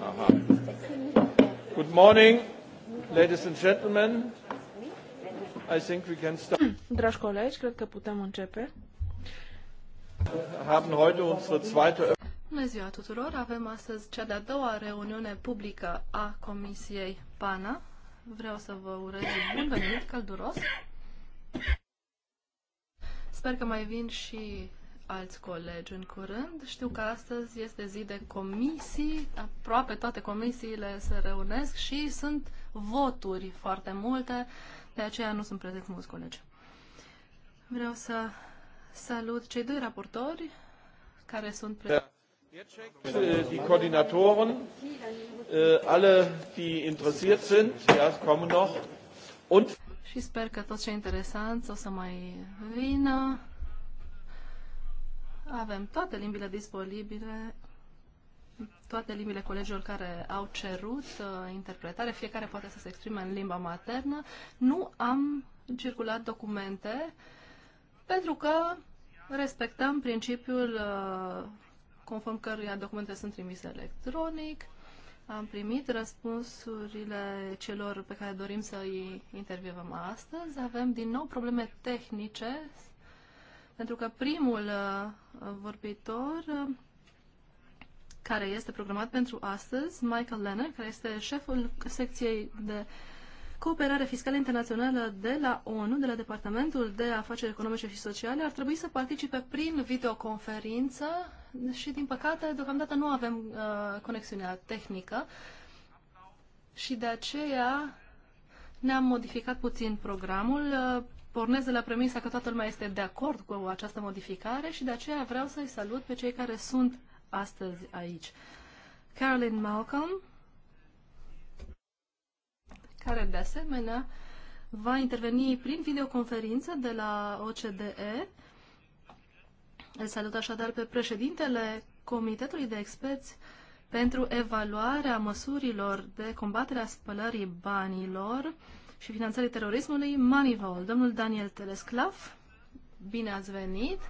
Aha. Good morning, ladies and gentlemen. I think we can start. Dragi colegi, cred că putem începe. Haben heute unsere zweite Bună ziua tuturor! Avem astăzi cea de-a doua reuniune publică a Comisiei PANA. Vreau să vă urez bun venit, călduros! Sper că mai vin și alți colegi în curând. Știu că astăzi este zi de comisii, aproape toate comisiile se reunesc și sunt voturi foarte multe, de aceea nu sunt prezenți mulți colegi. Vreau să salut cei doi raportori care sunt prezenți. Da. Die Koordinatoren, äh, alle, die interessiert sind, ja, kommen noch. Und și sper că toți cei interesanți o să mai vină. Avem toate limbile disponibile, toate limbile colegilor care au cerut uh, interpretare, fiecare poate să se exprime în limba maternă. Nu am circulat documente pentru că respectăm principiul uh, conform căruia documentele sunt trimise electronic. Am primit răspunsurile celor pe care dorim să îi intervievăm astăzi. Avem din nou probleme tehnice, pentru că primul uh, vorbitor uh, care este programat pentru astăzi, Michael Lennon, care este șeful secției de cooperare fiscală internațională de la ONU, de la Departamentul de Afaceri Economice și Sociale, ar trebui să participe prin videoconferință și, din păcate, deocamdată nu avem uh, conexiunea tehnică și de aceea ne-am modificat puțin programul. Uh, pornesc de la premisa că toată lumea este de acord cu această modificare și de aceea vreau să-i salut pe cei care sunt astăzi aici. Carolyn Malcolm, care de asemenea va interveni prin videoconferință de la OCDE. Îl salut așadar pe președintele Comitetului de Experți pentru evaluarea măsurilor de combatere a spălării banilor și finanțării terorismului, Manivol, domnul Daniel Telesclav. Bine ați venit!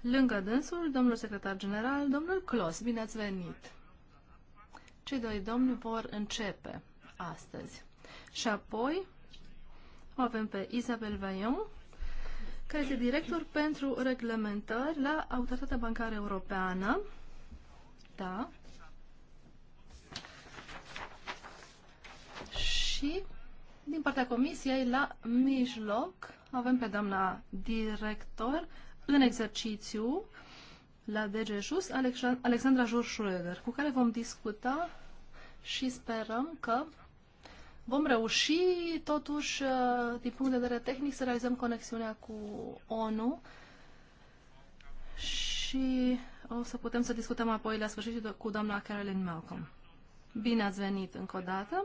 Lângă dânsul, domnul secretar general, domnul Clos. Bine ați venit! Cei doi domni vor începe astăzi. Și apoi o avem pe Isabel Vaillon, care este director pentru reglementări la Autoritatea Bancară Europeană. Da. Și din partea comisiei la mijloc. Avem pe doamna director în exercițiu la DG Just, Alexandra Jurșueder, cu care vom discuta și sperăm că vom reuși, totuși, uh, din punct de vedere tehnic, să realizăm conexiunea cu ONU și o să putem să discutăm apoi la sfârșit cu doamna Carolyn Malcolm. Bine ați venit încă o dată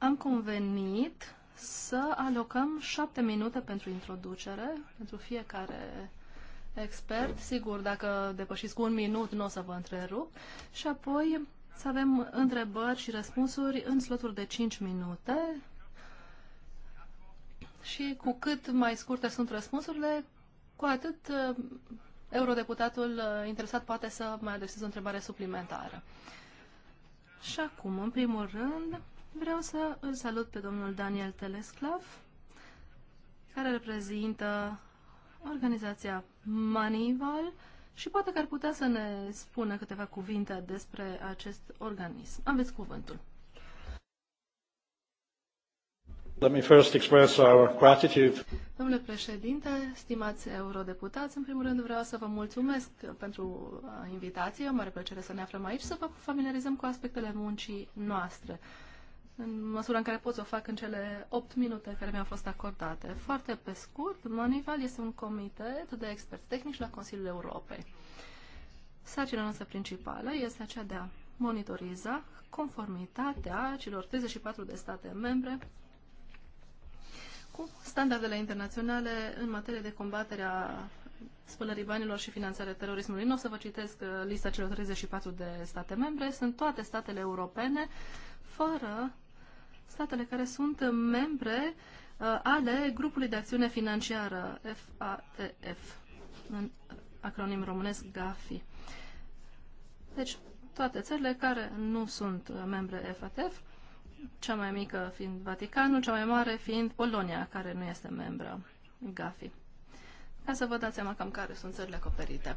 am convenit să alocăm șapte minute pentru introducere, pentru fiecare expert. Sigur, dacă depășiți cu un minut, nu o să vă întrerup. Și apoi să avem întrebări și răspunsuri în sloturi de 5 minute. Și cu cât mai scurte sunt răspunsurile, cu atât uh, eurodeputatul uh, interesat poate să mai adreseze o întrebare suplimentară. Și acum, în primul rând, Vreau să îl salut pe domnul Daniel Telesclav, care reprezintă organizația Manival și poate că ar putea să ne spună câteva cuvinte despre acest organism. Aveți cuvântul. Let me first express our gratitude. Domnule președinte, stimați eurodeputați, în primul rând vreau să vă mulțumesc pentru invitație. O mare plăcere să ne aflăm aici, să vă familiarizăm cu aspectele muncii noastre în măsura în care pot să o fac în cele 8 minute care mi-au fost acordate. Foarte pe scurt, Manival este un comitet de experți tehnici la Consiliul Europei. Sarcina noastră principală este aceea de a monitoriza conformitatea celor 34 de state membre cu standardele internaționale în materie de combatere a spălării banilor și finanțarea terorismului. Nu o să vă citesc uh, lista celor 34 de state membre, sunt toate statele europene uh, fără statele care sunt membre uh, ale grupului de acțiune financiară FATF, în acronim românesc GAFI. Deci, toate țările care nu sunt membre FATF, cea mai mică fiind Vaticanul, cea mai mare fiind Polonia, care nu este membră GAFI. Ca să vă dați seama cam care sunt țările acoperite.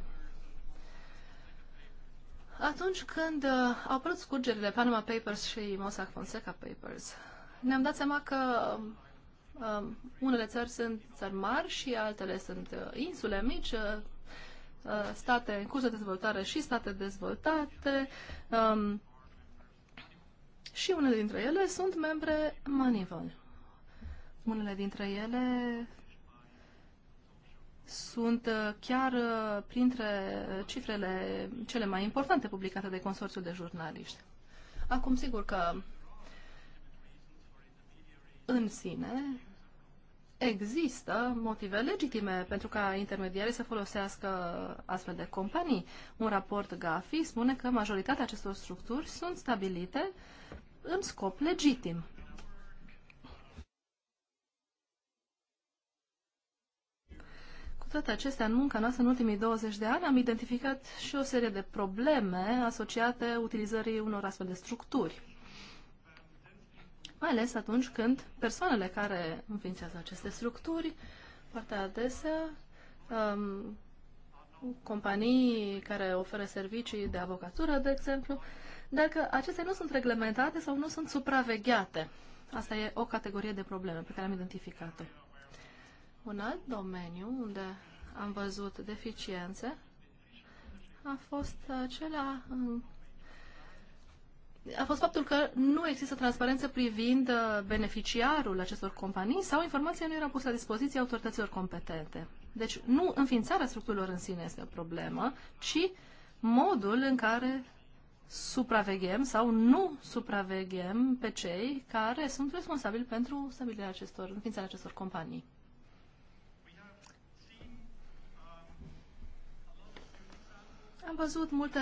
Atunci când uh, au apărut scurgerile Panama Papers și Mossack Fonseca Papers, ne-am dat seama că uh, unele țări sunt țări mari și altele sunt uh, insule mici, uh, uh, state în curs de dezvoltare și state dezvoltate. Um, și unele dintre ele sunt membre Manival. Unele dintre ele sunt uh, chiar uh, printre cifrele cele mai importante publicate de Consorțiul de Jurnaliști. Acum, sigur că în sine există motive legitime pentru ca intermediarii să folosească astfel de companii. Un raport GAFI spune că majoritatea acestor structuri sunt stabilite în scop legitim. toate acestea, în munca noastră, în ultimii 20 de ani, am identificat și o serie de probleme asociate utilizării unor astfel de structuri. Mai ales atunci când persoanele care înființează aceste structuri, foarte adesea, um, companii care oferă servicii de avocatură, de exemplu, dacă acestea nu sunt reglementate sau nu sunt supravegheate. Asta e o categorie de probleme pe care am identificat-o. Un alt domeniu unde am văzut deficiențe a fost acela a fost faptul că nu există transparență privind uh, beneficiarul acestor companii sau informația nu era pusă la dispoziție autorităților competente. Deci nu înființarea structurilor în sine este o problemă, ci modul în care supraveghem sau nu supraveghem pe cei care sunt responsabili pentru stabilirea acestor, înființarea acestor companii. Am văzut multe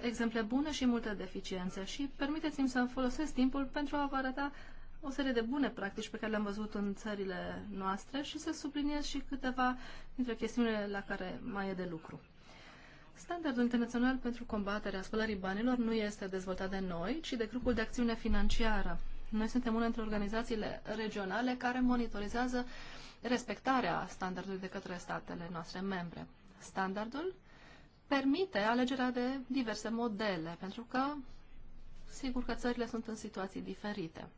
exemple bune și multe deficiențe și permiteți-mi să folosesc timpul pentru a vă arăta o serie de bune practici pe care le-am văzut în țările noastre și să subliniez și câteva dintre chestiunile la care mai e de lucru. Standardul internațional pentru combaterea spălării banilor nu este dezvoltat de noi, ci de grupul de acțiune financiară. Noi suntem una dintre organizațiile regionale care monitorizează respectarea standardului de către statele noastre membre. Standardul permite alegerea de diverse modele, pentru că sigur că țările sunt în situații diferite.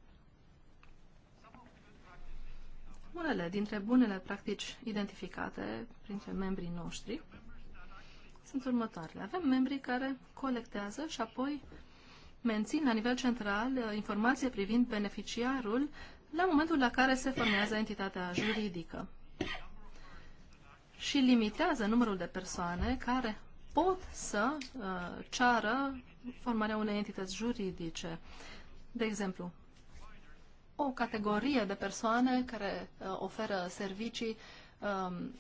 Unele dintre bunele practici identificate printre membrii noștri sunt următoarele. Avem membrii care colectează și apoi mențin la nivel central uh, informație privind beneficiarul la momentul la care se formează entitatea juridică și limitează numărul de persoane care pot să uh, ceară formarea unei entități juridice. De exemplu, o categorie de persoane care uh, oferă servicii um,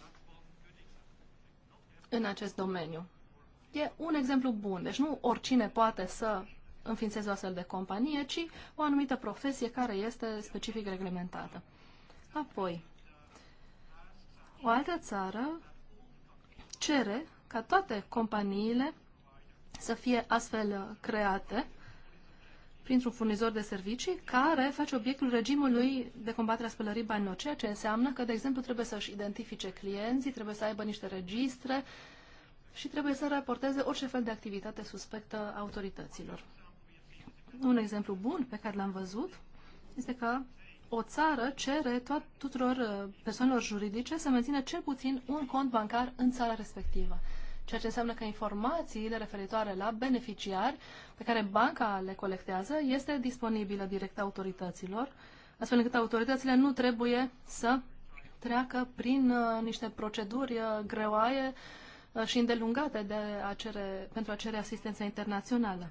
în acest domeniu. E un exemplu bun. Deci nu oricine poate să înființeze o astfel de companie, ci o anumită profesie care este specific reglementată. Apoi, o altă țară cere ca toate companiile să fie astfel uh, create printr-un furnizor de servicii care face obiectul regimului de combatere a spălării banilor, ceea ce înseamnă că, de exemplu, trebuie să-și identifice clienții, trebuie să aibă niște registre și trebuie să raporteze orice fel de activitate suspectă autorităților. Un exemplu bun pe care l-am văzut este că o țară cere tuturor uh, persoanelor juridice să mențină cel puțin un cont bancar în țara respectivă ceea ce înseamnă că informațiile referitoare la beneficiari pe care banca le colectează este disponibilă direct autorităților, astfel încât autoritățile nu trebuie să treacă prin uh, niște proceduri uh, greoaie uh, și îndelungate de a cere, pentru a cere asistență internațională.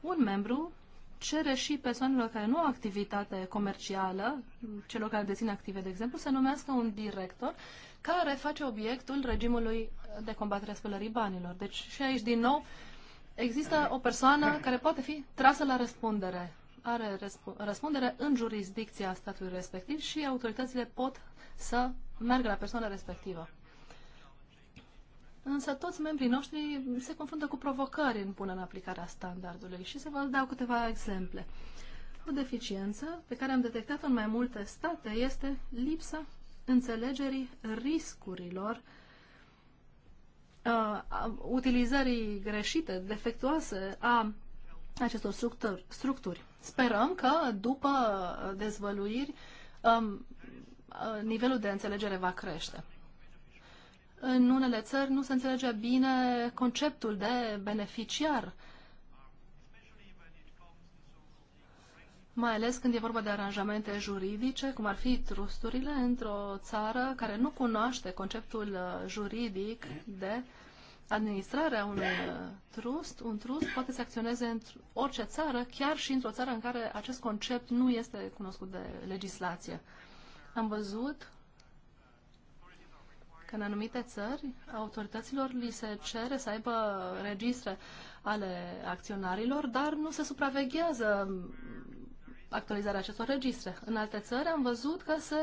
Un membru cere și persoanelor care nu au activitate comercială, celor care dețin active, de exemplu, să numească un director care face obiectul regimului de combatere a spălării banilor. Deci și aici, din nou, există o persoană care poate fi trasă la răspundere. Are răsp- răspundere în jurisdicția statului respectiv și autoritățile pot să meargă la persoana respectivă. Însă toți membrii noștri se confruntă cu provocări în punerea în aplicarea standardului și să vă dau câteva exemple. O deficiență pe care am detectat-o în mai multe state este lipsa înțelegerii riscurilor uh, utilizării greșite, defectuoase a acestor structuri. structuri. Sperăm că după dezvăluiri um, uh, nivelul de înțelegere va crește. În unele țări nu se înțelege bine conceptul de beneficiar mai ales când e vorba de aranjamente juridice, cum ar fi trusturile, într-o țară care nu cunoaște conceptul uh, juridic de a unui uh, trust. Un trust poate să acționeze în orice țară, chiar și într-o țară în care acest concept nu este cunoscut de legislație. Am văzut că în anumite țări autorităților li se cere să aibă registre ale acționarilor, dar nu se supraveghează actualizarea acestor registre. În alte țări am văzut că se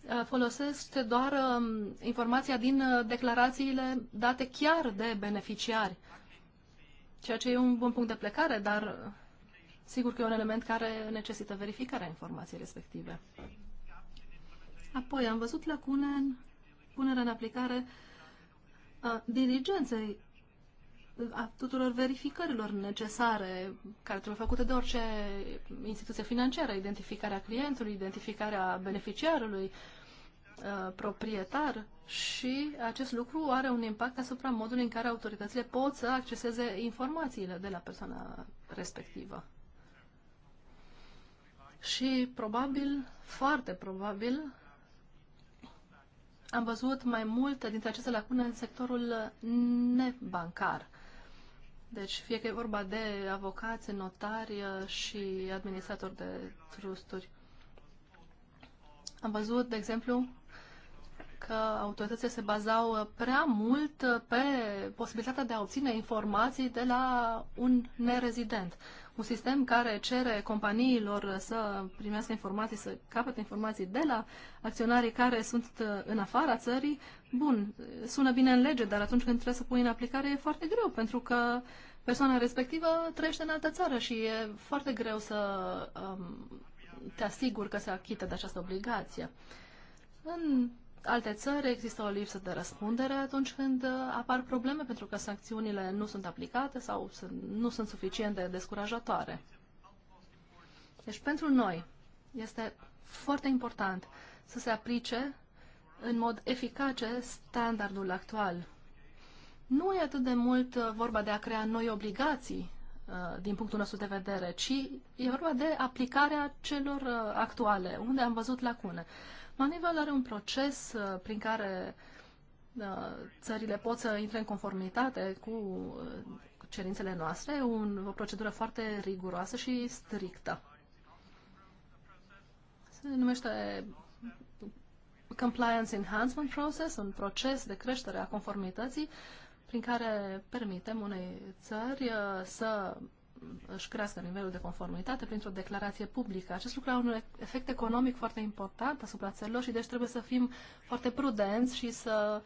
uh, folosește doar um, informația din uh, declarațiile date chiar de beneficiari, ceea ce e un bun punct de plecare, dar uh, sigur că e un element care necesită verificarea informației respective. Apoi am văzut lacune în punerea în aplicare a diligenței a tuturor verificărilor necesare care trebuie făcute de orice instituție financiară, identificarea clientului, identificarea beneficiarului, uh, proprietar și acest lucru are un impact asupra modului în care autoritățile pot să acceseze informațiile de la persoana respectivă. Și probabil, foarte probabil, am văzut mai multe dintre aceste lacune în sectorul nebancar. Deci, fie că e vorba de avocați, notari uh, și administratori de trusturi. Am văzut, de exemplu, că autoritățile se bazau uh, prea mult uh, pe posibilitatea de a obține informații de la un nerezident un sistem care cere companiilor să primească informații, să capete informații de la acționarii care sunt uh, în afara țării, bun, sună bine în lege, dar atunci când trebuie să pui în aplicare e foarte greu, pentru că persoana respectivă trăiește în altă țară și e foarte greu să um, te asiguri că se achită de această obligație. În alte țări există o lipsă de răspundere atunci când uh, apar probleme pentru că sancțiunile nu sunt aplicate sau nu sunt suficient de descurajatoare. Deci pentru noi este foarte important să se aplice în mod eficace standardul actual. Nu e atât de mult uh, vorba de a crea noi obligații uh, din punctul nostru de vedere, ci e vorba de aplicarea celor actuale, unde am văzut lacune. Manivel are un proces uh, prin care uh, țările pot să intre în conformitate cu uh, cerințele noastre, un, o procedură foarte riguroasă și strictă. Se numește Compliance Enhancement Process, un proces de creștere a conformității prin care permitem unei țări să își crească nivelul de conformitate printr-o declarație publică. Acest lucru are un efect economic foarte important asupra țărilor și deci trebuie să fim foarte prudenți și să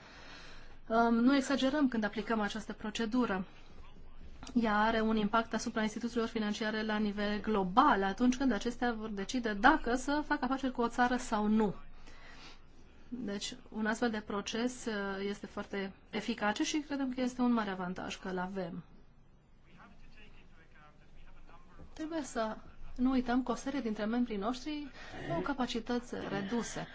um, nu exagerăm când aplicăm această procedură. Ea are un impact asupra instituțiilor financiare la nivel global atunci când acestea vor decide dacă să facă afaceri cu o țară sau nu. Deci, un astfel de proces uh, este foarte eficace și credem că este un mare avantaj că îl avem trebuie să nu uităm că o serie dintre membrii noștri au capacități reduse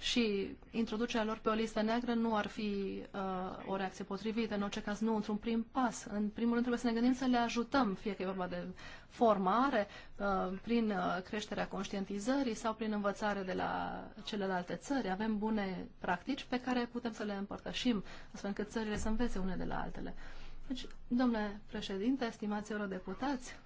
și introducerea lor pe o listă neagră nu ar fi uh, o reacție potrivită, în orice caz nu într-un prim pas. În primul rând trebuie să ne gândim să le ajutăm, fie că e vorba de formare, uh, prin uh, creșterea conștientizării sau prin învățare de la celelalte țări. Avem bune practici pe care putem să le împărtășim, astfel încât țările să învețe une de la altele. Deci, domnule președinte, stimați eurodeputați,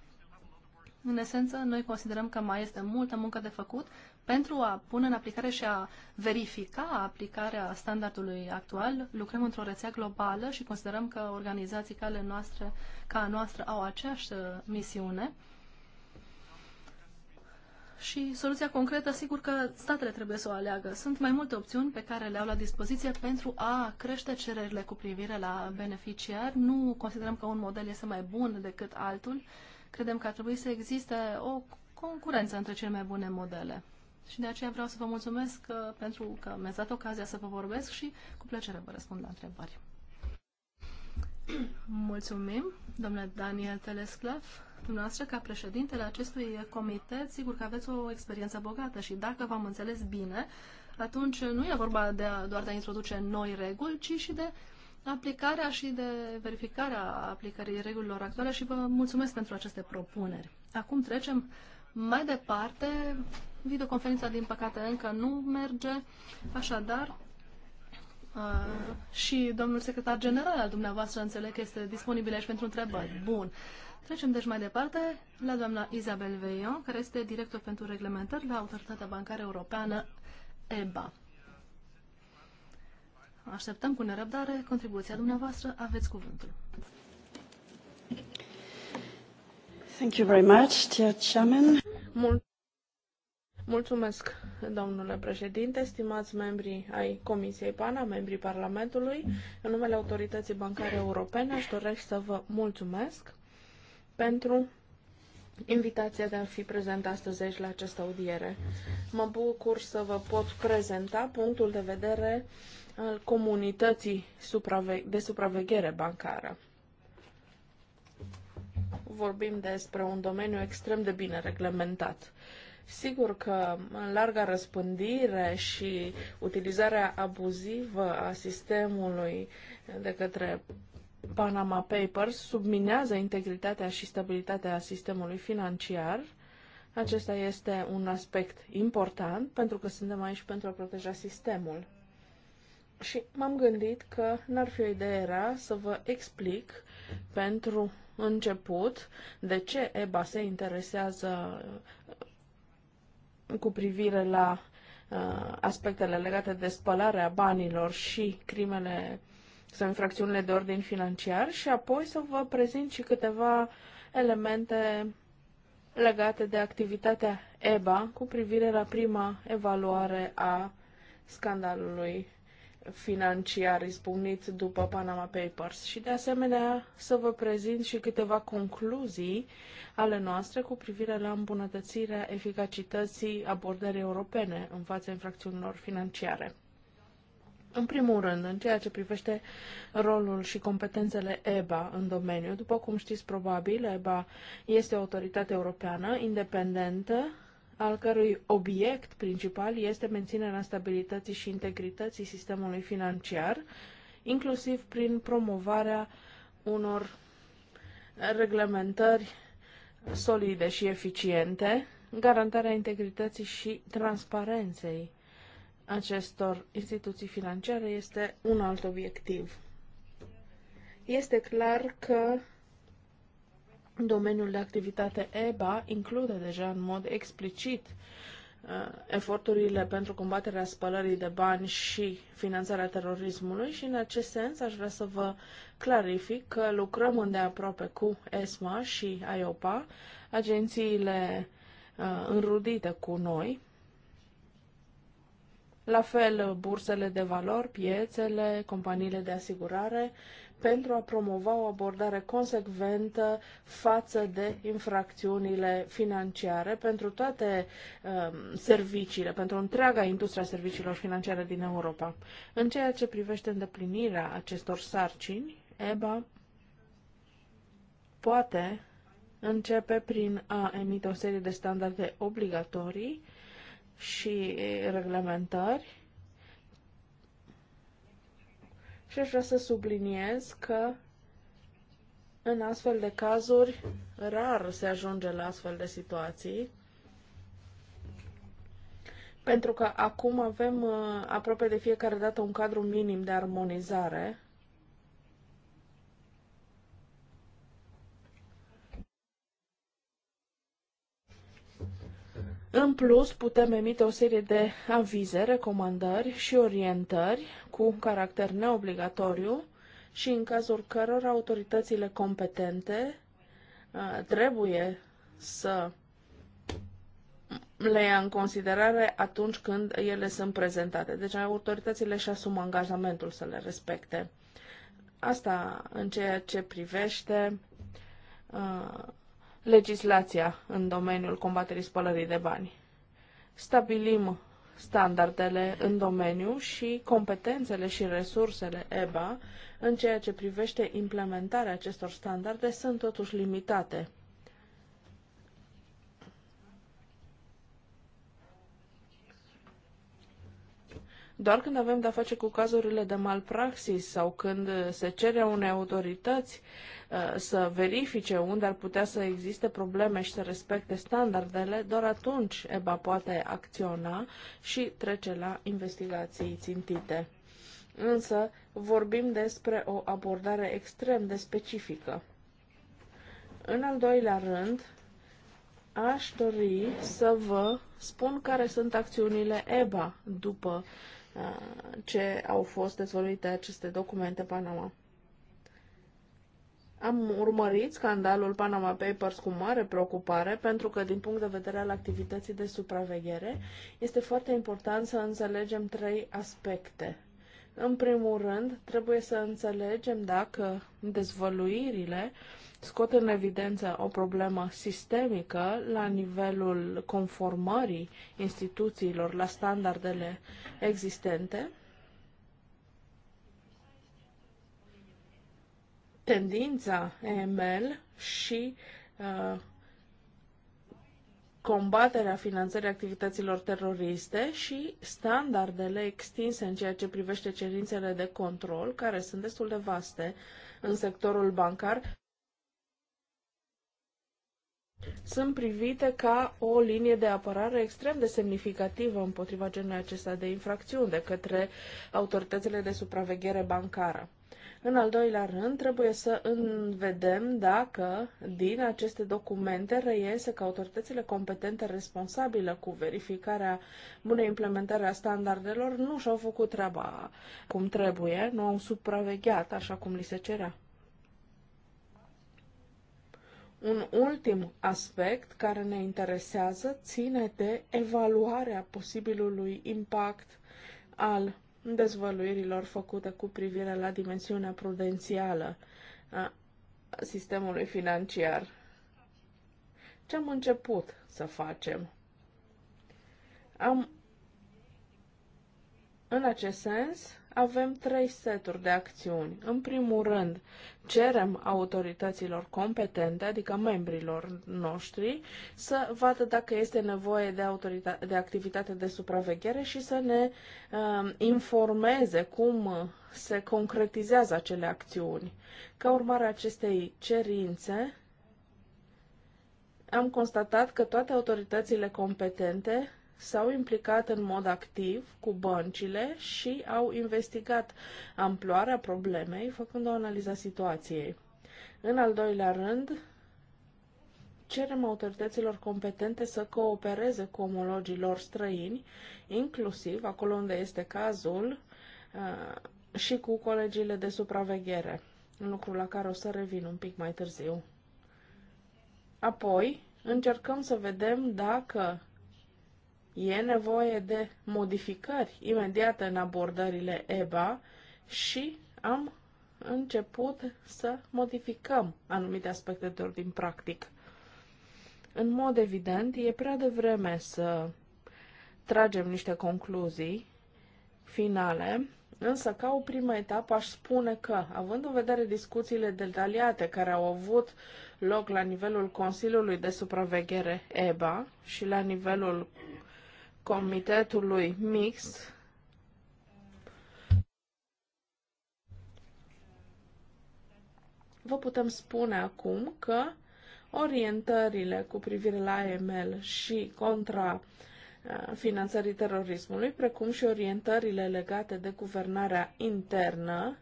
în esență, noi considerăm că mai este multă muncă de făcut pentru a pune în aplicare și a verifica aplicarea standardului actual. Lucrăm într-o rețea globală și considerăm că organizații ca, noastre, ca a noastră au aceeași uh, misiune. Și soluția concretă, sigur că statele trebuie să o aleagă. Sunt mai multe opțiuni pe care le au la dispoziție pentru a crește cererile cu privire la beneficiari. Nu considerăm că un model este mai bun decât altul Credem că ar trebui să existe o concurență între cele mai bune modele. Și de aceea vreau să vă mulțumesc că, uh, pentru că mi-ați dat ocazia să vă vorbesc și cu plăcere vă răspund la întrebări. Mulțumim, domnule Daniel Telesclef. Dumneavoastră, ca președintele acestui comitet, sigur că aveți o experiență bogată și dacă v-am înțeles bine, atunci nu e vorba de a, doar de a introduce noi reguli, ci și de aplicarea și de verificarea aplicării regulilor actuale și vă mulțumesc pentru aceste propuneri. Acum trecem mai departe. Videoconferința, din păcate, încă nu merge, așadar și domnul secretar general al dumneavoastră înțeleg că este disponibil aici pentru întrebări. Bun. Trecem deci mai departe la doamna Isabel Veillon, care este director pentru reglementări la Autoritatea Bancară Europeană EBA. Așteptăm cu nerăbdare contribuția dumneavoastră. Aveți cuvântul. Thank you very much, dear Chairman. Mul- Mulțumesc, domnule președinte, stimați membri ai Comisiei PANA, membrii Parlamentului. În numele Autorității Bancare Europene aș doresc să vă mulțumesc pentru invitația de a fi prezent astăzi aici la această audiere. Mă bucur să vă pot prezenta punctul de vedere al comunității de supraveghere bancară. Vorbim despre un domeniu extrem de bine reglementat. Sigur că în larga răspândire și utilizarea abuzivă a sistemului de către Panama Papers subminează integritatea și stabilitatea sistemului financiar. Acesta este un aspect important pentru că suntem aici pentru a proteja sistemul. Și m-am gândit că n-ar fi o idee rea să vă explic pentru început de ce EBA se interesează uh, cu privire la uh, aspectele legate de spălarea banilor și crimele sau infracțiunile de ordin financiar și apoi să vă prezint și câteva elemente legate de activitatea EBA cu privire la prima evaluare a scandalului financiar izbucnit după Panama Papers și de asemenea să vă prezint și câteva concluzii ale noastre cu privire la îmbunătățirea eficacității abordării europene în fața infracțiunilor financiare. În primul rând, în ceea ce privește rolul și competențele EBA în domeniu, după cum știți probabil, EBA este o autoritate europeană independentă al cărui obiect principal este menținerea stabilității și integrității sistemului financiar, inclusiv prin promovarea unor reglementări solide și eficiente, garantarea integrității și transparenței acestor instituții financiare este un alt obiectiv. Este clar că Domeniul de activitate EBA include deja în mod explicit uh, eforturile pentru combaterea spălării de bani și finanțarea terorismului și în acest sens aș vrea să vă clarific că lucrăm îndeaproape cu ESMA și IOPA, agențiile uh, înrudite cu noi. La fel, bursele de valori, piețele, companiile de asigurare pentru a promova o abordare consecventă față de infracțiunile financiare pentru toate um, serviciile, pentru întreaga industria serviciilor financiare din Europa. În ceea ce privește îndeplinirea acestor sarcini, EBA poate începe prin a emite o serie de standarde obligatorii și reglementări Și aș vrea să subliniez că în astfel de cazuri rar se ajunge la astfel de situații, pentru că acum avem uh, aproape de fiecare dată un cadru minim de armonizare În plus, putem emite o serie de avize, recomandări și orientări cu caracter neobligatoriu și în cazul căror autoritățile competente trebuie să le ia în considerare atunci când ele sunt prezentate. Deci autoritățile și asumă angajamentul să le respecte. Asta în ceea ce privește uh, legislația în domeniul combaterii spălării de bani. Stabilim standardele în domeniu și competențele și resursele EBA în ceea ce privește implementarea acestor standarde sunt totuși limitate Doar când avem de-a face cu cazurile de malpraxis sau când se cere unei autorități uh, să verifice unde ar putea să existe probleme și să respecte standardele, doar atunci EBA poate acționa și trece la investigații țintite. Însă vorbim despre o abordare extrem de specifică. În al doilea rând, aș dori să vă spun care sunt acțiunile EBA după uh, Uh, ce au fost dezvăluite aceste documente Panama. Am urmărit scandalul Panama Papers cu mare preocupare pentru că, din punct de vedere al activității de supraveghere, este foarte important să înțelegem trei aspecte. În primul rând, trebuie să înțelegem dacă dezvăluirile uh, scot în evidență o problemă sistemică la nivelul conformării instituțiilor la standardele existente, tendința EML și uh, combaterea finanțării activităților teroriste și standardele extinse în ceea ce privește cerințele de control, care sunt destul de vaste în sectorul bancar sunt privite ca o linie de apărare extrem de semnificativă împotriva genului acesta de infracțiuni de către autoritățile de supraveghere bancară. În al doilea rând, trebuie să vedem dacă din aceste documente reiese că autoritățile competente responsabile cu verificarea bunei implementare a standardelor nu și-au făcut treaba cum trebuie, nu au supravegheat așa cum li se cerea. Un ultim aspect care ne interesează ține de evaluarea posibilului impact al dezvăluirilor făcute cu privire la dimensiunea prudențială a sistemului financiar. Ce am început să facem? Am, în acest sens, avem trei seturi de acțiuni. În primul rând, cerem autorităților competente, adică membrilor noștri, să vadă dacă este nevoie de, de activitate de supraveghere și să ne uh, informeze cum se concretizează acele acțiuni. Ca urmare a acestei cerințe, am constatat că toate autoritățile competente s-au implicat în mod activ cu băncile și au investigat amploarea problemei, făcând o analiză a situației. În al doilea rând, cerem autorităților competente să coopereze cu omologii lor străini, inclusiv acolo unde este cazul, uh, și cu colegiile de supraveghere, lucru la care o să revin un pic mai târziu. Apoi, încercăm să vedem dacă E nevoie de modificări imediate în abordările EBA și am început să modificăm anumite aspecte de ordin practic. În mod evident, e prea devreme să tragem niște concluzii finale, însă ca o primă etapă aș spune că, având în vedere discuțiile detaliate care au avut loc la nivelul Consiliului de Supraveghere EBA și la nivelul comitetului mixt vă putem spune acum că orientările cu privire la AML și contra uh, finanțării terorismului, precum și orientările legate de guvernarea internă,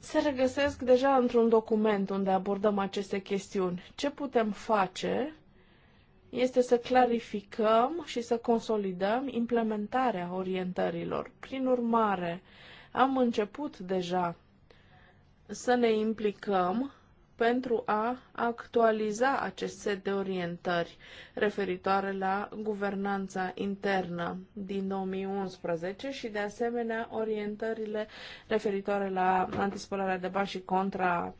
se regăsesc deja într-un document unde abordăm aceste chestiuni. Ce putem face este să clarificăm și să consolidăm implementarea orientărilor. Prin urmare, am început deja să ne implicăm pentru a actualiza acest set de orientări referitoare la guvernanța internă din 2011 și de asemenea orientările referitoare la antispălarea de bani și contra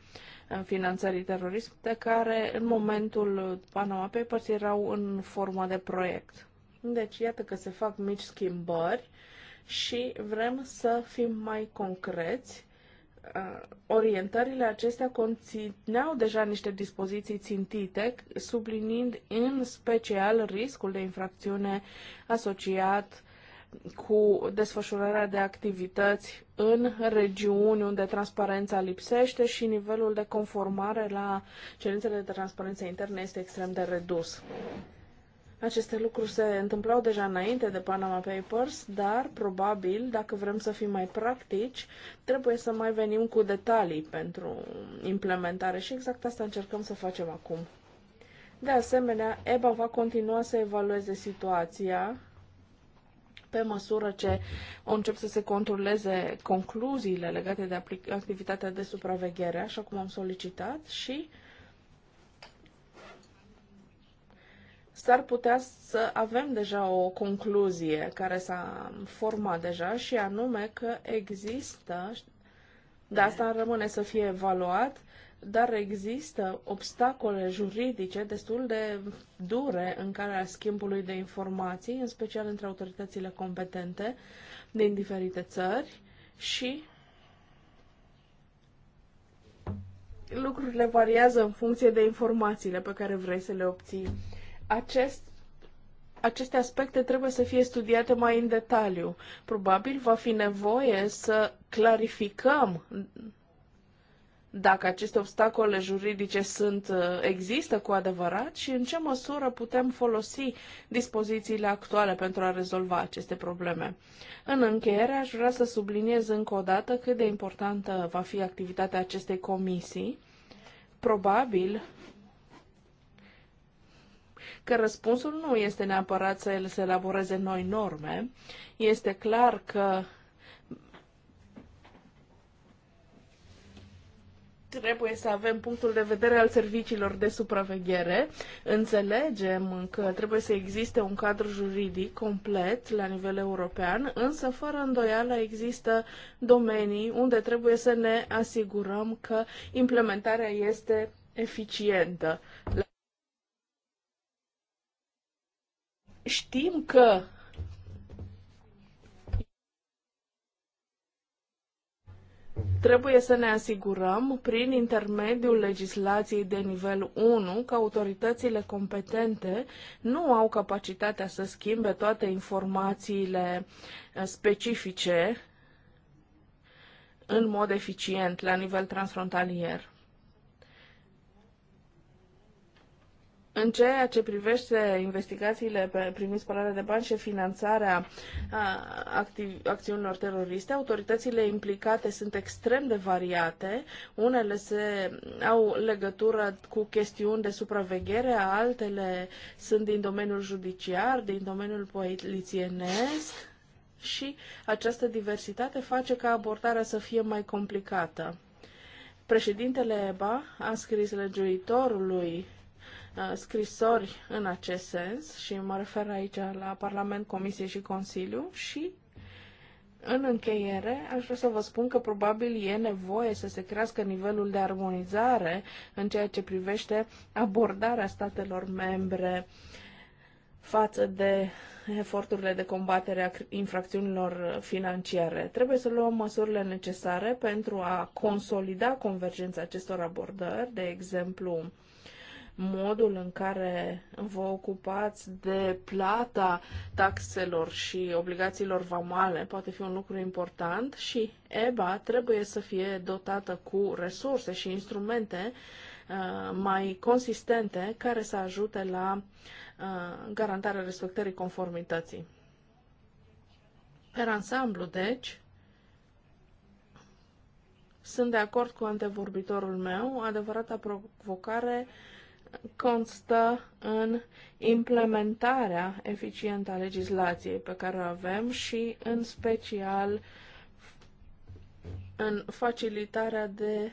uh, finanțării terorism, de care în momentul Panama Papers erau în formă de proiect. Deci, iată că se fac mici schimbări și vrem să fim mai concreți Uh, orientările acestea conțineau deja niște dispoziții țintite, sublinind în special riscul de infracțiune asociat cu desfășurarea de activități în regiuni unde transparența lipsește și nivelul de conformare la cerințele de transparență interne este extrem de redus. Aceste lucruri se întâmplau deja înainte de Panama Papers, dar probabil, dacă vrem să fim mai practici, trebuie să mai venim cu detalii pentru implementare și exact asta încercăm să facem acum. De asemenea, EBA va continua să evalueze situația pe măsură ce o încep să se controleze concluziile legate de activitatea de supraveghere, așa cum am solicitat, și s-ar putea să avem deja o concluzie care s-a format deja și anume că există, dar asta rămâne să fie evaluat, dar există obstacole juridice destul de dure în calea schimbului de informații, în special între autoritățile competente din diferite țări și lucrurile variază în funcție de informațiile pe care vrei să le obții. Acest aceste aspecte trebuie să fie studiate mai în detaliu. Probabil va fi nevoie să clarificăm dacă aceste obstacole juridice sunt, uh, există cu adevărat și în ce măsură putem folosi dispozițiile actuale pentru a rezolva aceste probleme. În încheiere, aș vrea să subliniez încă o dată cât de importantă va fi activitatea acestei comisii. Probabil că răspunsul nu este neapărat să el se elaboreze noi norme. Este clar că trebuie să avem punctul de vedere al serviciilor de supraveghere. Înțelegem că trebuie să existe un cadru juridic complet la nivel european, însă fără îndoială există domenii unde trebuie să ne asigurăm că implementarea este eficientă. Știm că Trebuie să ne asigurăm, prin intermediul legislației de nivel 1, că autoritățile competente nu au capacitatea să schimbe toate informațiile uh, specifice în mod eficient la nivel transfrontalier. În ceea ce privește investigațiile privind spălarea de bani și finanțarea activ, acțiunilor teroriste, autoritățile implicate sunt extrem de variate. Unele se au legătură cu chestiuni de supraveghere, altele sunt din domeniul judiciar, din domeniul polițienesc și această diversitate face ca abordarea să fie mai complicată. Președintele EBA a scris legiuitorului Uh, scrisori în acest sens și mă refer aici la Parlament, Comisie și Consiliu și în încheiere, aș vrea să vă spun că probabil e nevoie să se crească nivelul de armonizare în ceea ce privește abordarea statelor membre față de eforturile de combatere a infracțiunilor financiare. Trebuie să luăm măsurile necesare pentru a consolida convergența acestor abordări, de exemplu, modul în care vă ocupați de plata taxelor și obligațiilor vamale poate fi un lucru important și EBA trebuie să fie dotată cu resurse și instrumente uh, mai consistente care să ajute la uh, garantarea respectării conformității. Per ansamblu, deci, sunt de acord cu antevorbitorul meu, adevărata provocare uh, constă în implementarea eficientă a legislației pe care o avem și, în special, în facilitarea de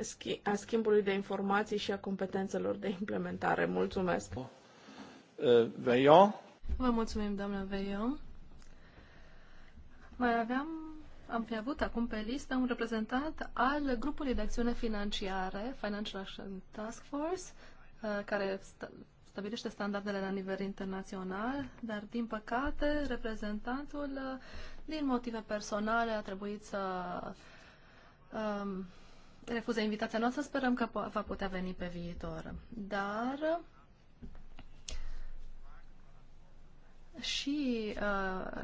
schi- a schimbului de informații și a competențelor de implementare. Mulțumesc! Oh. Uh, Veillon. Vă mulțumim, doamnă Veillon. Mai aveam, am fi avut acum pe listă un reprezentant al grupului de acțiune financiare, Financial Action Task Force, Uh, care stabilește standardele la nivel internațional, dar din păcate reprezentantul uh, din motive personale a trebuit să um, refuze invitația noastră, sperăm că va putea veni pe viitor. Dar și uh,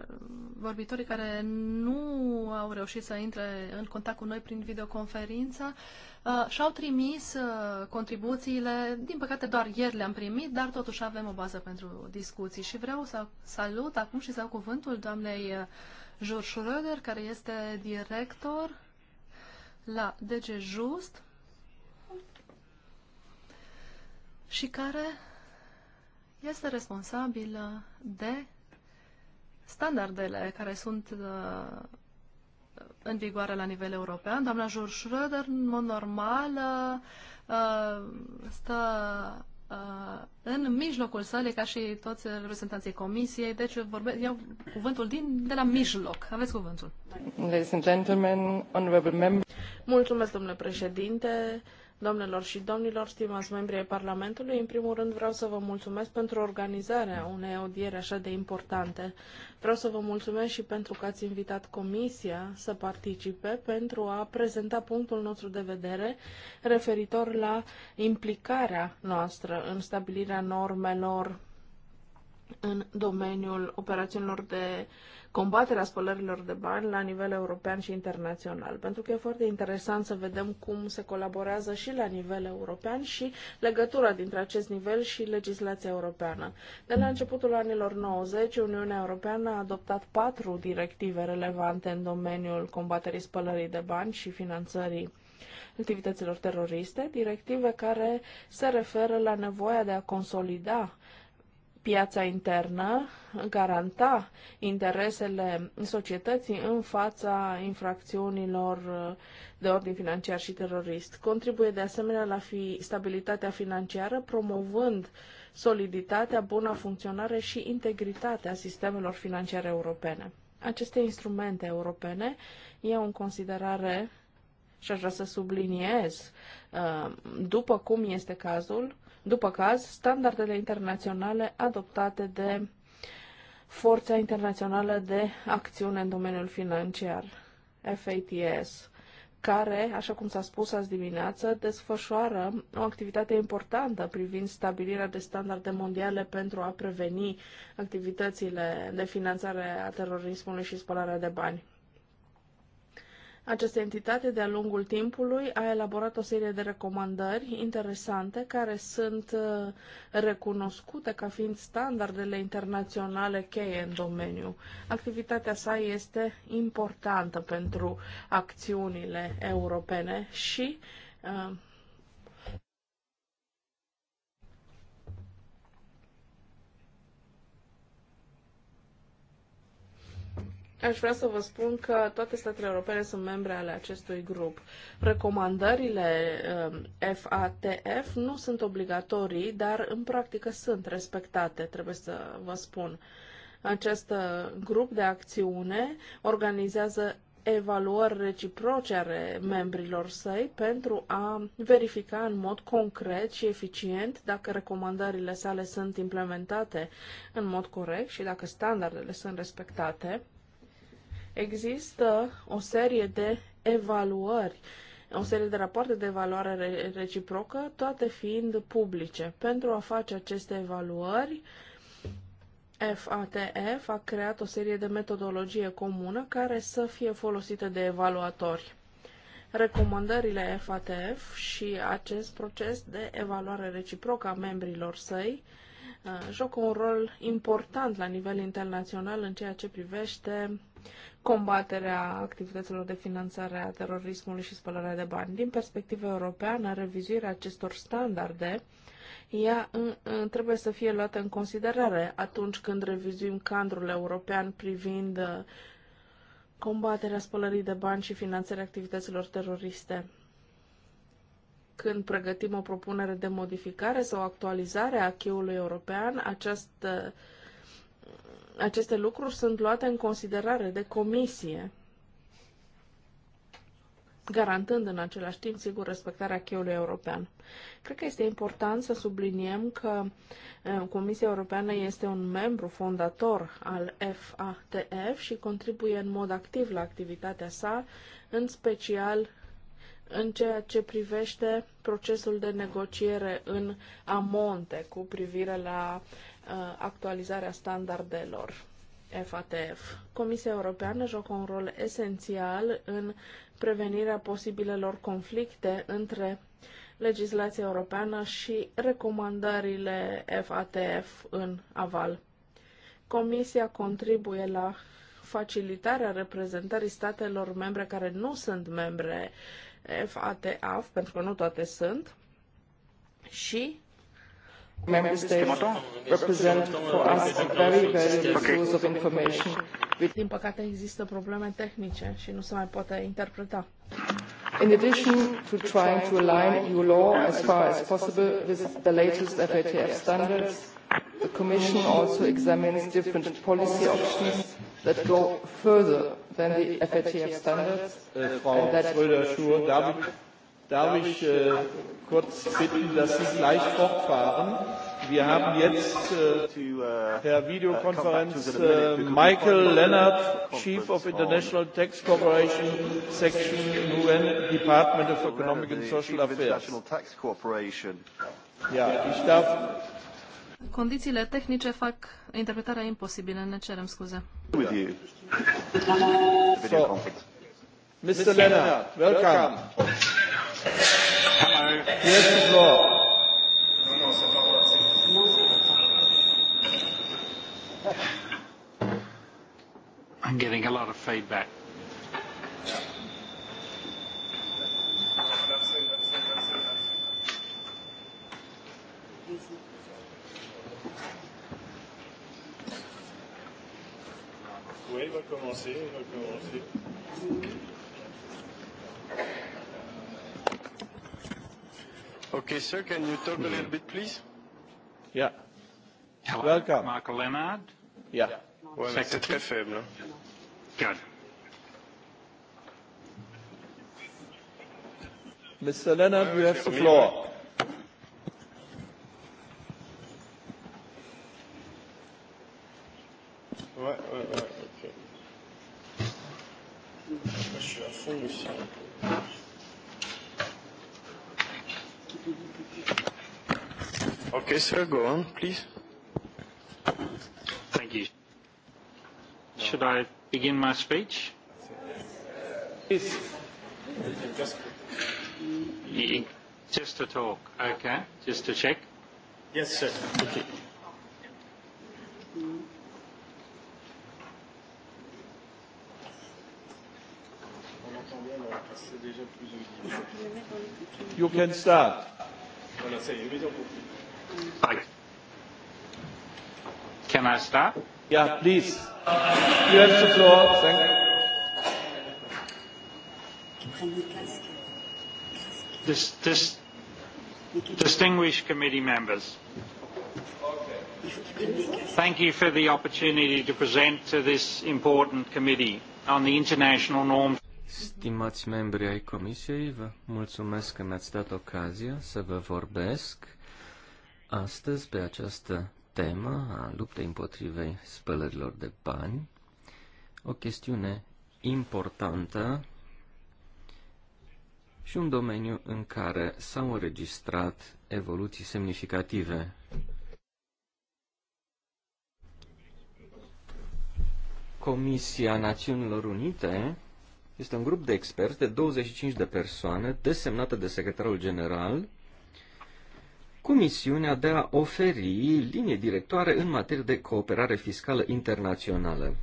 vorbitorii care nu au reușit să intre în contact cu noi prin videoconferință uh, și-au trimis uh, contribuțiile. Din păcate doar ieri le-am primit, dar totuși avem o bază pentru discuții și vreau să salut acum și să dau cuvântul doamnei uh, Jur Schröder, care este director la DG Just și care este responsabilă de standardele care sunt uh, în vigoare la nivel european. Doamna Jur Schröder, în mod normal, uh, stă uh, în mijlocul sălii, ca și toți reprezentanții comisiei, deci vorbesc iau cuvântul din, de la mijloc. Aveți cuvântul. Ladies and gentlemen, honorable members. Mulțumesc, domnule președinte, Domnilor și domnilor, stimați membri ai Parlamentului, în primul rând vreau să vă mulțumesc pentru organizarea unei audieri așa de importante. Vreau să vă mulțumesc și pentru că ați invitat Comisia să participe pentru a prezenta punctul nostru de vedere referitor la implicarea noastră în stabilirea normelor în domeniul operațiunilor de uh, combaterea spălărilor de bani la nivel european și internațional. Pentru că e foarte interesant să vedem cum se colaborează și la nivel european și legătura dintre acest nivel și legislația europeană. De la începutul anilor 90, Uniunea Europeană a adoptat patru directive relevante în domeniul combaterii spălării de bani și finanțării activităților teroriste, directive care se referă la nevoia de a consolida piața internă, garanta interesele societății în fața infracțiunilor de ordin financiar și terorist. Contribuie de asemenea la fi stabilitatea financiară, promovând soliditatea, buna funcționare și integritatea sistemelor financiare europene. Aceste instrumente europene iau în considerare, și aș vrea să subliniez, uh, după cum este cazul, după caz, standardele internaționale adoptate de Forța Internațională de Acțiune în domeniul financiar, FATS, care, așa cum s-a spus azi dimineață, desfășoară o activitate importantă privind stabilirea de standarde mondiale pentru a preveni activitățile de finanțare a terorismului și spălarea de bani. Această entitate de-a lungul timpului a elaborat o serie de recomandări interesante care sunt uh, recunoscute ca fiind standardele internaționale cheie în domeniu. Activitatea sa este importantă pentru acțiunile europene și uh, Aș vrea să vă spun că toate statele europene sunt membre ale acestui grup. Recomandările FATF um, nu sunt obligatorii, dar în practică sunt respectate, trebuie să vă spun. Acest uh, grup de acțiune organizează evaluări reciproce ale membrilor săi pentru a verifica în mod concret și eficient dacă recomandările sale sunt implementate în mod corect și dacă standardele sunt respectate Există o serie de evaluări, o serie de rapoarte de evaluare reciprocă, toate fiind publice. Pentru a face aceste evaluări, FATF a creat o serie de metodologie comună care să fie folosită de evaluatori. Recomandările FATF și acest proces de evaluare reciprocă a membrilor săi uh, joacă un rol important la nivel internațional în ceea ce privește combaterea activităților de finanțare a terorismului și spălarea de bani. Din perspectiva europeană, revizuirea acestor standarde ea trebuie să fie luată în considerare atunci când revizuim cadrul european privind uh, combaterea spălării de bani și finanțarea activităților teroriste. Când pregătim o propunere de modificare sau actualizare a cheiului european, această uh, aceste lucruri sunt luate în considerare de comisie, garantând în același timp, sigur, respectarea cheiului european. Cred că este important să subliniem că Comisia Europeană este un membru fondator al FATF și contribuie în mod activ la activitatea sa, în special în ceea ce privește procesul de negociere în amonte cu privire la Uh, actualizarea standardelor FATF. Comisia Europeană joacă un rol esențial în prevenirea posibilelor conflicte între legislația europeană și recomandările FATF în aval. Comisia contribuie la facilitarea reprezentării statelor membre care nu sunt membre FATF, pentru că nu toate sunt, și Member states represent for us a very valuable okay. source of information. Din păcate există probleme tehnice și nu se mai poate interpreta. In addition to trying to align EU law as far as possible with the latest FATF standards, the Commission also examines different policy options that go further than the FATF standards. Uh, Frau Schröder-Schur, darf ich Darf ich äh, kurz bitten, dass Sie gleich fortfahren? Wir haben jetzt äh, per uh, uh, Videokonferenz äh, Michael Leonard, Chief of International Tax Corporation Section UN Department of Economic and Social Affairs. Ja, ich darf Condițiile tehnice fac interpretarea imposibilă, ne cerem scuze. So, Mr. Leonard, welcome. I'm getting a lot of feedback. Oui, il va commencer, il va commencer. Okay, sir, can you talk a little bit, please? Yeah. Hello, Welcome. Mark Leonard. Yeah. Well, it's a très faible. Good. Mr. Leonard, you have the floor. Okay, sir, go on, please. Thank you. Should I begin my speech? Please. Just to talk, okay? Just to check? Yes, sir. Okay. You can start. Voilà, ça y est, mettez en Hi. Can I start? Yeah, please. You have the floor. Thank you. This, this, distinguished committee members. Thank you for the opportunity to present to this important committee on the international norms. Stimați membri ai Comisiei, vă mulțumesc că mi-ați dat ocazia să vă vorbesc astăzi pe această temă a luptei împotriva spălărilor de bani, o chestiune importantă și un domeniu în care s-au înregistrat evoluții semnificative. Comisia Națiunilor Unite este un grup de experți de 25 de persoane desemnată de secretarul general cu misiunea de a oferi linie directoare în materie de cooperare fiscală internațională.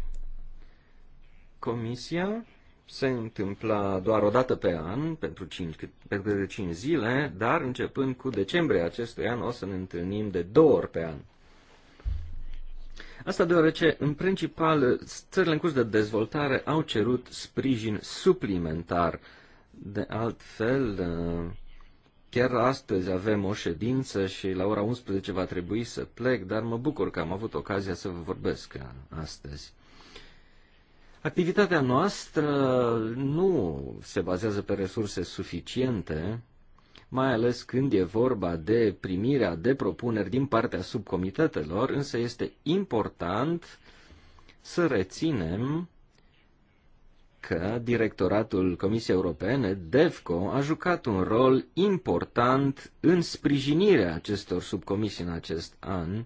Comisia se întâmpla doar o dată pe an, pentru 5, pentru 5 zile, dar începând cu decembrie acestui an o să ne întâlnim de două ori pe an. Asta deoarece, în principal, țările în curs de dezvoltare au cerut sprijin suplimentar. De altfel, Chiar astăzi avem o ședință și la ora 11 va trebui să plec, dar mă bucur că am avut ocazia să vă vorbesc astăzi. Activitatea noastră nu se bazează pe resurse suficiente, mai ales când e vorba de primirea de propuneri din partea subcomitetelor, însă este important să reținem că directoratul Comisiei Europene, DEVCO, a jucat un rol important în sprijinirea acestor subcomisii în acest an,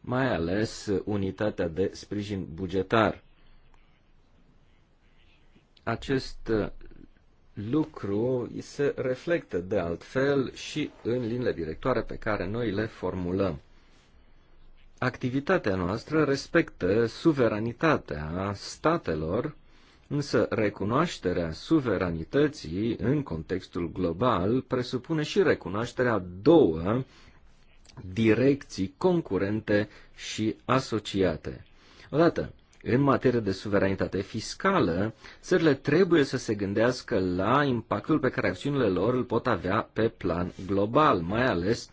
mai ales unitatea de sprijin bugetar. Acest lucru se reflectă de altfel și în linile directoare pe care noi le formulăm activitatea noastră respectă suveranitatea statelor Însă recunoașterea suveranității în contextul global presupune și recunoașterea două direcții concurente și asociate. Odată, în materie de suveranitate fiscală, țările trebuie să se gândească la impactul pe care acțiunile lor îl pot avea pe plan global, mai ales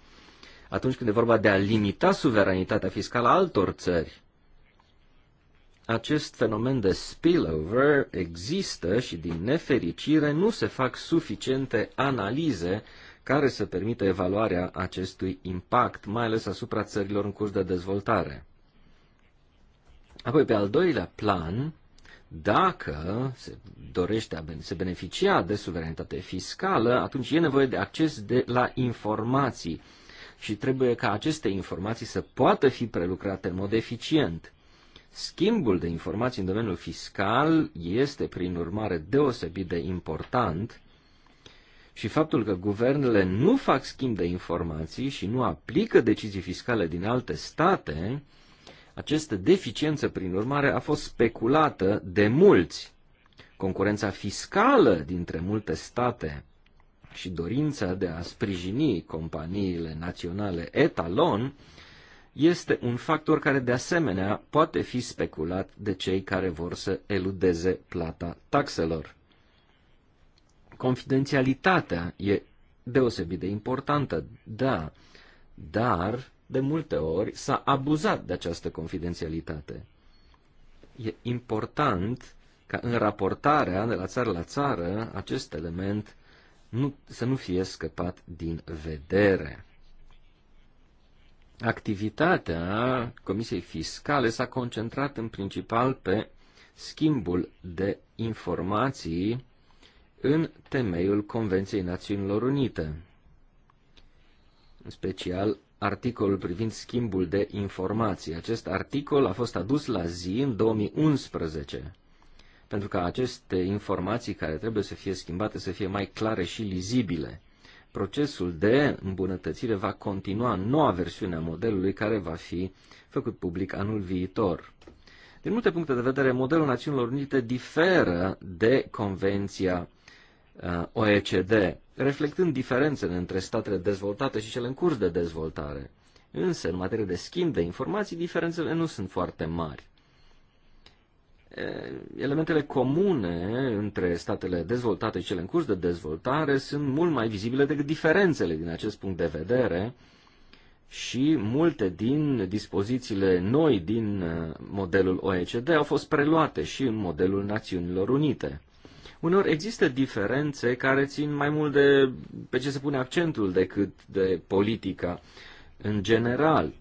atunci când e vorba de a limita suveranitatea fiscală a altor țări acest fenomen de spillover există și, din nefericire, nu se fac suficiente analize care să permită evaluarea acestui impact, mai ales asupra țărilor în curs de dezvoltare. Apoi, pe al doilea plan, dacă se dorește a se beneficia de suveranitate fiscală, atunci e nevoie de acces de la informații și trebuie ca aceste informații să poată fi prelucrate în mod eficient. Schimbul de informații în domeniul fiscal este, prin urmare, deosebit de important și faptul că guvernele nu fac schimb de informații și nu aplică decizii fiscale din alte state, această deficiență, prin urmare, a fost speculată de mulți. Concurența fiscală dintre multe state și dorința de a sprijini companiile naționale etalon este un factor care de asemenea poate fi speculat de cei care vor să eludeze plata taxelor. Confidențialitatea e deosebit de importantă, da, dar de multe ori s-a abuzat de această confidențialitate. E important ca în raportarea de la țară la țară acest element nu, să nu fie scăpat din vedere. Activitatea Comisiei Fiscale s-a concentrat în principal pe schimbul de informații în temeiul Convenției Națiunilor Unite, în special articolul privind schimbul de informații. Acest articol a fost adus la zi în 2011, pentru ca aceste informații care trebuie să fie schimbate să fie mai clare și lizibile. Procesul de îmbunătățire va continua în noua versiune a modelului care va fi făcut public anul viitor. Din multe puncte de vedere, modelul Națiunilor Unite diferă de Convenția uh, OECD, reflectând diferențele între statele dezvoltate și cele în curs de dezvoltare. Însă, în materie de schimb de informații, diferențele nu sunt foarte mari. Eh, elementele comune între statele dezvoltate și cele în curs de dezvoltare sunt mult mai vizibile decât diferențele din acest punct de vedere și multe din dispozițiile noi din eh, modelul OECD au fost preluate și în modelul Națiunilor Unite. Unor există diferențe care țin mai mult de pe ce se pune accentul decât de politica în general.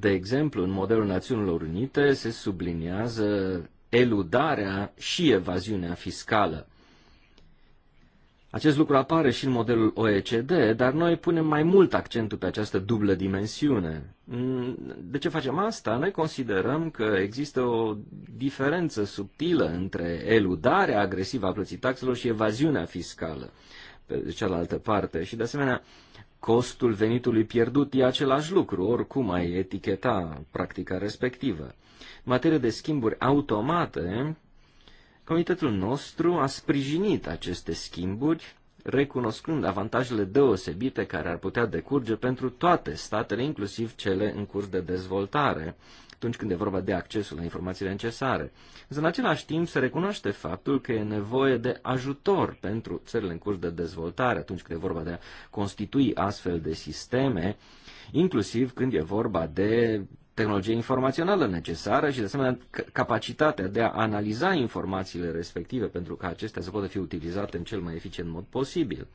De exemplu, în modelul Națiunilor Unite se subliniază eludarea și evaziunea fiscală. Acest lucru apare și în modelul OECD, dar noi punem mai mult accentul pe această dublă dimensiune. Mm, de ce facem asta? Noi considerăm că există o diferență subtilă între eludarea agresivă a plății taxelor și evaziunea fiscală, pe cealaltă parte. Și, de asemenea, costul venitului pierdut e același lucru, oricum ai eticheta practica respectivă. În materie de schimburi automate, comitetul nostru a sprijinit aceste schimburi, recunoscând avantajele deosebite care ar putea decurge pentru toate statele, inclusiv cele în curs de dezvoltare, atunci când e vorba de accesul la informațiile necesare. Însă, în același timp, se recunoaște faptul că e nevoie de ajutor pentru țările în curs de dezvoltare atunci când e vorba de a constitui astfel de sisteme, inclusiv când e vorba de tehnologie informațională necesară și, de asemenea, capacitatea de a analiza informațiile respective pentru ca acestea să poată fi utilizate în cel mai eficient mod posibil.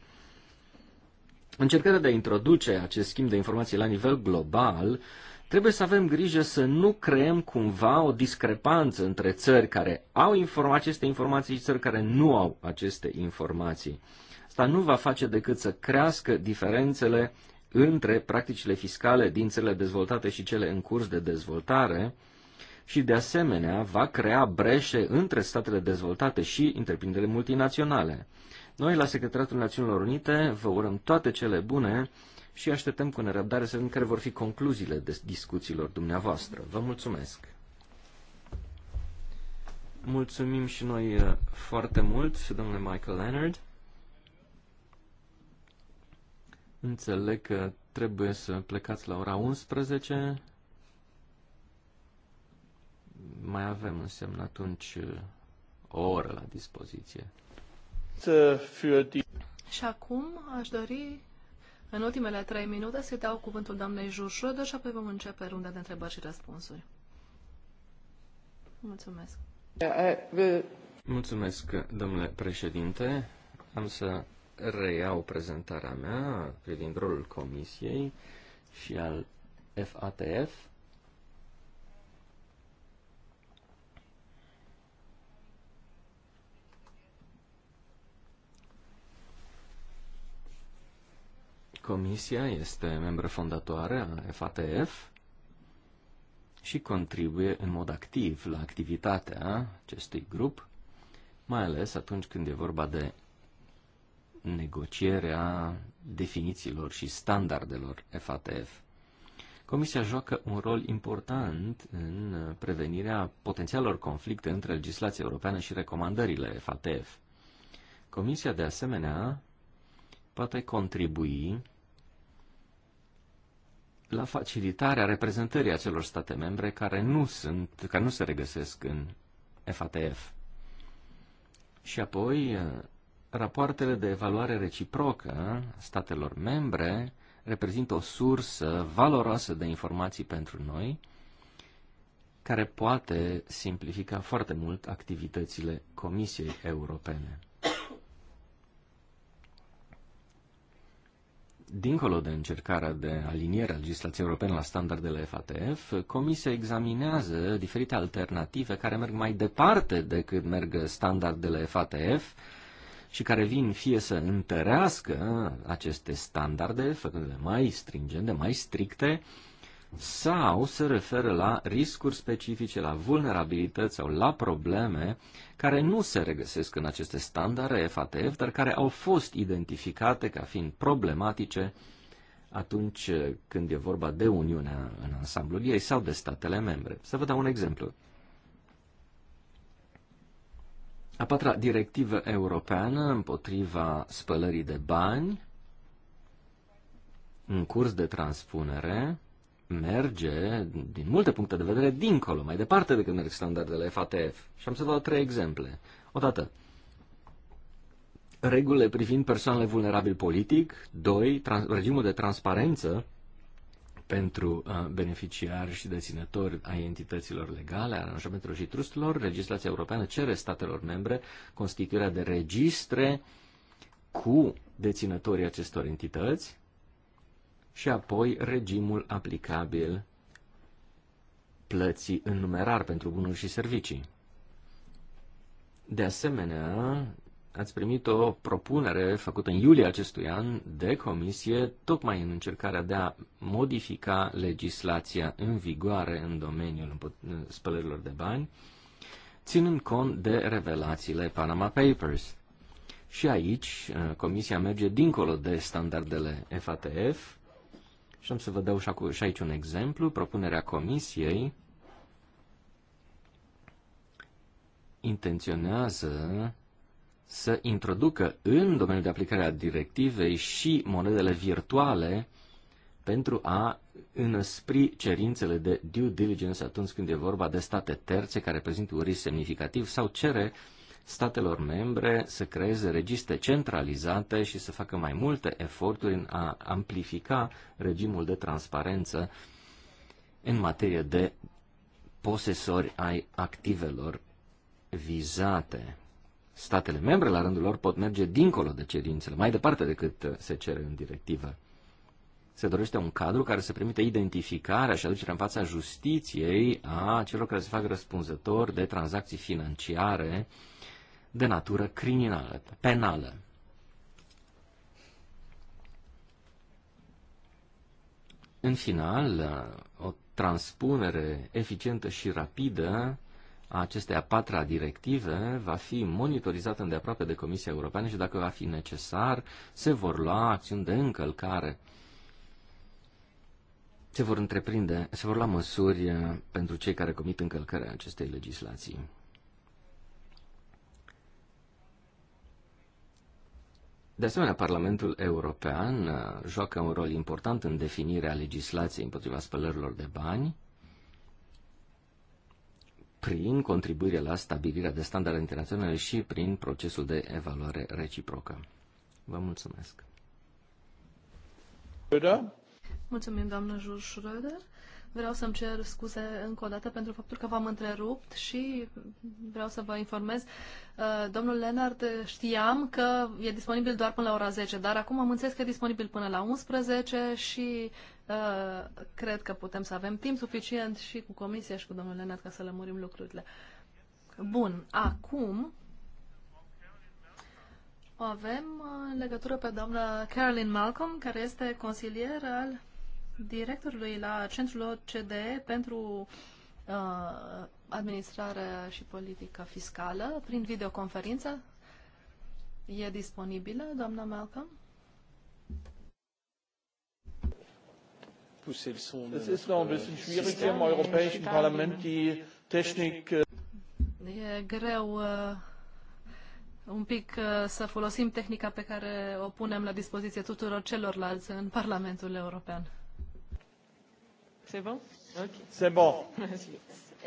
Încercarea de a introduce acest schimb de informații la nivel global Trebuie să avem grijă să nu creăm cumva o discrepanță între țări care au inform- aceste informații și țări care nu au aceste informații. Asta nu va face decât să crească diferențele între practicile fiscale din țările dezvoltate și cele în curs de dezvoltare și, de asemenea, va crea breșe între statele dezvoltate și întreprinderile multinaționale. Noi, la Secretariatul Națiunilor Unite, vă urăm toate cele bune și așteptăm cu nerăbdare să vedem care vor fi concluziile de discuțiilor dumneavoastră. Vă mulțumesc! Mulțumim și noi uh, foarte mult, domnule Michael Leonard. Înțeleg că trebuie să plecați la ora 11. Mai avem însemn atunci uh, o oră la dispoziție. Și acum aș dori în ultimele trei minute se dau cuvântul doamnei Jur Schröder și apoi vom începe runda de întrebări și răspunsuri. Mulțumesc. Mulțumesc, domnule președinte. Am să reiau prezentarea mea privind rolul Comisiei și al FATF Comisia este membră fondatoare a FATF și contribuie în mod activ la activitatea acestui grup, mai ales atunci când e vorba de negocierea definițiilor și standardelor FATF. Comisia joacă un rol important în prevenirea potențialor conflicte între legislația europeană și recomandările FATF. Comisia, de asemenea, poate contribui la facilitarea reprezentării acelor state membre care nu, sunt, care nu se regăsesc în FATF. Și apoi, eh, rapoartele de evaluare reciprocă statelor membre reprezintă o sursă valoroasă de informații pentru noi, care poate simplifica foarte mult activitățile Comisiei Europene. Dincolo de încercarea de aliniere a legislației europene la standardele FATF, Comisia examinează diferite alternative care merg mai departe decât merg standardele FATF și care vin fie să întărească aceste standarde, făcându-le mai stringente, mai stricte, sau se referă la riscuri specifice, la vulnerabilități sau la probleme care nu se regăsesc în aceste standarde FATF, dar care au fost identificate ca fiind problematice atunci când e vorba de Uniunea în ansamblul ei sau de statele membre. Să vă dau un exemplu. A patra directivă europeană împotriva spălării de bani, în curs de transpunere, merge, din multe puncte de vedere, dincolo, mai departe decât merg standardele FATF. Și am să dau trei exemple. Odată, regulile privind persoanele vulnerabile politic, doi, regimul de transparență pentru uh, beneficiari și deținători ai entităților legale, aranjamentelor și trustelor, legislația europeană cere statelor membre constituirea de registre cu deținătorii acestor entități, și apoi regimul aplicabil plății în numerar pentru bunuri și servicii. De asemenea, ați primit o propunere făcută în iulie acestui an de comisie, tocmai în încercarea de a modifica legislația în vigoare în domeniul spălărilor de bani, ținând cont de revelațiile Panama Papers. Și aici, uh, comisia merge dincolo de standardele FATF și am să vă dau și aici un exemplu. Propunerea comisiei intenționează să introducă în domeniul de aplicare a directivei și monedele virtuale pentru a înăspri cerințele de due diligence atunci când e vorba de state terțe care prezintă un risc semnificativ sau cere uh, statelor membre să creeze registre centralizate și să facă mai multe eforturi în a amplifica regimul de transparență în materie de posesori ai activelor vizate. Statele membre, la rândul lor, pot merge dincolo de cerințele, mai departe decât se cere în directivă. Se dorește un cadru care să permite identificarea și aducerea în fața justiției a celor care se fac răspunzători de tranzacții financiare uh, de natură criminală, penală. În final, o transpunere eficientă și rapidă a acestei a patra directive va fi monitorizată îndeaproape de Comisia Europeană și dacă va fi necesar, se vor lua acțiuni de încălcare. Se vor întreprinde, se vor lua măsuri eh, pentru cei care comit încălcarea acestei legislații. De asemenea, Parlamentul European uh, joacă un rol important în definirea legislației împotriva spălărilor de bani prin contribuirea la stabilirea de standarde internaționale și prin procesul de evaluare reciprocă. Vă mulțumesc! Mulțumim, doamnă Jules Schröder. Vreau să-mi cer scuze încă o dată pentru faptul că v-am întrerupt și vreau să vă informez. Uh, domnul Leonard, știam că e disponibil doar până la ora 10, dar acum am înțeles că e disponibil până la 11 și uh, cred că putem să avem timp suficient și cu comisia și cu domnul Leonard ca să lămurim lucrurile. Bun, acum o avem uh, în legătură pe doamna Carolyn Malcolm, care este consilier al directorului la Centrul OCDE pentru uh, administrare și politică fiscală prin videoconferință. E disponibilă, doamna Malcolm? Euh, äh, e greu uh, un pic uh, să folosim tehnica pe care o punem la dispoziție tuturor celorlalți în Parlamentul European. C'est bon okay. C'est bon.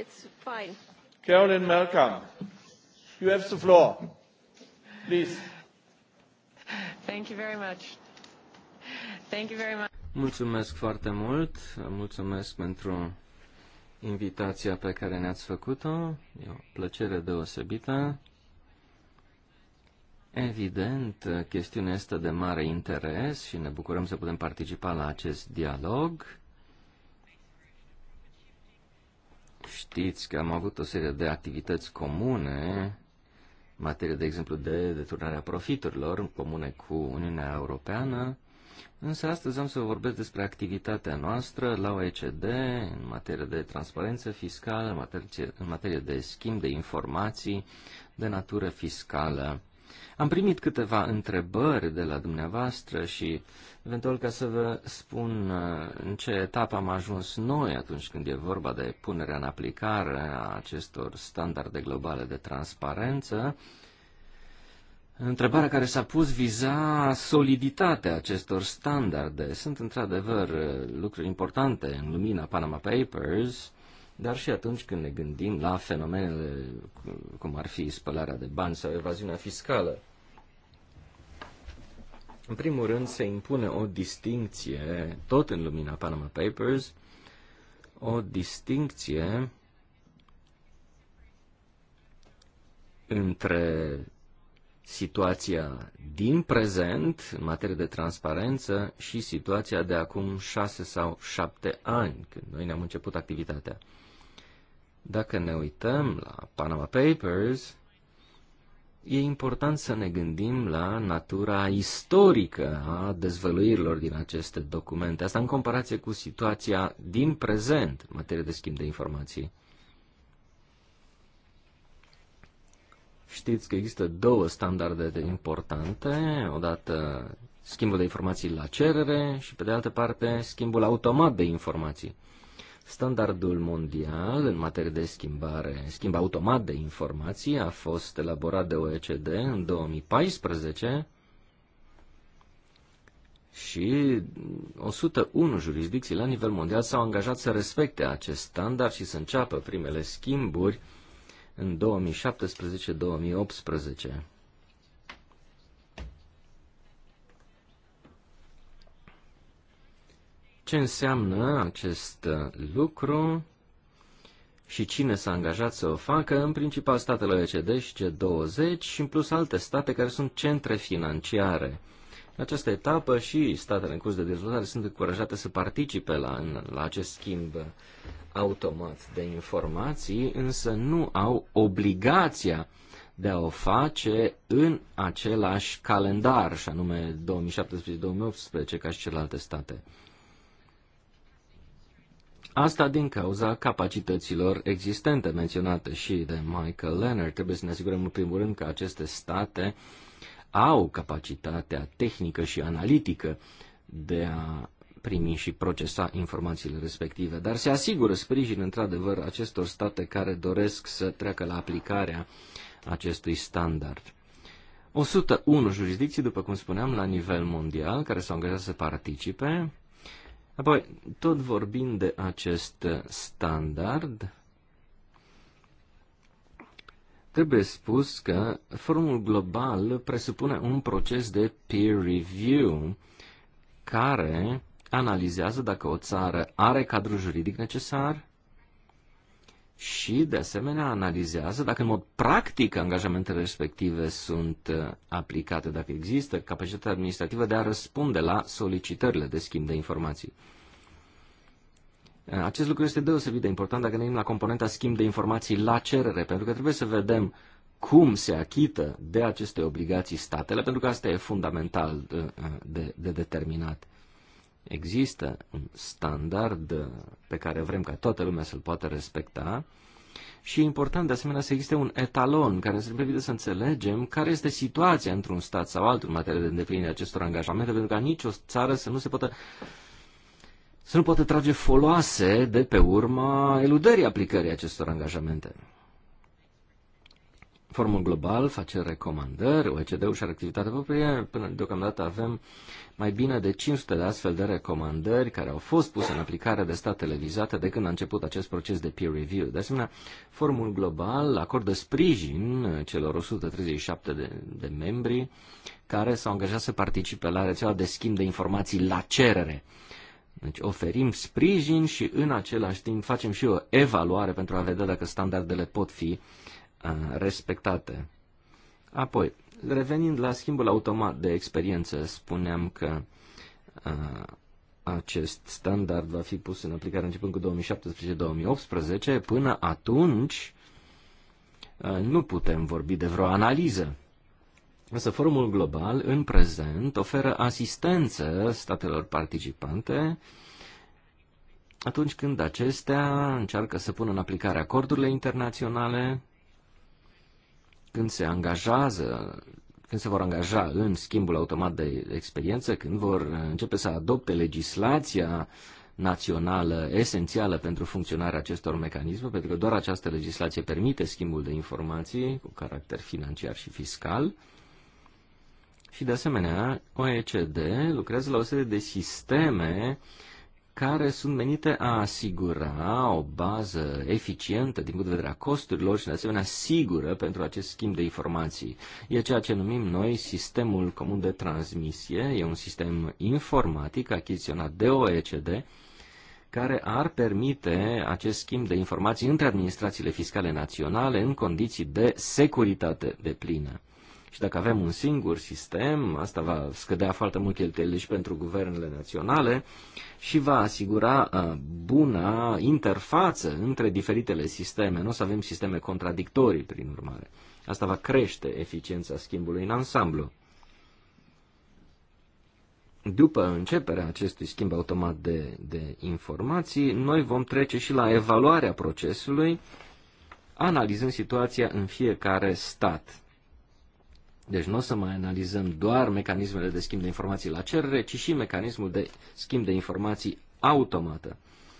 It's fine. Carolyn Malcolm, you have the floor. Please. Thank you very much. Thank you very much. Mulțumesc foarte mult. Mulțumesc pentru invitația pe care ne-ați făcut-o. E o plăcere deosebită. Evident, chestiunea este de mare interes și ne bucurăm să putem participa la acest dialog. Știți că am avut o serie de activități comune, în materie, de exemplu, de deturnarea profiturilor, comune cu Uniunea Europeană, însă astăzi am să vorbesc despre activitatea noastră la OECD în materie de transparență fiscală, în materie de schimb de informații de natură fiscală am primit câteva întrebări de la dumneavoastră și eventual ca să vă spun uh, în ce etapă am ajuns noi atunci când e vorba de punerea în aplicare a acestor standarde globale de transparență. Întrebarea care s-a pus viza soliditatea acestor standarde. Sunt într-adevăr uh, lucruri importante în lumina Panama Papers, dar și atunci când ne gândim la fenomenele cum ar fi spălarea de bani sau evaziunea fiscală. În primul rând, se impune o distinție, tot în lumina Panama Papers, o distinție între situația din prezent în materie de transparență și situația de acum șase sau șapte ani, când noi ne-am început activitatea. Dacă ne uităm la Panama Papers, e important să ne gândim la natura istorică a dezvăluirilor din aceste documente. Asta în comparație cu situația din prezent în materie de schimb de informații. Știți că există două standarde importante, odată schimbul de informații la cerere și, pe de altă parte, schimbul automat de informații. Standardul mondial în materie de schimbare, schimb automat de informații, a fost elaborat de OECD în 2014 și 101 jurisdicții la nivel mondial s-au angajat să respecte acest standard și să înceapă primele schimburi în 2017-2018. ce înseamnă acest uh, lucru și cine s-a angajat să o facă, în principal statele OECD și G20 și în plus alte state care sunt centre financiare. În această etapă și statele în curs de dezvoltare sunt încurajate să participe la, la acest schimb automat de informații, însă nu au obligația de a o face în același calendar, și anume 2017-2018, ca și celelalte state Asta din cauza capacităților existente menționate și de Michael Leonard. Trebuie să ne asigurăm în primul rând că aceste state au capacitatea tehnică și analitică de a primi și procesa informațiile respective, dar se asigură sprijin într-adevăr acestor state care doresc să treacă la aplicarea acestui standard. 101 jurisdicții, după cum spuneam, la nivel mondial, care s-au angajat să participe, Apoi, tot vorbind de acest standard, trebuie spus că forumul global presupune un proces de peer review care analizează dacă o țară are cadrul juridic necesar, și, de asemenea, analizează dacă în mod practic angajamentele respective sunt uh, aplicate, dacă există capacitatea administrativă de a răspunde la solicitările de schimb de informații. Uh, acest lucru este deosebit de important dacă ne gândim la componenta schimb de informații la cerere, pentru că trebuie să vedem cum se achită de aceste obligații statele, pentru că asta e fundamental uh, de, de determinat. Există un standard pe care vrem ca toată lumea să-l poată respecta și e important de asemenea să existe un etalon care să ne permite să înțelegem care este situația într-un stat sau altul în materie de îndeplinire acestor angajamente, pentru ca nicio țară să nu se poată să nu poată trage foloase de pe urma eludării aplicării acestor angajamente. Formul global face recomandări, OECD-ul și activitate proprie, până deocamdată avem mai bine de 500 de astfel de recomandări care au fost puse în aplicare de statele vizate de când a început acest proces de peer review. De asemenea, formul global acordă sprijin celor 137 de, de membri care s-au angajat să participe la rețeaua de schimb de informații la cerere. Deci oferim sprijin și în același timp facem și o evaluare pentru a vedea dacă standardele pot fi uh, respectate. Apoi, revenind la schimbul automat de experiență, spuneam că acest standard va fi pus în aplicare începând cu 2017-2018. Până atunci, nu putem vorbi de vreo analiză. Însă forumul global, în prezent, oferă asistență statelor participante atunci când acestea încearcă să pună în aplicare acordurile internaționale când se angajează, când se vor angaja în schimbul automat de experiență, când vor începe să adopte legislația națională esențială pentru funcționarea acestor mecanisme, pentru că doar această legislație permite schimbul de informații cu caracter financiar și fiscal. Și de asemenea, OECD lucrează la o serie de sisteme uh, care sunt menite a asigura o bază eficientă din punct de vedere a costurilor și, de asemenea, sigură pentru acest schimb de informații. E ceea ce numim noi sistemul comun de transmisie. E un sistem informatic achiziționat de OECD care ar permite acest schimb de informații între administrațiile fiscale naționale în condiții de securitate de plină. Și dacă avem un singur sistem, asta va scădea foarte mult cheltuielile și pentru guvernele naționale și va asigura uh, buna interfață între diferitele sisteme. Nu o să avem sisteme contradictorii, prin urmare. Asta va crește eficiența schimbului în ansamblu. După începerea acestui schimb automat de, de informații, noi vom trece și la evaluarea procesului, analizând situația în fiecare stat. Deci nu o să mai analizăm doar mecanismele de schimb de informații la cerere, ci și mecanismul de schimb de informații automată.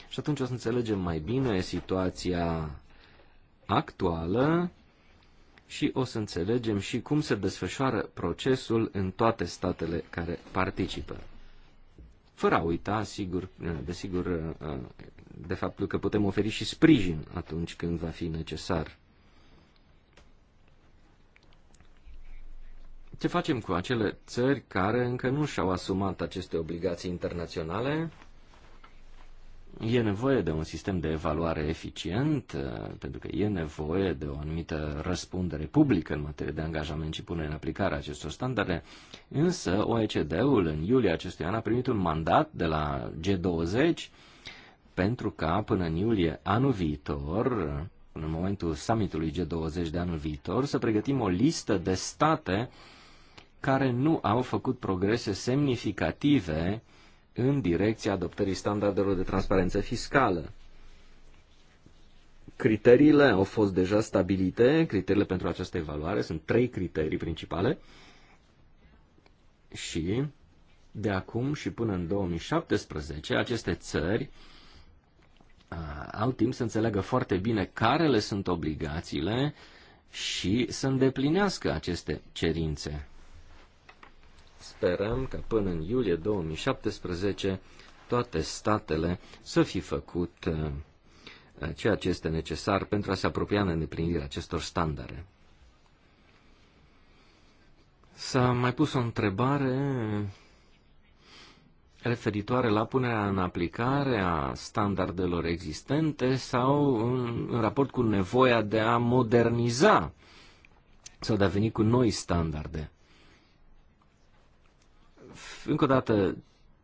Și atunci o să înțelegem mai bine situația actuală și o să înțelegem și cum se desfășoară procesul în toate statele care participă. Fără a uita, sigur, desigur, de faptul că putem oferi și sprijin atunci când va fi necesar. Ce facem cu acele țări care încă nu și-au asumat aceste obligații internaționale? E nevoie de un sistem de evaluare eficient, uh, pentru că e nevoie de o anumită răspundere publică în materie de angajament și punere în aplicare a acestor standarde. Însă, OECD-ul în iulie acestui an a primit un mandat de la G20 pentru ca până în iulie anul viitor, în momentul summitului G20 de anul viitor, să pregătim o listă de state care nu au făcut progrese semnificative în direcția adoptării standardelor de transparență fiscală. Criteriile au fost deja stabilite, criteriile pentru această evaluare sunt trei criterii principale și de acum și până în 2017 aceste țări au timp să înțeleagă foarte bine care le sunt obligațiile și să îndeplinească aceste cerințe. Sperăm că până în iulie 2017 toate statele să fi făcut uh, uh, ceea ce este necesar pentru a se apropia în îndeplinirea acestor standarde. S-a mai pus o întrebare referitoare la punerea în aplicare a standardelor existente sau în, în raport cu nevoia de a moderniza sau de a veni cu noi standarde. Încă o dată,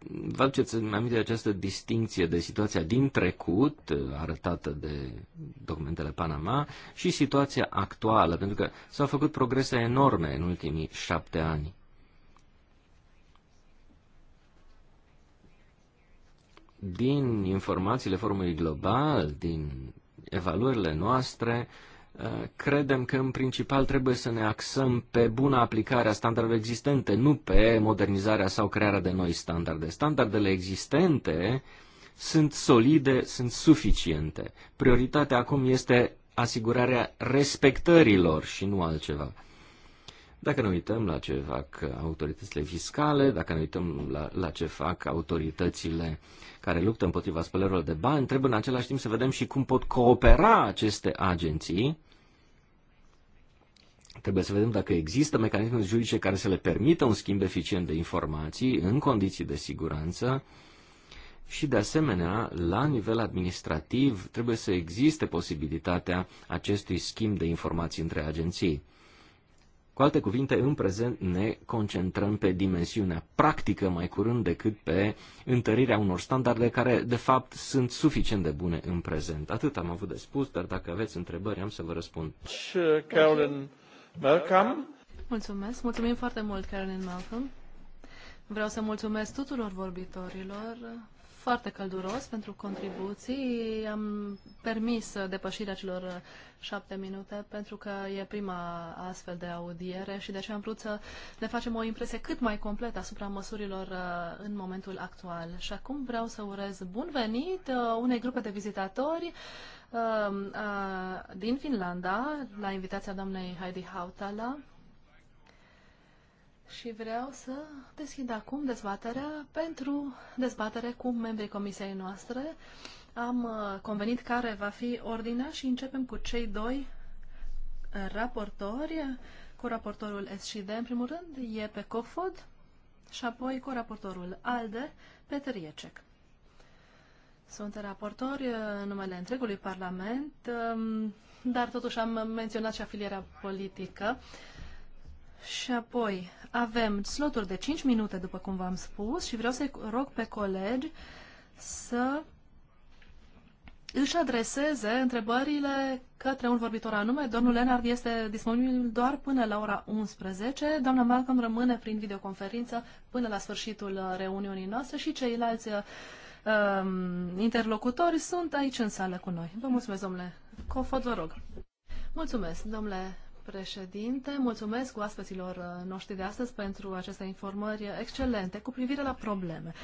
vă aduceți în aminte această distinție de situația din trecut, uh, arătată de documentele Panama, și situația actuală, pentru că s-au făcut progrese enorme în ultimii șapte ani. Din informațiile formului global, din evaluările noastre, uh, Credem că în principal trebuie să ne axăm pe buna aplicare a standardelor existente, nu pe modernizarea sau crearea de noi standarde. Standardele existente sunt solide, sunt suficiente. Prioritatea acum este asigurarea respectărilor și nu altceva. Dacă ne uităm la ce fac autoritățile fiscale, dacă ne uităm la, la ce fac autoritățile care luptă împotriva spălărilor de bani, trebuie în același timp să vedem și cum pot coopera aceste agenții Trebuie să vedem dacă există mecanisme juridice care să le permită un schimb eficient de informații în condiții de siguranță și, de asemenea, la nivel administrativ trebuie să existe posibilitatea acestui schimb de informații între agenții. Cu alte cuvinte, în prezent ne concentrăm pe dimensiunea practică mai curând decât pe întărirea unor standarde care, de fapt, sunt suficient de bune în prezent. Atât am avut de spus, dar dacă aveți întrebări, am să vă răspund. Carolyn Mulțumesc. Mulțumim foarte mult, Carolyn Malcolm. Vreau să mulțumesc tuturor vorbitorilor foarte călduros pentru contribuții. Am permis depășirea celor șapte minute pentru că e prima astfel de audiere și de aceea am vrut să ne facem o impresie cât mai completă asupra măsurilor uh, în momentul actual. Și acum vreau să urez bun venit uh, unei grupe de vizitatori uh, din Finlanda la invitația doamnei Heidi Hautala și vreau să deschid acum dezbaterea pentru dezbatere cu membrii comisiei noastre. Am uh, convenit care va fi ordinea și începem cu cei doi uh, raportori, cu raportorul SCD în primul rând, e pe Cofod și apoi cu raportorul ALDE, Peter Iecek. Sunt raportori uh, în numele întregului Parlament, um, dar totuși am menționat și afilierea politică. Și apoi avem sloturi de 5 minute, după cum v-am spus, și vreau să-i rog pe colegi să își adreseze întrebările către un vorbitor anume. Domnul Lenard este disponibil doar până la ora 11. Doamna Malcolm rămâne prin videoconferință până la sfârșitul uh, reuniunii noastre și ceilalți uh, um, interlocutori sunt aici în sală cu noi. Vă mulțumesc, domnule Cofot, vă rog. Mulțumesc, domnule președinte. Mulțumesc oaspeților uh, noștri de astăzi pentru aceste informări excelente cu privire la probleme.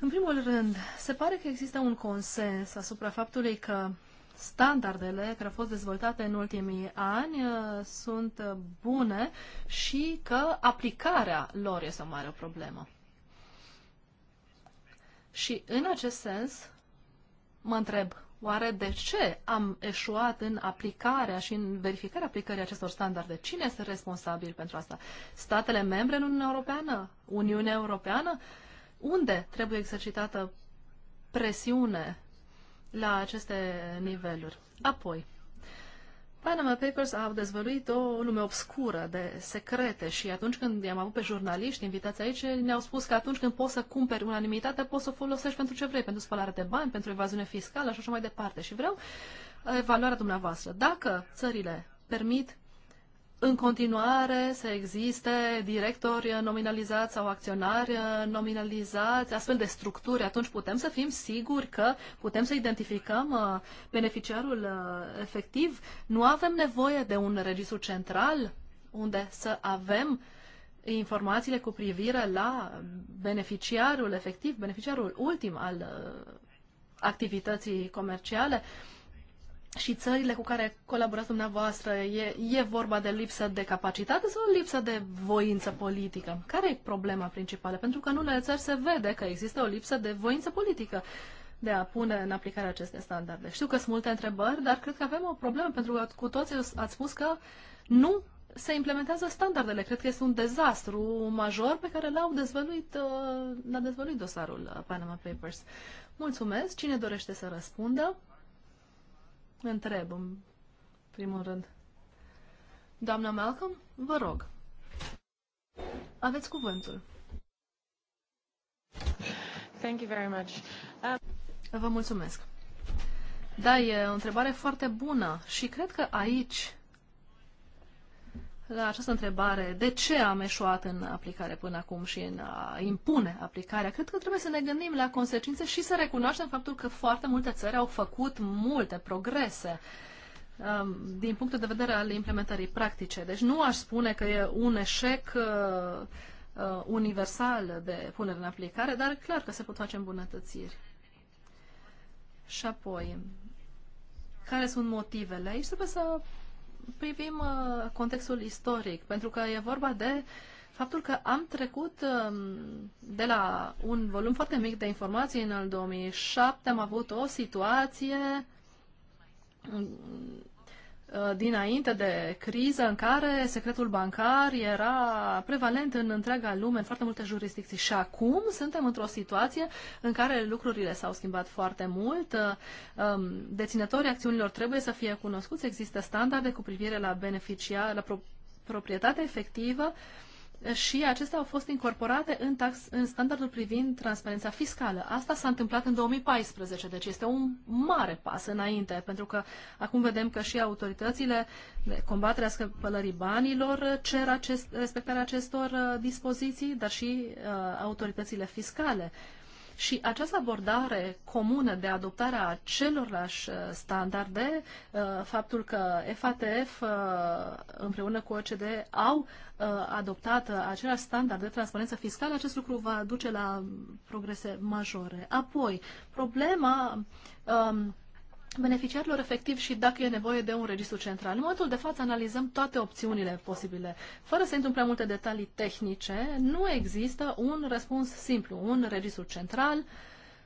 În primul rând, se pare că există un consens asupra faptului că standardele care au fost dezvoltate în ultimii ani uh, sunt uh, bune și că aplicarea lor este o mare problemă. Și în acest sens, mă întreb, Oare de ce am eșuat în aplicarea și în verificarea aplicării acestor standarde? Cine este responsabil pentru asta? Statele membre în Uniunea Europeană? Uniunea Europeană? Unde trebuie exercitată presiune la aceste niveluri? Apoi, Panama Papers au dezvăluit o lume obscură de secrete și atunci când i-am avut pe jurnaliști invitați aici, ne-au spus că atunci când poți să cumperi unanimitate, poți să o folosești pentru ce vrei, pentru spălare de bani, pentru evaziune fiscală și așa mai departe. Și vreau uh, evaluarea dumneavoastră. Dacă țările permit în continuare să existe directori nominalizați sau acționari nominalizați, astfel de structuri, atunci putem să fim siguri că putem să identificăm uh, beneficiarul uh, efectiv. Nu avem nevoie de un registru central unde să avem informațiile cu privire la beneficiarul efectiv, beneficiarul ultim al uh, activității comerciale. Uh, și țările cu care colaborați dumneavoastră, e, e vorba de lipsă de capacitate sau lipsă de voință politică? Care e problema principală? Pentru că în unele țări se vede că există o lipsă de voință politică de a pune în aplicare aceste standarde. Știu că sunt multe întrebări, dar cred că avem o problemă, pentru că cu toții ați spus că nu se implementează standardele. Cred că este un dezastru major pe care l-au dezvăluit, uh, l-a dezvăluit dosarul uh, Panama Papers. Mulțumesc. Cine dorește să răspundă? întreb, în primul rând. Doamna Malcolm, vă rog. Aveți cuvântul. Thank you very much. Um... Vă mulțumesc. Da, e o întrebare foarte bună și cred că aici la această întrebare, de ce am eșuat în aplicare până acum și în a impune aplicarea, cred că trebuie să ne gândim la consecințe și să recunoaștem faptul că foarte multe țări au făcut multe progrese um, din punctul de vedere al implementării practice. Deci nu aș spune că e un eșec uh, uh, universal de punere în aplicare, dar clar că se pot face îmbunătățiri. Și apoi, care sunt motivele? Aici trebuie să privim uh, contextul istoric, pentru că e vorba de faptul că am trecut um, de la un volum foarte mic de informații în al 2007, am avut o situație Uh, dinainte de criză în care secretul bancar era prevalent în întreaga lume, în foarte multe jurisdicții. Și acum suntem într-o situație în care lucrurile s-au schimbat foarte mult. Uh, um, deținătorii acțiunilor trebuie să fie cunoscuți, există standarde cu privire la beneficiar, la pro- proprietate efectivă și acestea au fost incorporate în, tax, în standardul privind transparența fiscală. Asta s-a întâmplat în 2014, deci este un mare pas înainte, pentru că acum vedem că și autoritățile de combaterea spălării banilor cer acest, respectarea acestor uh, dispoziții, dar și uh, autoritățile fiscale și această abordare comună de adoptarea a celorlași uh, standarde, uh, faptul că FATF uh, împreună cu OCD au adoptat același standard de transparență fiscală, acest lucru va duce la progrese majore. Apoi, problema um, beneficiarilor efectiv și dacă e nevoie de un registru central. În momentul de față analizăm toate opțiunile posibile. Fără să intru în prea multe detalii tehnice, nu există un răspuns simplu, un registru central.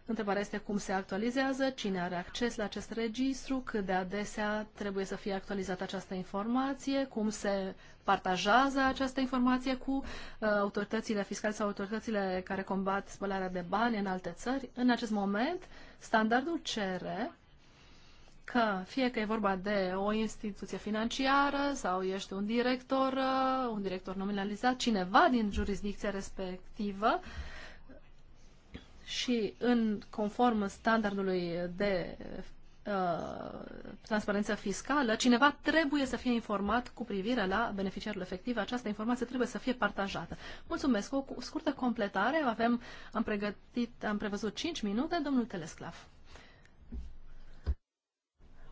Întrebarea este cum se actualizează, cine are acces la acest registru, cât de adesea trebuie să fie actualizată această informație, cum se partajează această informație cu uh, autoritățile fiscale sau autoritățile care combat spălarea de bani în alte țări. În acest moment, standardul cere că fie că e vorba de o instituție financiară sau ești un director, uh, un director nominalizat, cineva din jurisdicția respectivă și în conform standardului de uh, transparență fiscală, cineva trebuie să fie informat cu privire la beneficiarul efectiv. Această informație trebuie să fie partajată. Mulțumesc. O scurtă completare. Avem, am, pregătit, am prevăzut 5 minute. Domnul Telesclav.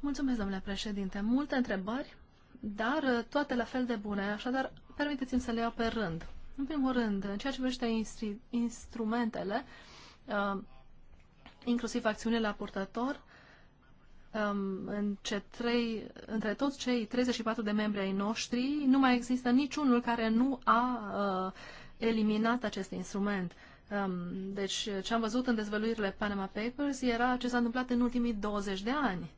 Mulțumesc, domnule președinte. Multe întrebări, dar uh, toate la fel de bune, așadar permiteți-mi să le iau pe rând. În primul rând, în ceea ce privește instrumentele, uh, inclusiv acțiunile la purtător, um, în ce trei, între toți cei 34 de membri ai noștri, nu mai există niciunul care nu a uh, eliminat acest instrument. Um, deci, ce am văzut în dezvăluirile Panama Papers era ce s-a întâmplat în ultimii 20 de ani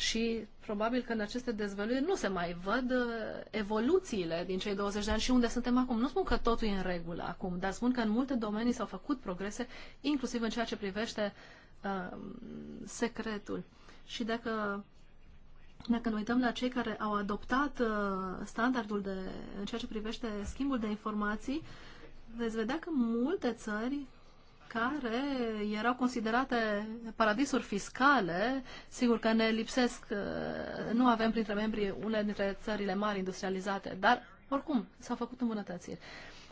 și probabil că în aceste dezvăluiri nu se mai văd uh, evoluțiile din cei 20 de ani și unde suntem acum. Nu spun că totul e în regulă acum, dar spun că în multe domenii s-au făcut progrese, inclusiv în ceea ce privește uh, secretul. Și dacă, dacă ne uităm la cei care au adoptat uh, standardul de, în ceea ce privește schimbul de informații, veți vedea că multe țări care erau considerate paradisuri fiscale. Sigur că ne lipsesc, uh, nu avem printre membrii unele dintre țările mari industrializate, dar oricum s-au făcut îmbunătățiri.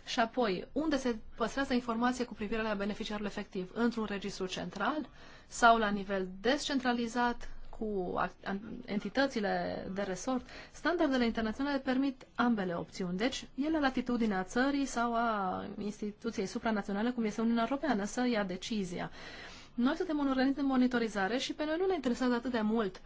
Și apoi, unde se păstrează informație cu privire la beneficiarul efectiv? Într-un registru central sau la nivel descentralizat, cu entitățile de resort, standardele internaționale permit ambele opțiuni. Deci, la latitudinea țării sau a instituției supranaționale, cum este Uniunea Europeană, să ia decizia. Noi suntem un organism de monitorizare și pe noi nu ne interesează atât de mult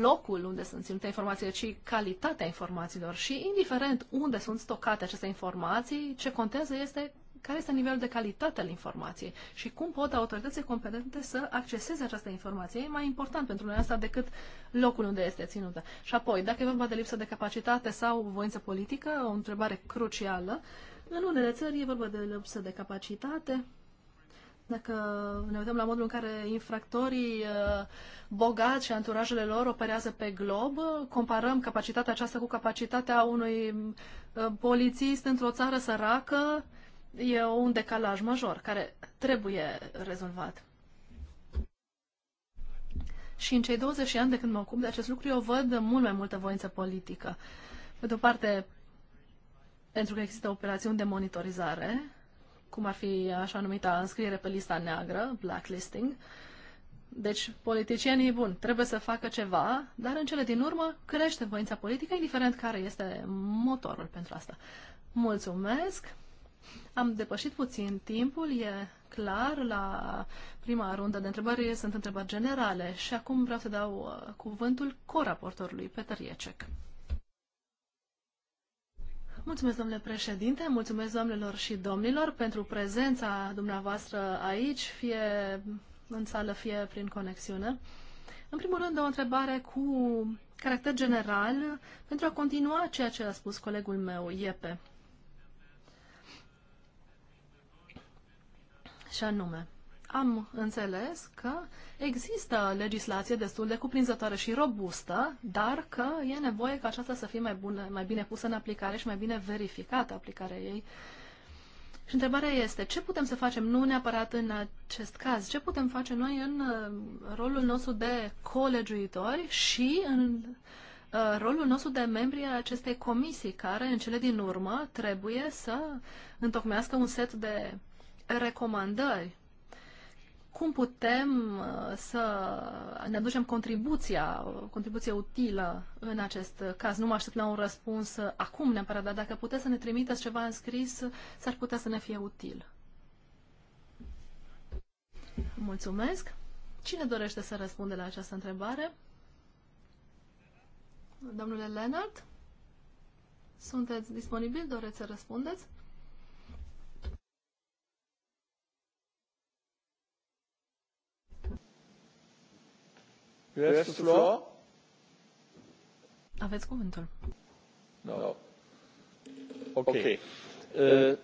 locul unde sunt ținute informațiile, ci calitatea informațiilor. Și indiferent unde sunt stocate aceste informații, ce contează este care este nivelul de calitate al informației și cum pot autoritățile competente să acceseze această informație. E mai important pentru noi asta decât locul unde este ținută. Și apoi, dacă e vorba de lipsă de capacitate sau voință politică, o întrebare crucială, în unele țări e vorba de lipsă de capacitate, dacă ne uităm la modul în care infractorii uh, bogați și anturajele lor operează pe glob, comparăm capacitatea aceasta cu capacitatea unui uh, polițist într-o țară săracă e un decalaj major care trebuie rezolvat. Și în cei 20 ani de când mă ocup de acest lucru, eu văd mult mai multă voință politică. Pe de o parte, pentru că există operațiuni de monitorizare, cum ar fi așa numita înscriere pe lista neagră, blacklisting. Deci, politicienii, bun, trebuie să facă ceva, dar în cele din urmă crește voința politică, indiferent care este motorul pentru asta. Mulțumesc! Am depășit puțin timpul, e clar, la prima rundă de întrebări sunt întrebări generale și acum vreau să dau uh, cuvântul coraportorului Peter Iecek. Mulțumesc, domnule președinte, mulțumesc doamnelor și domnilor pentru prezența dumneavoastră aici, fie în sală, fie prin conexiune. În primul rând, o întrebare cu caracter general pentru a continua ceea ce a spus colegul meu, Iepe. Și anume, am înțeles că există legislație destul de cuprinzătoare și robustă, dar că e nevoie ca aceasta să fie mai, bună, mai bine pusă în aplicare și mai bine verificată aplicarea ei. Și întrebarea este, ce putem să facem, nu neapărat în acest caz, ce putem face noi în uh, rolul nostru de colegiuitori și în uh, rolul nostru de membri a acestei comisii, care în cele din urmă trebuie să întocmească un set de recomandări. Cum putem uh, să ne aducem contribuția, o contribuție utilă în acest caz? Nu mă aștept la un răspuns uh, acum neapărat, dar dacă puteți să ne trimiteți ceva în scris, uh, s-ar putea să ne fie util. Mulțumesc. Cine dorește să răspunde la această întrebare? Domnule Leonard, sunteți disponibil? Doreți să răspundeți? You have the floor? Aveți cuvântul. No. no. Ok. okay. Uh.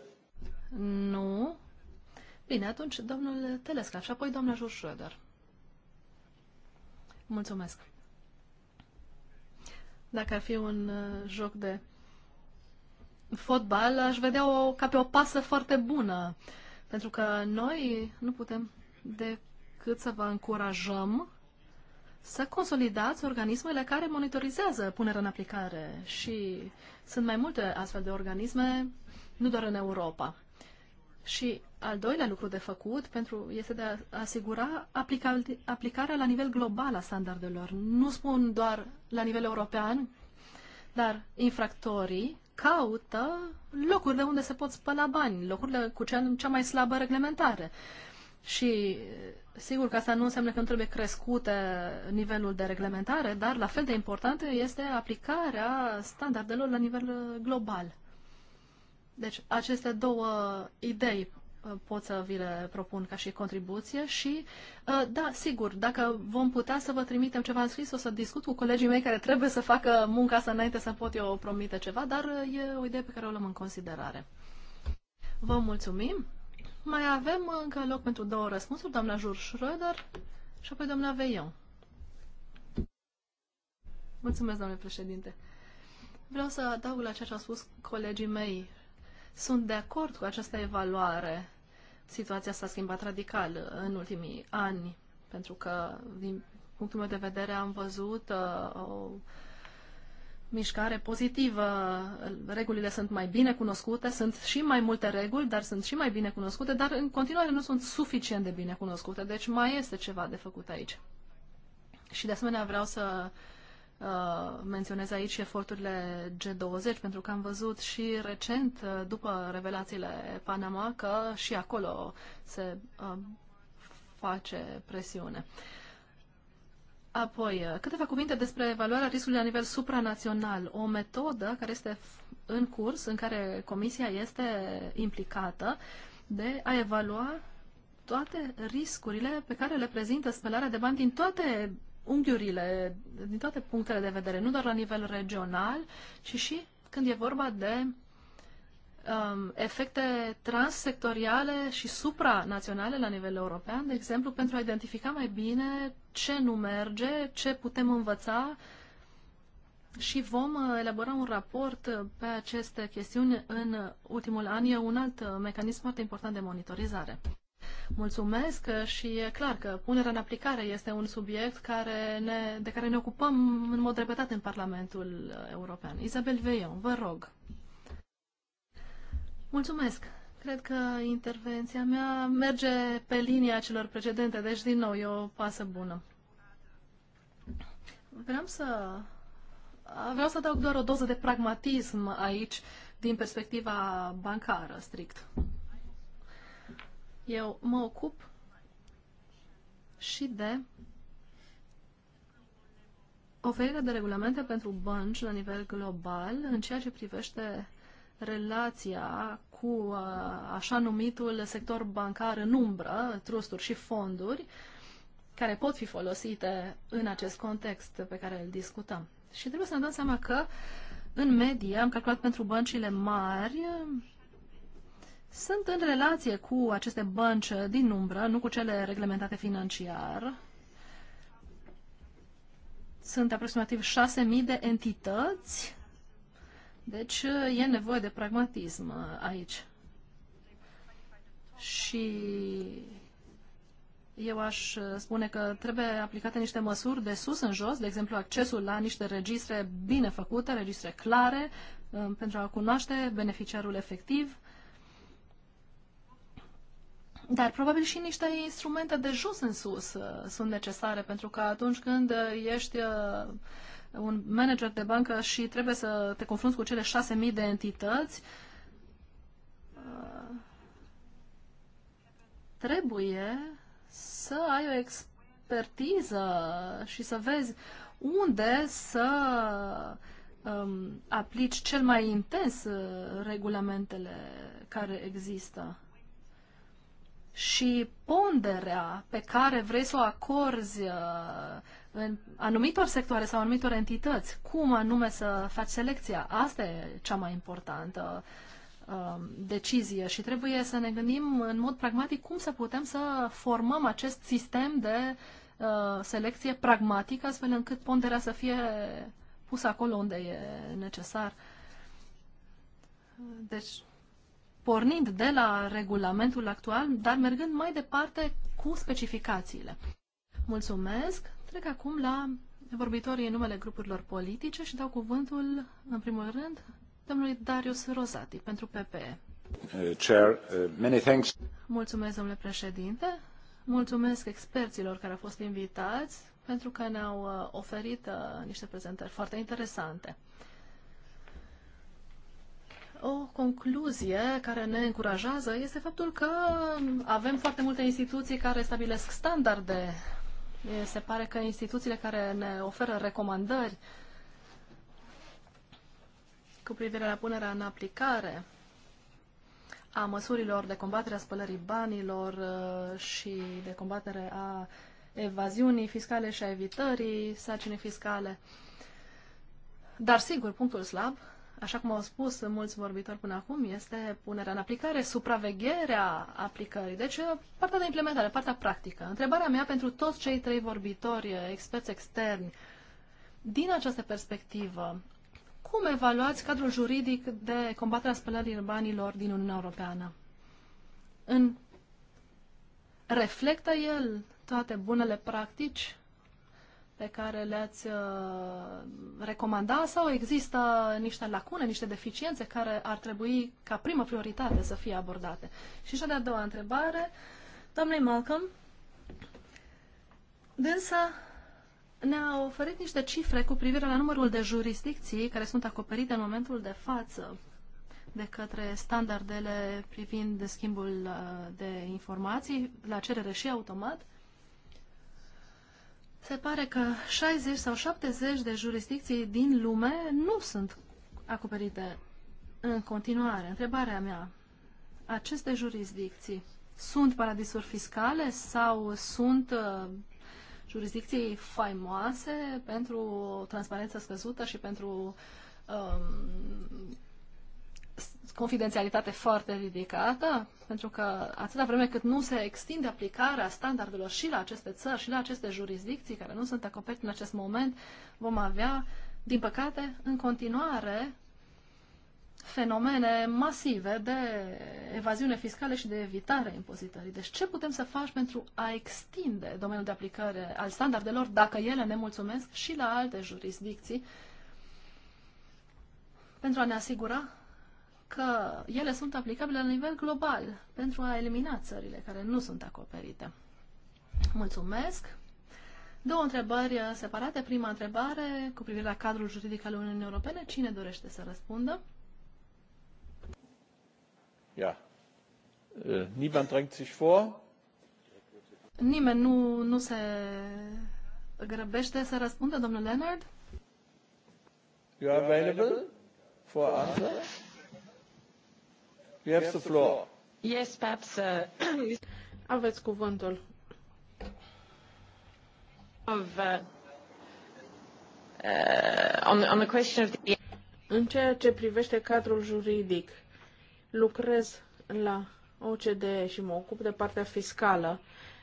Nu. Bine, atunci domnul Telesca și apoi doamna Jur Schröder. Mulțumesc. Dacă ar fi un uh, joc de fotbal, aș vedea-o ca pe o pasă foarte bună. Pentru că noi nu putem decât să vă încurajăm să consolidați organismele care monitorizează punerea în aplicare și sunt mai multe astfel de organisme, nu doar în Europa. Și al doilea lucru de făcut pentru, este de a asigura aplica, aplicarea la nivel global a standardelor. Nu spun doar la nivel european, dar infractorii caută locurile unde se pot spăla bani, locurile cu cea, cea mai slabă reglementare. Și Sigur că asta nu înseamnă că nu trebuie crescut nivelul de reglementare, dar la fel de importantă este aplicarea standardelor la nivel uh, global. Deci aceste două uh, idei uh, pot să vi le propun ca și contribuție și, da, sigur, dacă vom putea să vă trimitem ceva în scris, o să discut cu colegii mei care trebuie să facă munca asta înainte să pot eu promite ceva, dar e o idee pe care o luăm în considerare. Vă mulțumim! Mai avem încă loc pentru două răspunsuri, doamna Jur Schröder și apoi doamna Veion. Mulțumesc, domnule președinte. Vreau să adaug la ceea ce au spus colegii mei. Sunt de acord cu această evaluare. Situația s-a schimbat radical în ultimii ani, pentru că, din punctul meu de vedere, am văzut uh, o mișcare pozitivă. Regulile sunt mai bine cunoscute, sunt și mai multe reguli, dar sunt și mai bine cunoscute, dar în continuare nu sunt suficient de bine cunoscute, deci mai este ceva de făcut aici. Și de asemenea vreau să uh, menționez aici eforturile G20, pentru că am văzut și recent, uh, după revelațiile Panama, că și acolo se uh, face presiune. Uh, Apoi, uh, câteva cuvinte despre evaluarea riscului la nivel supranațional. O metodă care este în curs, în care Comisia este implicată, de a evalua toate riscurile pe care le prezintă spălarea de bani din toate unghiurile, din toate punctele de vedere, nu doar la nivel regional, ci și când e vorba de um, efecte transsectoriale și supranaționale la nivel european, de exemplu, pentru a identifica mai bine ce nu merge, ce putem învăța și vom uh, elabora un raport uh, pe aceste chestiuni în ultimul an. E un alt uh, mecanism foarte important de monitorizare. Mulțumesc și e clar că punerea în aplicare este un subiect care ne, de care ne ocupăm în mod repetat în Parlamentul European. Isabel Veion, vă rog. Mulțumesc, Cred că intervenția mea merge pe linia celor precedente, deci din nou e o pasă bună. Vreau să, vreau să dau doar o doză de pragmatism aici, din perspectiva bancară, strict. Eu mă ocup și de oferirea de regulamente pentru bănci la nivel global în ceea ce privește relația cu uh, așa numitul sector bancar în umbră, trusturi și fonduri, care pot fi folosite în acest context pe care îl discutăm. Și trebuie să ne dăm seama că, în medie, am calculat pentru băncile mari, sunt în relație cu aceste bănci din umbră, nu cu cele reglementate financiar. Sunt aproximativ 6.000 de entități deci uh, e nevoie de pragmatism uh, aici. Și eu aș uh, spune că trebuie aplicate niște măsuri de sus în jos, de exemplu accesul la niște registre bine făcute, registre clare, um, pentru a cunoaște beneficiarul efectiv, dar probabil și niște instrumente de jos în sus sunt necesare, pentru că atunci când ești un manager de bancă și trebuie să te confrunți cu cele 6.000 de entități, uh, trebuie să ai o expertiză și să vezi unde să um, aplici cel mai intens uh, regulamentele care există și ponderea pe care vrei să o acorzi uh, în anumitor sectoare sau anumitor entități. Cum anume să faci selecția? Asta e cea mai importantă um, decizie și trebuie să ne gândim în mod pragmatic cum să putem să formăm acest sistem de uh, selecție pragmatică astfel încât ponderea să fie pusă acolo unde e necesar. Deci, pornind de la regulamentul actual, dar mergând mai departe cu specificațiile. Mulțumesc! Trec acum la vorbitorii în numele grupurilor politice și dau cuvântul, în primul rând, domnului Darius Rosati pentru PPE. Uh, chair, uh, many thanks. Mulțumesc, domnule președinte. Mulțumesc experților care au fost invitați pentru că ne-au uh, oferit uh, niște prezentări foarte interesante. O concluzie care ne încurajează este faptul că avem foarte multe instituții care stabilesc standarde se pare că instituțiile care ne oferă recomandări cu privire la punerea în aplicare a măsurilor de combatere a spălării banilor uh, și de combatere a evaziunii fiscale și a evitării sarcinii fiscale. Dar sigur, punctul slab așa cum au spus mulți vorbitori până acum, este punerea în aplicare, supravegherea aplicării. Deci, partea de implementare, partea practică. Întrebarea mea pentru toți cei trei vorbitori, experți externi, din această perspectivă, cum evaluați cadrul juridic de combaterea spălării banilor din Uniunea Europeană? În reflectă el toate bunele practici pe care le-ați uh, recomanda sau există niște lacune, niște deficiențe care ar trebui ca primă prioritate să fie abordate? Și cea de-a doua întrebare, doamnei Malcolm, dânsa ne-a oferit niște cifre cu privire la numărul de jurisdicții care sunt acoperite în momentul de față de către standardele privind schimbul uh, de informații la cerere și automat. Se pare că 60 sau 70 de jurisdicții din lume nu sunt acoperite în continuare. Întrebarea mea, aceste jurisdicții sunt paradisuri fiscale sau sunt uh, jurisdicții faimoase pentru transparență scăzută și pentru um, confidențialitate foarte ridicată, pentru că atâta vreme cât nu se extinde aplicarea standardelor și la aceste țări și la aceste jurisdicții care nu sunt acoperite în acest moment, vom avea, din păcate, în continuare fenomene masive de evaziune fiscală și de evitare a impozitării. Deci ce putem să faci pentru a extinde domeniul de aplicare al standardelor dacă ele ne mulțumesc și la alte jurisdicții pentru a ne asigura că ele sunt aplicabile la nivel global pentru a elimina țările care nu sunt acoperite. Mulțumesc! Două întrebări separate. Prima întrebare cu privire la cadrul juridic al Uniunii Europene. Cine dorește să răspundă? Ja. Äh, niemand drängt sich vor. Nimeni nu, nu se grăbește să răspundă, domnul Leonard? You are available for answer? Aveți cuvântul. Uh, uh, În ceea ce privește cadrul juridic, lucrez la OCDE și mă ocup de partea fiscală.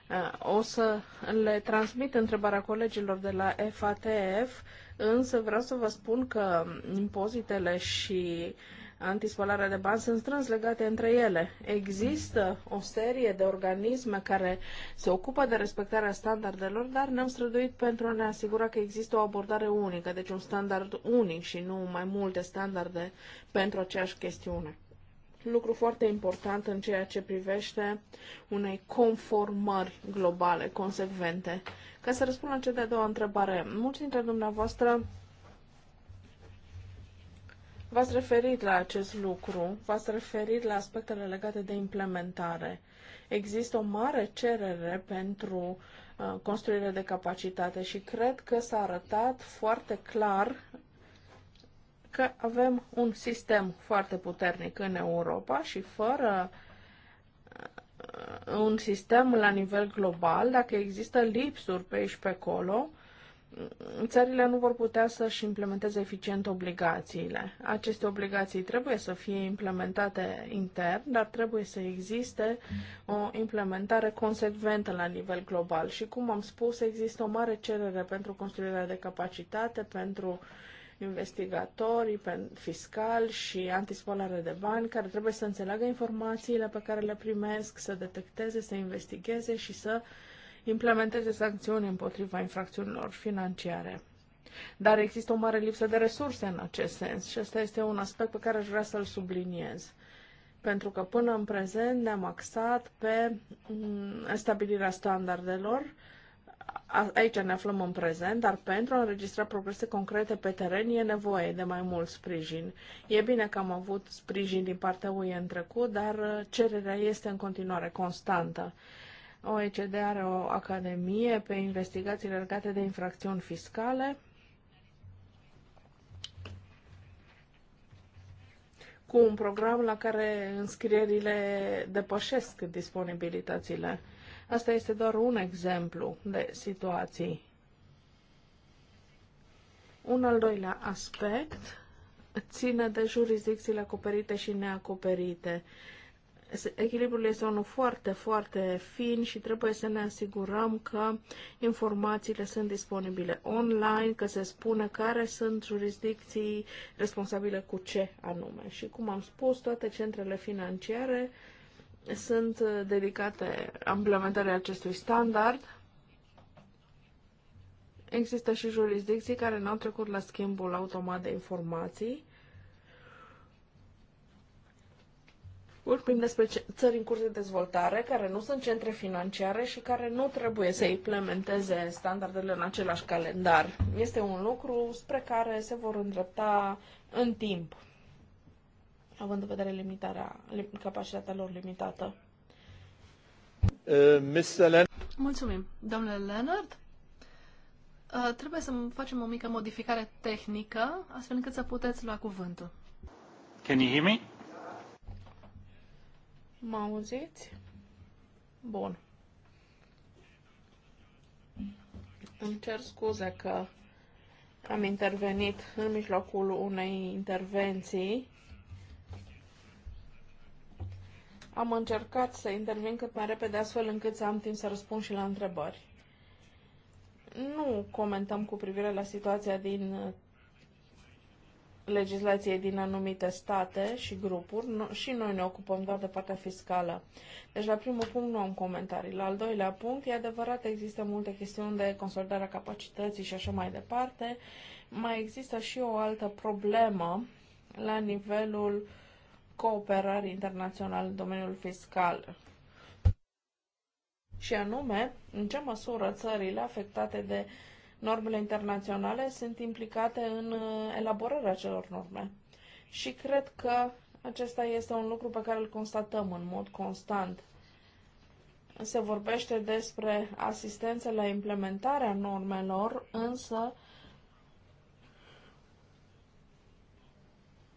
Uh, o să le transmit întrebarea colegilor de la FATF, însă vreau să vă spun că impozitele și uh, antispălarea de bani sunt strâns legate între ele. Există o serie de organisme care se ocupă de respectarea standardelor, dar ne-am străduit pentru a ne asigura că există o abordare unică, deci un standard unic și nu mai multe standarde pentru aceeași chestiune. Lucru foarte important în ceea ce privește unei conformări globale, consecvente. Ca să răspund la cea de-a doua întrebare, mulți dintre dumneavoastră V-ați referit la acest lucru, v-ați referit la aspectele legate de implementare. Există o mare cerere pentru uh, construire de capacitate și cred că s-a arătat foarte clar că avem un sistem foarte puternic în Europa și fără uh, un sistem la nivel global, dacă există lipsuri pe aici pe acolo, țările nu vor putea să-și implementeze eficient obligațiile. Aceste obligații trebuie să fie implementate intern, dar trebuie să existe o implementare consecventă la nivel global. Și cum am spus, există o mare cerere pentru construirea de capacitate, pentru investigatori fiscali și antispolare de bani care trebuie să înțeleagă informațiile pe care le primesc, să detecteze, să investigheze și să uh, implementeze sancțiuni împotriva infracțiunilor financiare. Dar există o mare lipsă de resurse în acest sens și ăsta este un aspect pe care aș vrea să-l subliniez. Pentru că până în prezent ne-am axat pe mm, stabilirea standardelor, aici ne aflăm în prezent, dar pentru a înregistra progrese concrete pe teren e nevoie de mai mult sprijin. E bine că am avut sprijin din partea UE în trecut, dar uh, cererea este în continuare constantă. OECD are o academie pe investigații legate de infracțiuni fiscale. cu un program la care înscrierile depășesc disponibilitățile. Asta este doar un exemplu de situații. Un al doilea aspect ține de jurisdicțiile acoperite și neacoperite echilibrul este unul foarte, foarte fin și trebuie să ne asigurăm că informațiile sunt disponibile online, că se spune care sunt jurisdicții responsabile cu ce anume. Și cum am spus, toate centrele financiare sunt uh, dedicate implementării acestui standard. Există și jurisdicții care nu au trecut la schimbul automat de informații Vorbim despre țări în curs de dezvoltare, care nu sunt centre financiare și care nu trebuie să implementeze standardele în același calendar. Este un lucru spre care se vor îndrepta în timp, având în vedere limitarea, capacitatea lor limitată. Uh, Mulțumim. Domnule Leonard, uh, trebuie să facem o mică modificare tehnică, astfel încât să puteți lua cuvântul. Can you hear me? Mă auziți? Bun. Îmi cer scuze că am intervenit în mijlocul unei intervenții. Am încercat să intervin cât mai repede, astfel încât să am timp să răspund și la întrebări. Nu comentăm cu privire la situația din legislație din anumite state și grupuri no, și noi ne ocupăm doar de partea fiscală. Deci la primul punct nu am comentarii. La al doilea punct, e adevărat, există multe chestiuni de consolidare a capacității și așa mai departe. Mai există și o altă problemă la nivelul cooperării internaționale în domeniul fiscal. Și anume, în ce măsură țările afectate de uh, normele internaționale sunt implicate în uh, elaborarea acelor norme. Și cred că acesta este un lucru pe care îl constatăm în mod constant. Se vorbește despre asistență la implementarea normelor, însă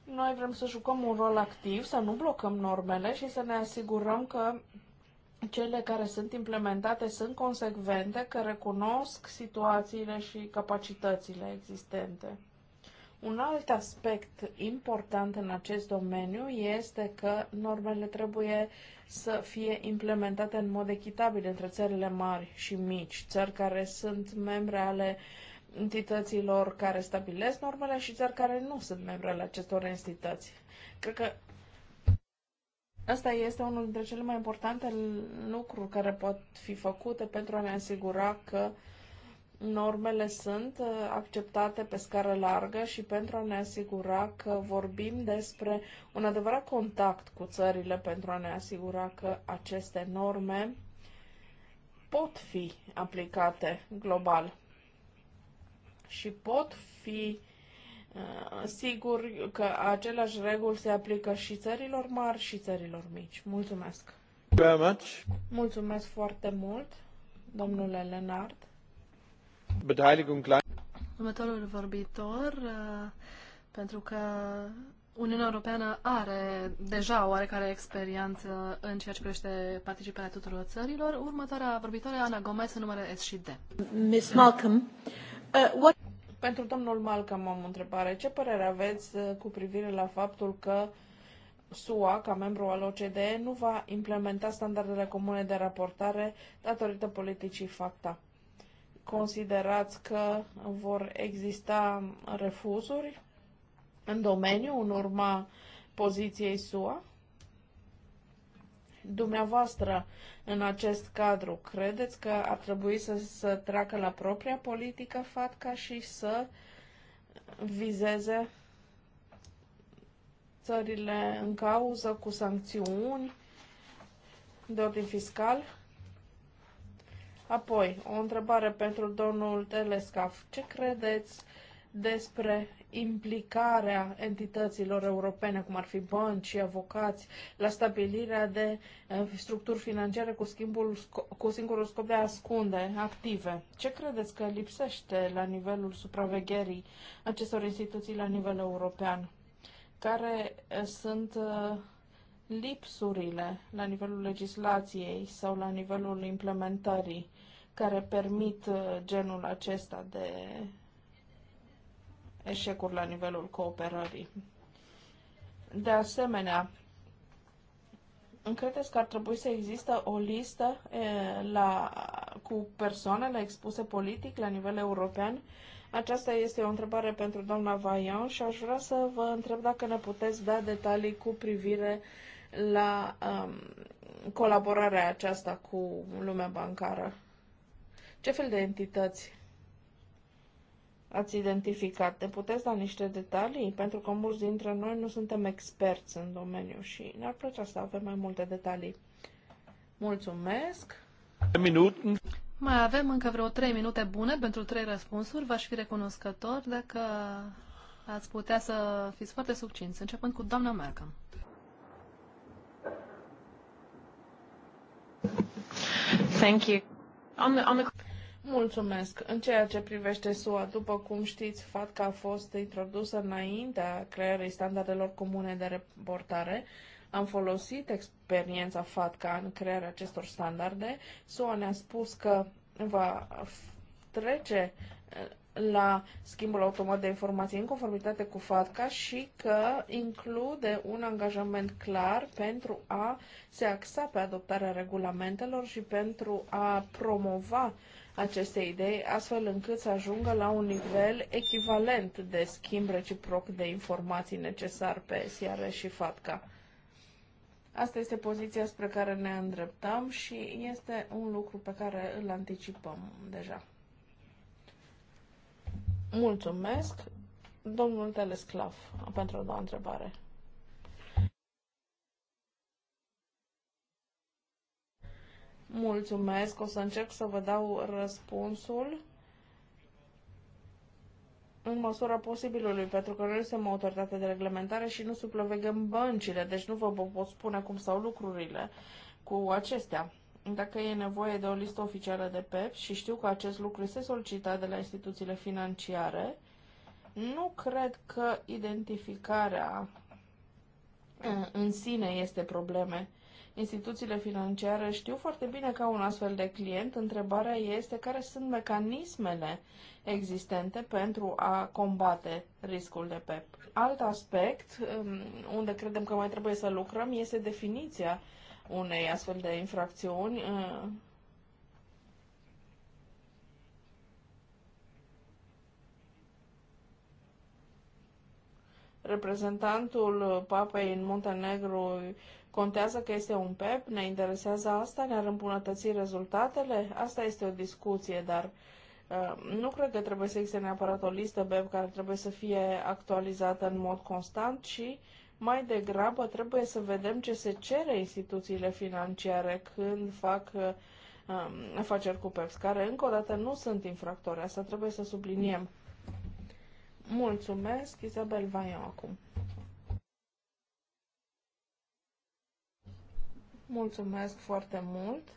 noi vrem să jucăm un rol activ, să nu blocăm normele și să ne asigurăm că cele care sunt implementate sunt consecvente, că recunosc situațiile și capacitățile existente. Un alt aspect important în acest domeniu este că normele trebuie să fie implementate în mod echitabil între țările mari și mici, țări care sunt membre ale entităților care stabilesc normele și țări care nu sunt membre ale acestor entități. Cred că Asta este unul dintre cele mai importante lucruri care pot fi făcute pentru a ne asigura că normele sunt uh, acceptate pe scară largă și pentru a ne asigura că vorbim despre un adevărat contact cu țările pentru a ne asigura că aceste norme pot fi aplicate global și pot fi Uh, sigur că aceleași reguli se aplică și țărilor mari și țărilor mici. Mulțumesc! Very much. Mulțumesc foarte mult, domnule Lenard. Beteiligung Următorul vorbitor, uh, pentru că Uniunea Europeană are deja oarecare experiență în ceea ce privește participarea tuturor țărilor. Următoarea vorbitoare, Ana Gomez, în numele S și D. Miss Malcolm, uh, what... Pentru domnul Malcolm am o întrebare. Ce părere aveți uh, cu privire la faptul că SUA, ca membru al OCDE, nu va implementa standardele comune de raportare datorită politicii FACTA? Considerați că vor exista refuzuri în domeniu în urma poziției SUA? Dumneavoastră, în acest cadru, credeți că ar trebui să, să treacă la propria politică FATCA și să vizeze țările în cauză cu sancțiuni de ordin fiscal? Apoi, o întrebare pentru domnul Telescaf. Ce credeți despre implicarea entităților europene, cum ar fi bănci și avocați, la stabilirea de eh, structuri financiare cu, schimbul, cu singurul scop de a ascunde active. Ce credeți că lipsește la nivelul supravegherii acestor instituții la nivel european? Care eh, sunt eh, lipsurile la nivelul legislației sau la nivelul implementării care permit genul acesta de eșecuri la nivelul cooperării. De asemenea, credeți că ar trebui să există o listă e, la, cu persoanele expuse politic la nivel european? Aceasta este o întrebare pentru doamna Vaian și aș vrea să vă întreb dacă ne puteți da detalii cu privire la um, colaborarea aceasta cu lumea bancară. Ce fel de entități ați identificat. Ne puteți da niște detalii? Pentru că mulți dintre noi nu suntem experți în domeniu și ne-ar plăcea să avem mai multe detalii. Mulțumesc! Minuten. Mai avem încă vreo 3 minute bune pentru 3 răspunsuri. V-aș fi recunoscător dacă ați putea să fiți foarte succinți, începând cu doamna Malcolm. Thank you. On the, on the... Mulțumesc. În ceea ce privește SUA, după cum știți, FATCA a fost introdusă înaintea creării standardelor comune de reportare. Am folosit experiența FATCA în crearea acestor standarde. SUA ne-a spus că va trece eh, la schimbul automat de informații în conformitate cu FATCA și că include un angajament clar pentru a se axa pe adoptarea regulamentelor și pentru a promova uh, aceste idei, astfel încât să ajungă la un nivel echivalent de schimb reciproc de informații necesar pe SIR și FATCA. Asta este poziția spre care ne îndreptăm și este un lucru pe care îl anticipăm deja. Mulțumesc, domnul Telesclav, pentru a doua întrebare. Mulțumesc, o să încerc să vă dau răspunsul în măsura posibilului, pentru că noi suntem autoritate de reglementare și nu suplăvegăm băncile, deci nu vă pot spune cum stau lucrurile cu acestea. Dacă e nevoie de o listă oficială de PEP și știu că acest lucru este solicitat de la instituțiile financiare, nu cred că identificarea mm, în sine este probleme Instituțiile financiare știu foarte bine că au un astfel de client. Întrebarea este care sunt mecanismele existente pentru a combate riscul de PEP. Alt aspect um, unde credem că mai trebuie să lucrăm este definiția unei astfel de infracțiuni uh, reprezentantul papei în Muntenegru Contează că este un PEP? Ne interesează asta? Ne-ar îmbunătăți rezultatele? Asta este o discuție, dar uh, nu cred că trebuie să existe neapărat o listă BEP care trebuie să fie actualizată în mod constant, ci mai degrabă trebuie să vedem ce se cere instituțiile financiare când fac uh, um, afaceri cu PEPS, care încă o dată nu sunt infractori. Asta trebuie să subliniem. Mulțumesc, Isabel Vaian, acum. Mulțumesc foarte mult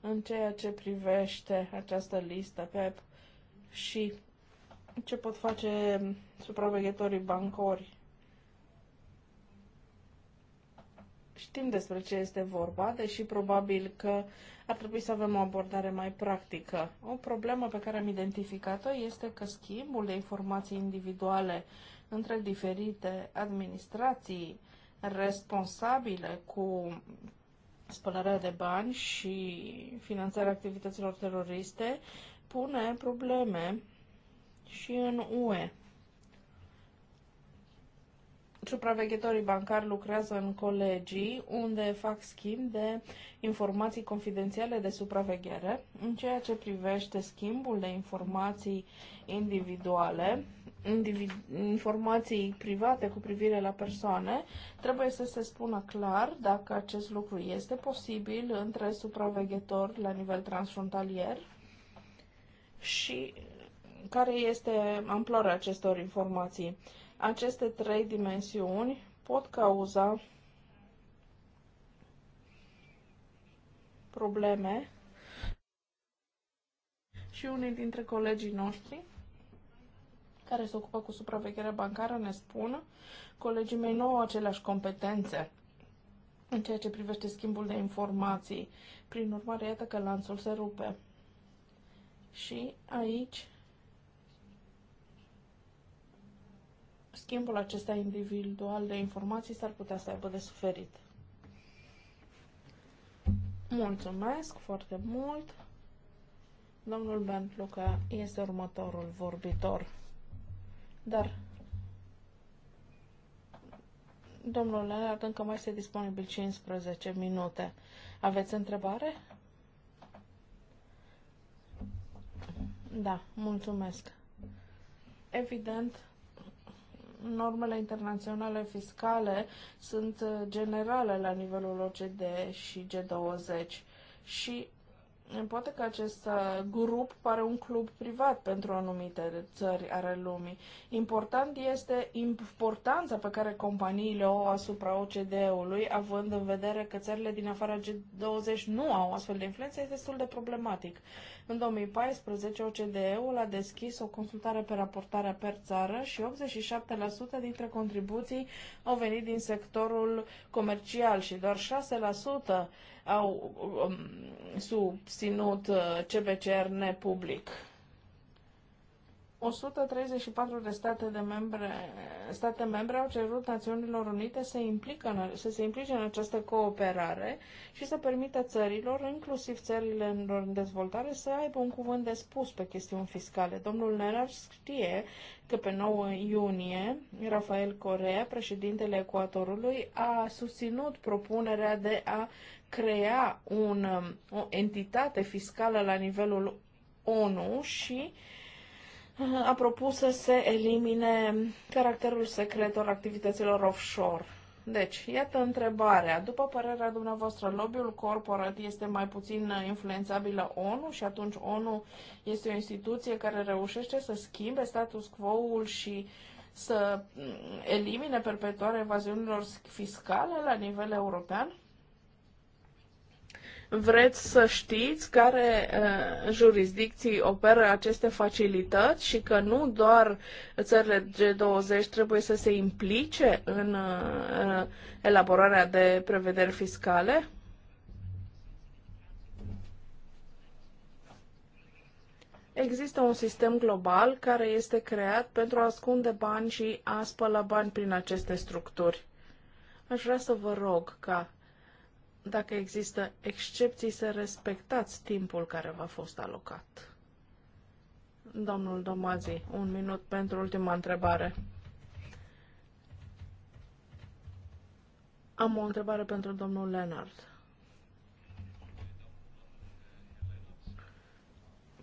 în ceea ce privește această listă PEP și ce pot face supraveghetorii bancori. Știm despre ce este vorba, deși probabil că ar trebui să avem o abordare mai practică. O problemă pe care am identificat-o este că schimbul de informații individuale între diferite administrații responsabile cu spălarea de bani și finanțarea activităților teroriste pune probleme și în UE. Supraveghetorii bancari lucrează în colegii unde fac schimb de informații confidențiale de supraveghere. În ceea ce privește schimbul de informații individuale, informații private cu privire la persoane, trebuie să se spună clar dacă acest lucru este posibil între supraveghetori la nivel transfrontalier și care este amploarea acestor informații. Aceste trei dimensiuni pot cauza probleme și unii dintre colegii noștri care se ocupă cu supravegherea bancară, ne spun, colegii mei nu au aceleași competențe în ceea ce privește schimbul de informații. Prin urmare, iată că lanțul se rupe. Și aici schimbul acesta individual de informații s-ar putea să aibă de suferit. Mulțumesc foarte mult! Domnul Bent Luca este următorul vorbitor. Dar domnul Leonard încă mai este disponibil 15 minute. Aveți întrebare? Da, mulțumesc. Evident, normele internaționale fiscale sunt uh, generale la nivelul OCD și G20 și Poate că acest uh, grup pare un club privat pentru anumite țări ale lumii. Important este importanța pe care companiile o au asupra OCDE-ului, având în vedere că țările din afara G20 nu au astfel de influență, este destul de problematic. În 2014, OCDE-ul a deschis o consultare pe raportarea per țară și 87% dintre contribuții au venit din sectorul comercial și doar 6% au um, susținut uh, CVCR nepublic. 134 de state, de membre, state membre au cerut Națiunilor Unite să, implică în, să se implice în această cooperare și să permită țărilor, inclusiv țările în dezvoltare, să aibă un cuvânt de spus pe chestiuni fiscale. Domnul Nenar știe că pe 9 iunie, Rafael Corea, președintele Ecuatorului, a susținut propunerea de a crea un, um, o entitate fiscală la nivelul ONU și uh, a propus să se elimine caracterul secret al activităților offshore. Deci, iată întrebarea. După părerea dumneavoastră, lobby-ul corporat este mai puțin uh, influențabilă ONU și atunci ONU este o instituție care reușește să schimbe status quo-ul și să mm, elimine perpetuarea evaziunilor fiscale la nivel european? vreți să știți care uh, jurisdicții operă aceste facilități și că nu doar țările G20 trebuie să se implice în uh, uh, elaborarea de prevederi fiscale? Există un sistem global care este creat pentru a ascunde bani și a spăla bani prin aceste structuri. Aș vrea să vă rog ca dacă există excepții, să respectați timpul care v-a fost alocat. Domnul Domazi, un minut pentru ultima întrebare. Am o întrebare pentru domnul Leonard.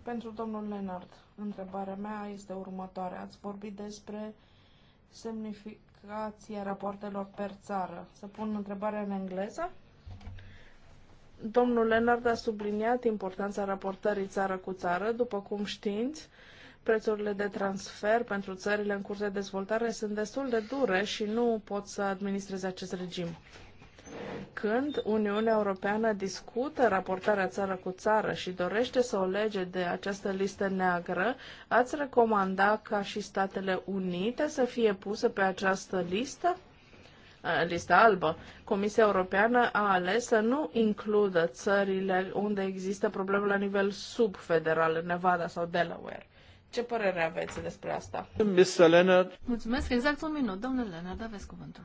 Pentru domnul Leonard, întrebarea mea este următoarea. Ați vorbit despre semnificația rapoartelor per țară. Să pun întrebarea în engleză? Domnul Lenard a subliniat importanța raportării țară cu țară. După cum știți, prețurile de transfer pentru țările în curs de dezvoltare sunt destul de dure și nu pot să administreze acest regim. Când Uniunea Europeană discută raportarea țară cu țară și dorește să o lege de această listă neagră, ați recomanda ca și Statele Unite să fie puse pe această listă? Uh, lista albă. Comisia Europeană a ales să nu includă țările unde există probleme la nivel subfederal, Nevada sau Delaware. Ce părere aveți despre asta? Mr. Leonard. Mulțumesc, exact un minut. Domnule Leonard, aveți cuvântul.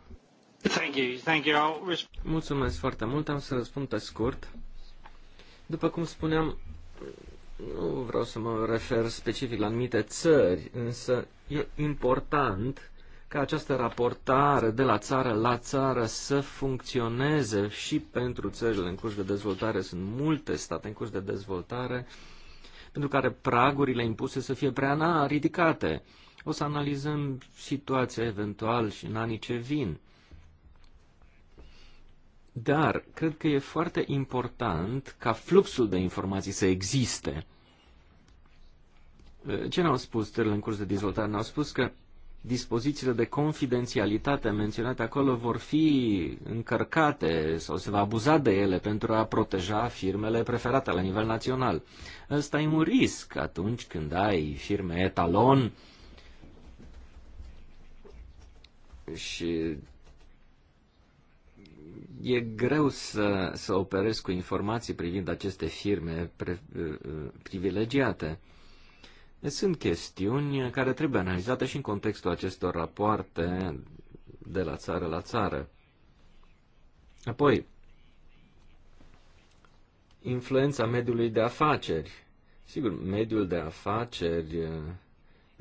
Thank you, thank you. Mulțumesc foarte mult, am să răspund pe scurt. După cum spuneam, nu vreau să mă refer specific la anumite țări, însă e important ca această raportare de la țară la țară să funcționeze și pentru țările în curs de dezvoltare. Sunt multe state în curs de dezvoltare pentru care pragurile impuse să fie prea na, ridicate. O să analizăm situația eventual și în anii ce vin. Dar cred că e foarte important ca fluxul de informații să existe. Ce ne-au spus țările în curs de dezvoltare? Ne-au spus că dispozițiile de confidențialitate menționate acolo vor fi încărcate sau se va abuza de ele pentru a proteja firmele preferate la nivel național. Ăsta e un risc atunci când ai firme etalon și e greu să, să operezi cu informații privind aceste firme pre, uh, uh, privilegiate. Sunt chestiuni care trebuie analizate și în contextul acestor rapoarte de la țară la țară. Apoi, influența mediului de afaceri. Sigur, mediul de afaceri eh,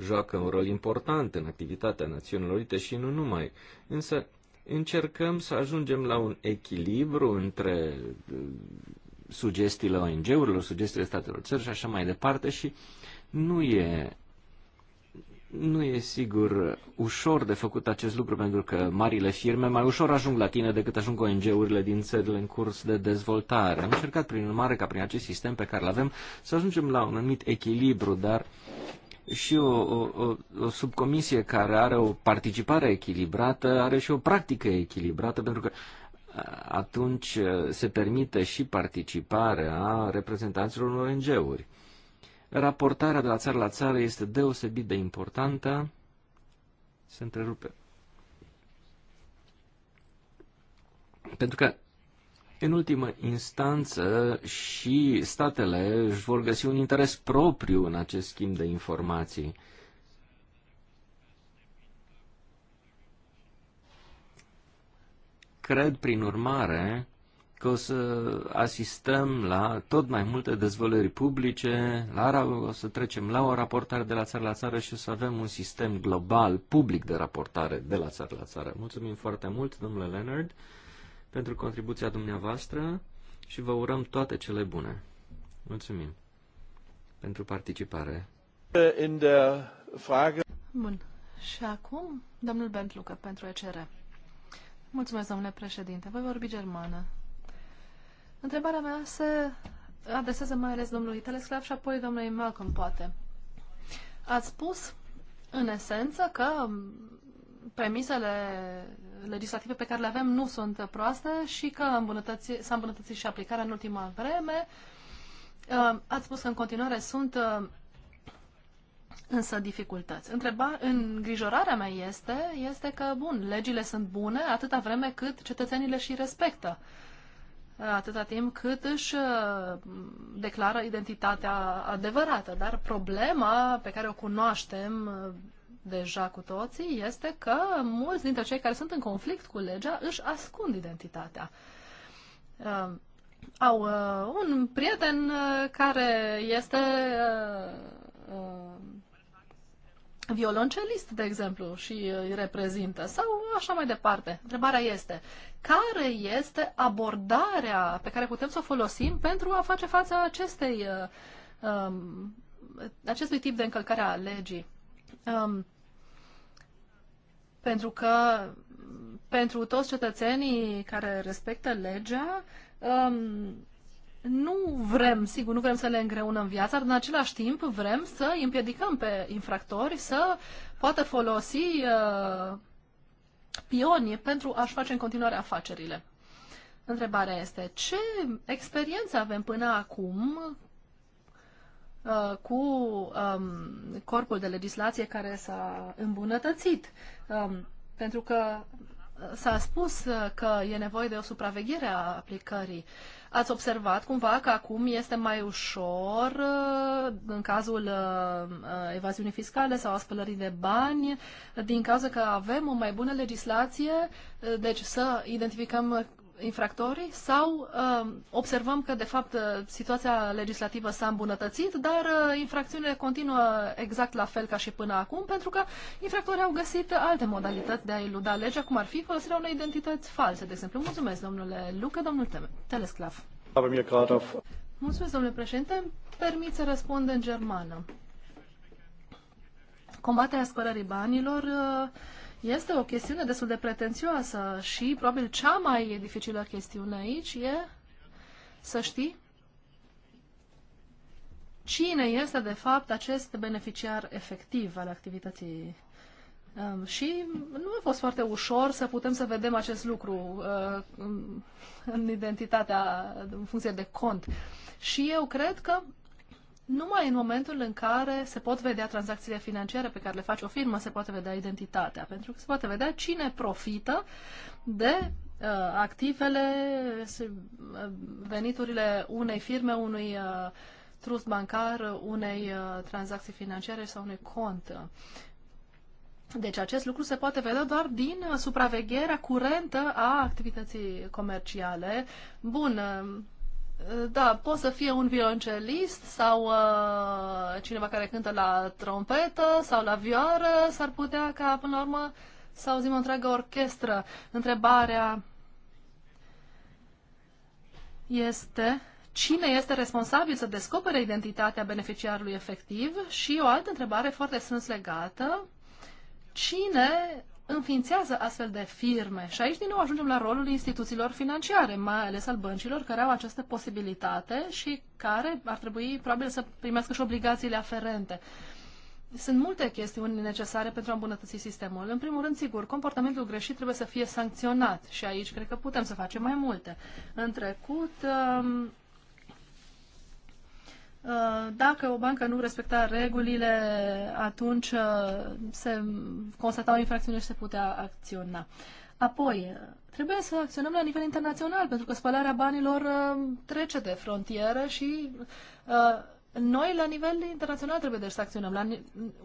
joacă un rol important în activitatea Națiunilor Unite și nu numai. Însă încercăm să ajungem la un echilibru între eh, sugestiile ONG-urilor, sugestiile statelor țări și așa mai departe și nu e, nu e sigur ușor de făcut acest lucru, pentru că marile firme mai ușor ajung la tine decât ajung ONG-urile din țările în curs de dezvoltare. Am încercat, prin urmare, ca prin acest sistem pe care îl avem, să ajungem la un anumit echilibru, dar și o, o, o subcomisie care are o participare echilibrată, are și o practică echilibrată, pentru că atunci se permite și participarea reprezentanților ONG-uri. Raportarea de la țară la țară este deosebit de importantă. Se întrerupe. Pentru că, în ultimă instanță, și statele își vor găsi un interes propriu în acest schimb de informații. Cred, prin urmare, că o să asistăm la tot mai multe dezvălări publice, la, o să trecem la o raportare de la țară la țară și o să avem un sistem global, public de raportare de la țară la țară. Mulțumim foarte mult, domnule Leonard, pentru contribuția dumneavoastră și vă urăm toate cele bune. Mulțumim pentru participare. Bun. Și acum, domnul Bentlucă, pentru ECR. Mulțumesc, domnule președinte. Voi vorbi germană. Întrebarea mea se adresează mai ales domnului Telesclav și apoi domnului Malcolm, poate. Ați spus, în esență, că premisele legislative pe care le avem nu sunt proaste și că s-a îmbunătățit și aplicarea în ultima vreme. Uh, ați spus că în continuare sunt uh, însă dificultăți. Întreba, îngrijorarea mea este, este că, bun, legile sunt bune atâta vreme cât cetățenii le și respectă. Uh, atâta timp cât își uh, declară identitatea adevărată. Dar problema pe care o cunoaștem uh, deja cu toții este că mulți dintre cei care sunt în conflict cu legea își ascund identitatea. Uh, au un prieten care este violoncelist, de exemplu, și îi reprezintă, sau așa mai departe. Întrebarea este, care este abordarea pe care putem să o folosim pentru a face față acestei, uh, um, acestui tip de încălcare a legii? Um, pentru că pentru toți cetățenii care respectă legea, um, nu vrem, sigur, nu vrem să le îngreunăm viața, dar în același timp vrem să îi împiedicăm pe infractori să poată folosi uh, pionii pentru a-și face în continuare afacerile. Întrebarea este, ce experiență avem până acum uh, cu um, corpul de legislație care s-a îmbunătățit? Um, pentru că s-a spus uh, că e nevoie de o supraveghere a aplicării. Uh, Ați observat cumva că acum este mai ușor uh, în cazul uh, uh, evaziunii fiscale sau a spălării de bani, din cauza că avem o mai bună legislație, deci să identificăm infractorii sau uh, observăm că, de fapt, uh, situația legislativă s-a îmbunătățit, dar uh, infracțiunile continuă exact la fel ca și până acum, pentru că infractorii au găsit alte modalități de a iluda legea, cum ar fi folosirea unei identități false, de exemplu. Mulțumesc, domnule Lucă, domnul Telesclav. Da. Mulțumesc, domnule președinte. Permit să răspund în germană. Combaterea spălării banilor uh, este o chestiune destul de pretențioasă și probabil cea mai dificilă chestiune aici e să știi cine este de fapt acest beneficiar efectiv al activității Um, și nu a fost foarte ușor să putem să vedem acest lucru uh, în identitatea, în funcție de cont. Și eu cred că numai în momentul în care se pot vedea tranzacțiile financiare pe care le face o firmă, se poate vedea identitatea, pentru că se poate vedea cine profită de uh, activele, uh, veniturile unei firme, unui uh, trust bancar, unei uh, tranzacții financiare sau unui cont. Deci acest lucru se poate vedea doar din uh, supravegherea curentă a activității comerciale. Bun, uh, da, poți să fie un violoncelist sau uh, cineva care cântă la trompetă sau la vioară, s-ar putea ca până la urmă să auzim o întreagă orchestră. Întrebarea este cine este responsabil să descopere identitatea beneficiarului efectiv și o altă întrebare foarte strâns legată, cine înființează astfel de firme. Și aici din nou ajungem la rolul instituțiilor financiare, mai ales al băncilor care au această posibilitate și care ar trebui probabil să primească și obligațiile aferente. Sunt multe chestiuni necesare pentru a îmbunătăți sistemul. În primul rând, sigur, comportamentul greșit trebuie să fie sancționat și aici cred că putem să facem mai multe. În trecut, um, Uh, dacă o bancă nu respecta regulile, atunci uh, se constata o infracțiune și se putea acționa. Apoi, uh, trebuie să acționăm la nivel internațional, pentru că spălarea banilor trece de frontieră și noi, la nivel internațional, trebuie deci să acționăm. La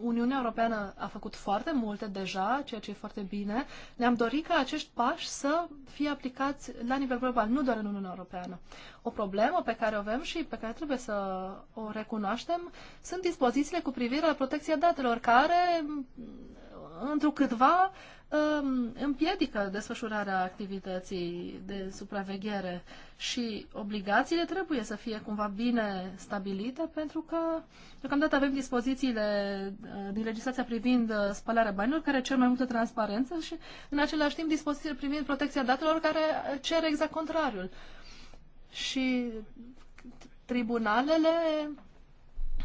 Uniunea Europeană a făcut foarte multe deja, ceea ce e foarte bine. Ne-am dorit ca acești pași să fie aplicați la nivel global, nu doar în Uniunea Europeană. O problemă pe care o avem și pe care trebuie să o recunoaștem sunt dispozițiile cu privire la protecția datelor, care întrucâtva um, împiedică desfășurarea activității de supraveghere și obligațiile trebuie să fie cumva bine stabilite pentru că deocamdată avem dispozițiile uh, din legislația privind uh, spălarea banilor care cer mai multă transparență și în același timp dispozițiile privind protecția datelor care cer exact contrariul. Și tribunalele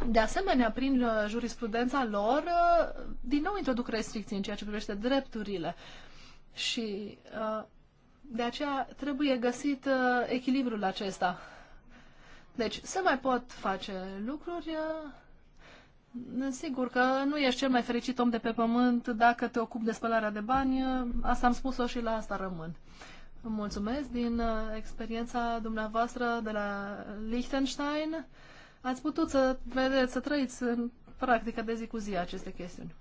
de asemenea, prin uh, jurisprudența lor, uh, din nou introduc restricții în ceea ce privește drepturile. Și uh, de aceea trebuie găsit echilibrul acesta. Deci, se mai pot face lucruri. Sigur că nu ești cel mai fericit om de pe pământ dacă te ocupi de spălarea de bani. Asta am spus-o și la asta rămân. Mulțumesc din experiența dumneavoastră de la Liechtenstein ați putut să vedeți, să trăiți în practica de zi cu zi aceste chestiuni.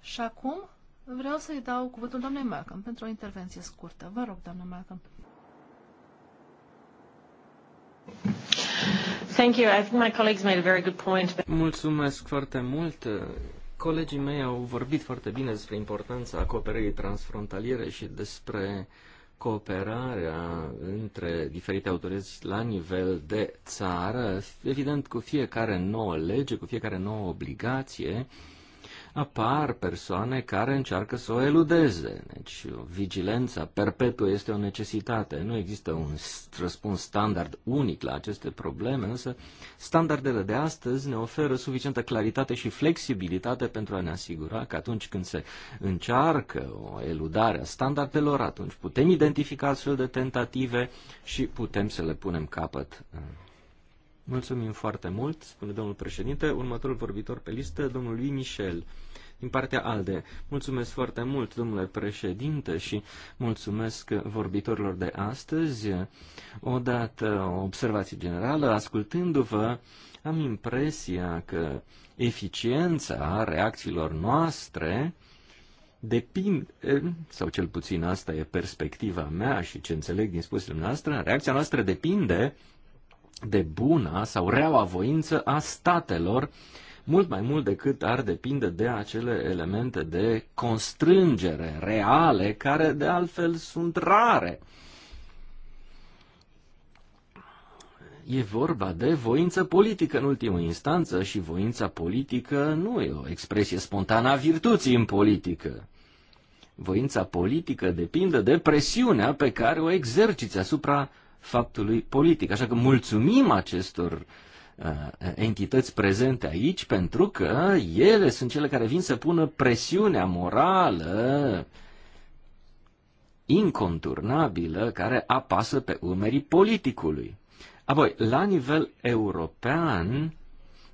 Și acum vreau să-i dau cuvântul doamnei Malcolm pentru o intervenție scurtă. Vă rog, doamna Malcolm. Thank you. I think my colleagues made a very good point. Mulțumesc foarte mult. Colegii mei au vorbit foarte bine despre importanța cooperării transfrontaliere și despre uh, cooperarea între diferite autorități la nivel de țară, evident cu fiecare nouă lege, cu fiecare nouă obligație, uh, apar persoane care încearcă să o eludeze. Deci vigilența perpetuă este o necesitate. Nu există un răspuns standard unic la aceste probleme, însă standardele de astăzi ne oferă suficientă claritate și flexibilitate pentru a ne asigura că atunci când se încearcă o eludare a standardelor, atunci putem identifica astfel de tentative și putem să le punem capăt uh, Mulțumim foarte mult, spune domnul președinte. Următorul vorbitor pe listă, domnul lui Michel, din partea ALDE. Mulțumesc foarte mult, domnule președinte, și mulțumesc vorbitorilor de astăzi. Odată o observație generală, ascultându-vă, am impresia că eficiența reacțiilor noastre depind, sau cel puțin asta e perspectiva mea și ce înțeleg din spusele noastre, reacția noastră depinde de buna sau reaua voință a statelor, mult mai mult decât ar depinde de acele elemente de constrângere reale, care de altfel sunt rare. E vorba de voință politică în ultimă instanță și voința politică nu e o expresie spontană a virtuții în politică. Voința politică depinde de presiunea pe care o exerciți asupra faptului politic. Așa că mulțumim acestor uh, entități prezente aici pentru că ele sunt cele care vin să pună presiunea morală inconturnabilă care apasă pe umerii politicului. Apoi, la nivel european,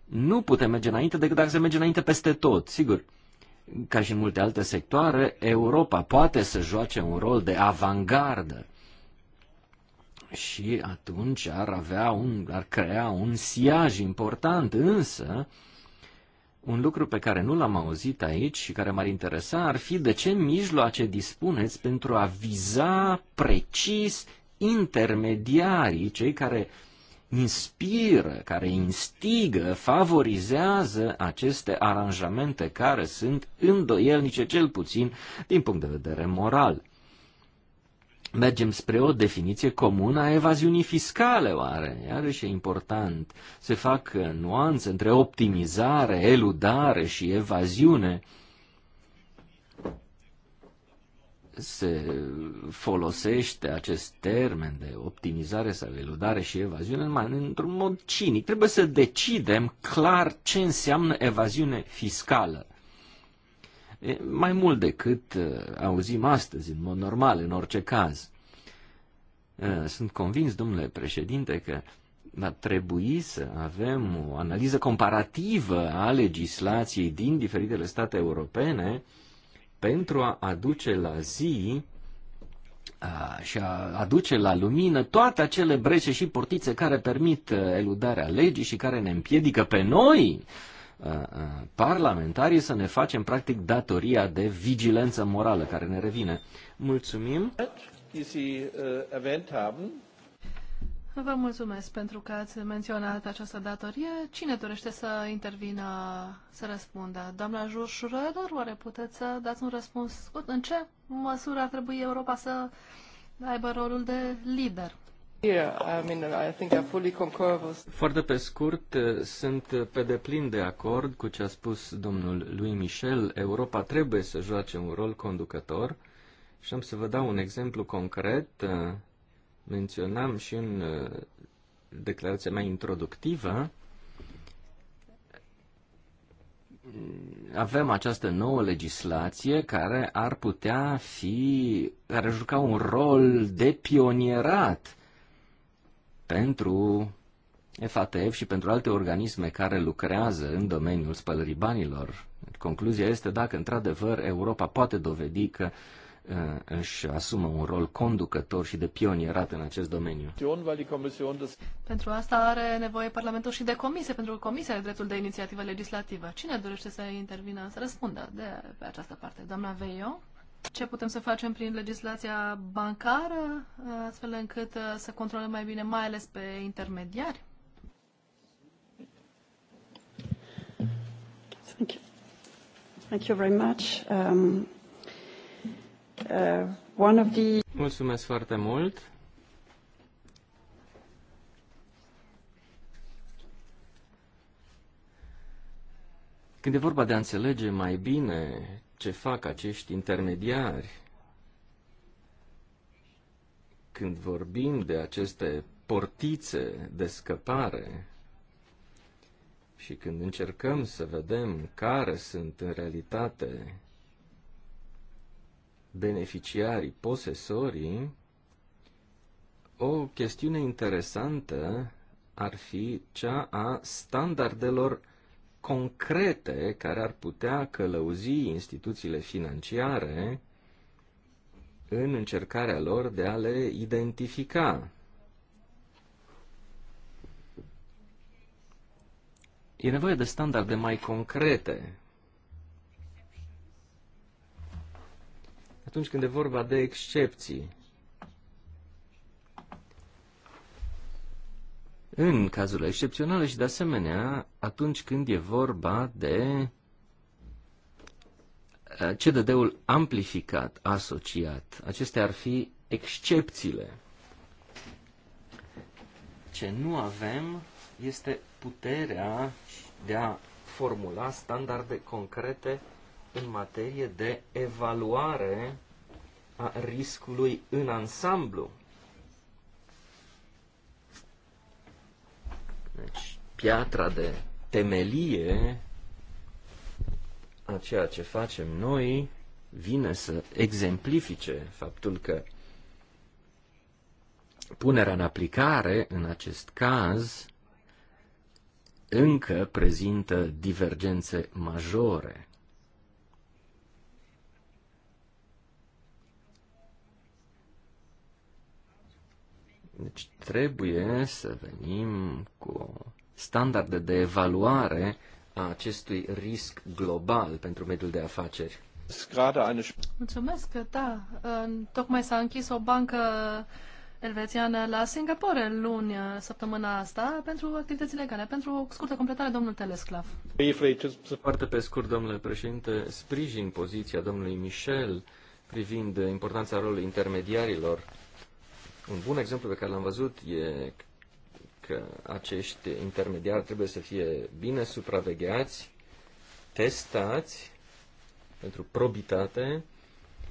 nu putem merge înainte decât dacă se merge înainte peste tot, sigur. Ca și în multe alte sectoare, Europa poate să joace un rol de avangardă și atunci ar avea un, ar crea un siaj important, însă un lucru pe care nu l-am auzit aici și care m-ar interesa ar fi de ce mijloace dispuneți pentru a viza precis intermediarii, cei care inspiră, care instigă, favorizează aceste aranjamente care sunt îndoielnice, cel puțin din punct de vedere moral mergem spre o definiție comună a evaziunii fiscale, oare? Iarăși e important. Se fac uh, nuanțe între optimizare, eludare și evaziune. Se folosește acest termen de optimizare sau eludare și evaziune numai într-un mod cinic. Trebuie să decidem clar ce înseamnă evaziune fiscală. E mai mult decât uh, auzim astăzi, în mod normal, în orice caz. Uh, sunt convins, domnule președinte, că va trebui să avem o analiză comparativă a legislației din diferitele state europene pentru a aduce la zi și a aduce la lumină toate acele brece și portițe care permit uh, eludarea legii și care ne împiedică pe noi Uh, uh, parlamentarii să ne facem practic datoria de vigilență morală care ne revine. Mulțumim! Uh, Vă mulțumesc pentru că ați menționat această datorie. Cine dorește să intervină, să răspundă? Doamna Jur Schröder, oare puteți să dați un răspuns În ce măsură ar trebui Europa să aibă rolul de lider? Foarte pe scurt, sunt pe deplin de acord cu ce a spus domnul lui Michel. Europa trebuie să joace un rol conducător și am să vă dau un exemplu concret. Menționam și în uh, declarația mea introductivă. Avem această nouă legislație care ar putea fi, care ar juca un rol de pionierat pentru FATF și pentru alte organisme care lucrează în domeniul spălării banilor. Concluzia este dacă într-adevăr Europa poate dovedi că uh, își asumă un rol conducător și de pionierat în acest domeniu. Pentru asta are nevoie Parlamentul și de comisie, pentru că comisia are dreptul de inițiativă legislativă. Cine dorește să intervină, să răspundă de, pe această parte? Doamna Veio? ce putem să facem prin legislația bancară, astfel încât uh, să controlăm mai bine, mai ales pe intermediari? Thank you. Thank you very much. Um, uh, one of the... Mulțumesc foarte mult. Când e vorba de a înțelege mai bine ce fac acești intermediari când vorbim de aceste portițe de scăpare și când încercăm să vedem care sunt în realitate beneficiarii, posesorii, o chestiune interesantă ar fi cea a standardelor concrete care ar putea călăuzi instituțiile financiare în încercarea lor de a le identifica. E nevoie de standarde mai concrete. Atunci când e vorba de excepții, în cazul excepționale și, de asemenea, atunci când e vorba de uh, CDD-ul amplificat, asociat. Acestea ar fi excepțiile. Ce nu avem este puterea de a formula standarde concrete în materie de evaluare a riscului în ansamblu Deci, piatra de temelie a ceea ce facem noi vine să exemplifice faptul că punerea în aplicare, în acest caz, încă prezintă divergențe majore. Deci trebuie să venim cu standarde de evaluare a acestui risc global pentru mediul de afaceri. Mulțumesc, da. Ă, tocmai s-a închis o bancă elvețiană la Singapore luni, ă, săptămâna asta, pentru activități legale. Pentru o scurtă completare, domnul Telesclav. Foarte pe scurt, domnule președinte, sprijin poziția domnului Michel privind importanța rolului intermediarilor un bun exemplu pe care l-am văzut e că acești intermediari trebuie să fie bine supravegheați, testați pentru probitate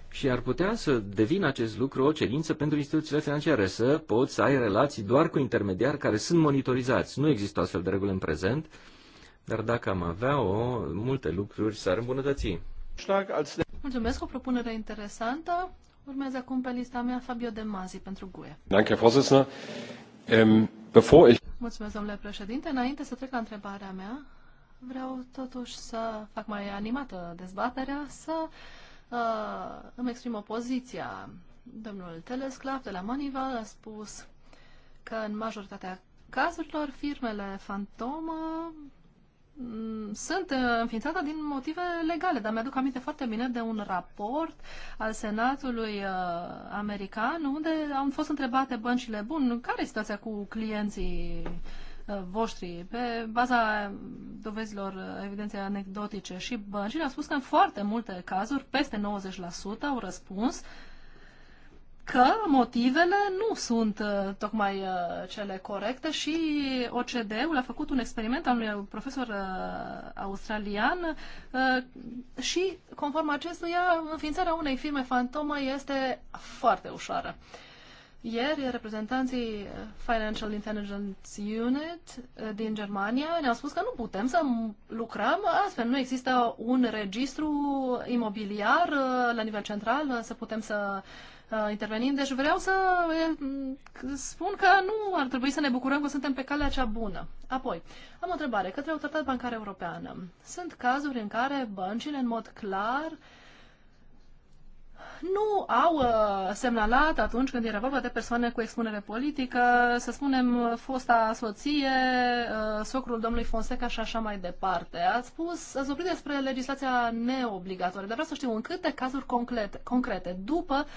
și ar putea să devină acest lucru o cerință pentru instituțiile financiare, să poți să ai relații doar cu intermediari care sunt monitorizați. Nu există astfel de regulă în prezent, dar dacă am avea o, multe lucruri s-ar îmbunătăți. Mulțumesc, o propunere interesantă. Urmează acum pe lista mea Fabio De Mazi pentru GUE. Danke, Vorsitzender. Um, bevor ich... Mulțumesc, domnule președinte. Înainte să trec la întrebarea mea, vreau totuși să fac mai animată dezbaterea, să uh, îmi exprim opoziția. Domnul Telesclav de la Manival a spus că în majoritatea cazurilor firmele fantomă Mm, sunt uh, înființată din motive legale, dar mi-aduc aminte foarte bine de un raport al Senatului uh, american unde am fost întrebate băncile, bun, care e situația cu clienții uh, voștri pe baza dovezilor uh, evidenței anecdotice și băncile au spus că în foarte multe cazuri, peste 90% au răspuns uh, că motivele nu sunt uh, tocmai uh, cele corecte și OCD-ul a făcut un experiment al unui profesor uh, australian uh, și conform acestuia înființarea unei firme fantomă este foarte ușoară. Ieri, reprezentanții Financial Intelligence Unit uh, din Germania ne-au spus că nu putem să lucrăm astfel. Nu există un registru imobiliar uh, la nivel central să putem să uh, Uh, intervenim. Deci vreau să uh, spun că nu ar trebui să ne bucurăm că suntem pe calea cea bună. Apoi, am o întrebare către Autoritatea Bancară Europeană. Sunt cazuri în care băncile, în mod clar, uh, nu au uh, semnalat atunci când era vorba de persoane cu expunere politică, să spunem, fosta soție, uh, socrul domnului Fonseca și așa mai departe. Ați spus, ați vorbit despre legislația neobligatorie, dar vreau să știu în câte cazuri concrete, concrete după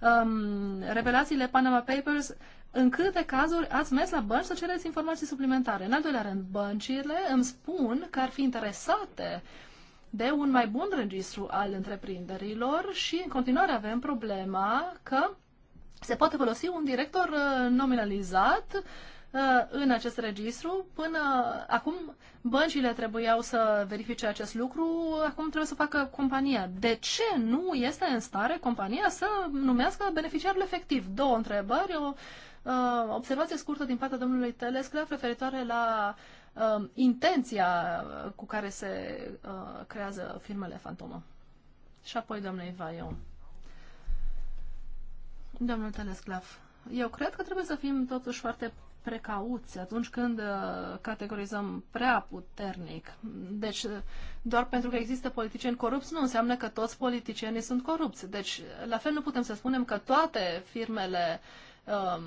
um, revelațiile Panama Papers, în câte cazuri ați mers la bănci să cereți informații suplimentare. În al doilea rând, băncile îmi spun că ar fi interesate uh, de un mai bun registru al întreprinderilor și în continuare avem problema că se poate folosi un director uh, nominalizat uh, în acest registru. Până acum băncile trebuiau să verifice acest lucru, acum trebuie să facă compania. De ce nu este în stare compania să numească beneficiarul efectiv? Două întrebări. O uh, observație scurtă din partea domnului Telescraf referitoare la uh, uh, intenția cu care se uh, creează firmele fantomă. Și apoi, Iva, eu. Domnul Telesclav, eu cred că trebuie să fim totuși foarte precauți atunci când uh, categorizăm prea puternic. Deci, uh, doar pentru că există politicieni corupți, nu înseamnă că toți politicienii sunt corupți. Deci, la fel nu putem să spunem că toate firmele uh, Um,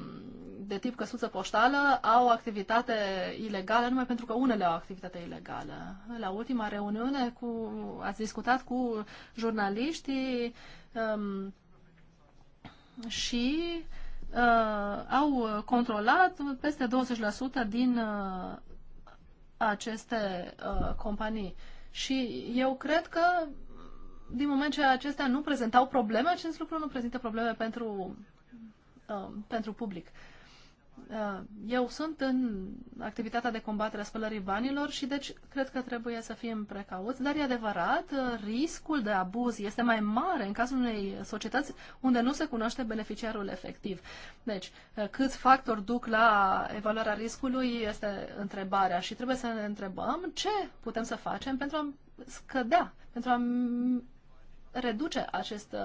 de tip căsuță poștală au activitate ilegală numai pentru că unele au activitate ilegală. La ultima reuniune cu, ați discutat cu jurnaliștii um, și uh, au controlat peste 20% din uh, aceste uh, companii. Și eu cred că din moment ce acestea nu prezentau probleme, acest lucru nu prezintă probleme pentru Um, pentru public. Uh, eu sunt în activitatea de combatere a spălării banilor și deci cred că trebuie să fim precauți, dar e adevărat, uh, riscul de abuz este mai mare în cazul unei societăți unde nu se cunoaște beneficiarul efectiv. Deci, uh, câți factori duc la evaluarea riscului este întrebarea și trebuie să ne întrebăm ce putem să facem pentru a scădea, pentru a reduce acest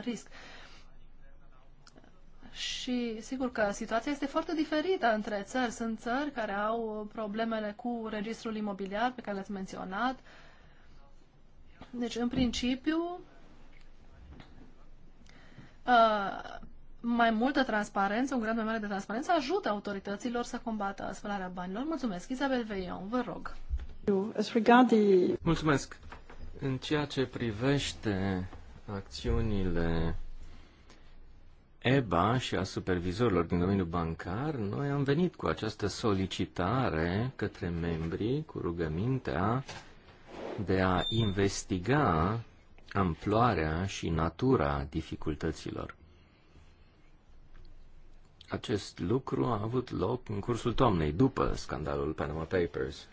risc. Uh, și sigur că situația este foarte diferită între țări. Sunt țări care au problemele cu registrul imobiliar pe care l-ați menționat. Deci, în principiu, ă, mai multă transparență, un grad mai mare de transparență ajută autorităților să combată spălarea banilor. Mulțumesc. Isabel Veion, vă rog. Mulțumesc. În ceea ce privește acțiunile EBA și a supervizorilor din domeniul bancar, noi am venit cu această solicitare către membrii cu rugămintea de a investiga amploarea și natura dificultăților. Acest lucru a avut loc în cursul toamnei, după scandalul Panama Papers.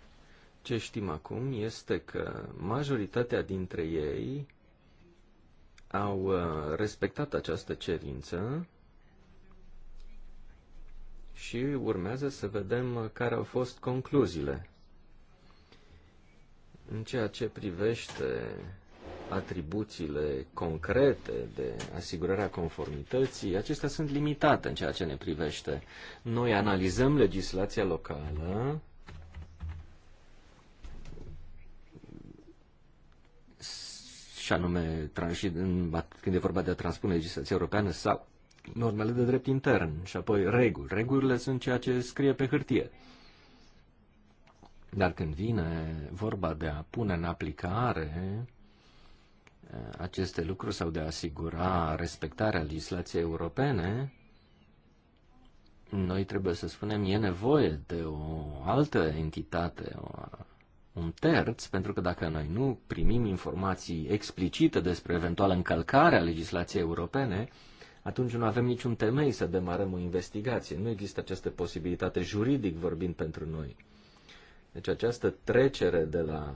Ce știm acum este că majoritatea dintre ei au uh, respectat această cerință și urmează să vedem care au fost concluziile. În ceea ce privește atribuțiile concrete de asigurarea conformității, acestea sunt limitate în ceea ce ne privește. Noi analizăm legislația locală și anume tranșit în, când e vorba de a transpune legislația europeană sau normele de drept intern și apoi reguli. Regulile sunt ceea ce scrie pe hârtie. Dar când vine vorba de a pune în aplicare eh, aceste lucruri sau de a asigura respectarea legislației europene, noi trebuie să spunem, e nevoie de o altă entitate, o un terț, pentru că dacă noi nu primim informații explicite despre eventuală încălcare a legislației europene, atunci nu avem niciun temei să demarăm o investigație. Nu există această posibilitate juridic vorbind pentru noi. Deci această trecere de la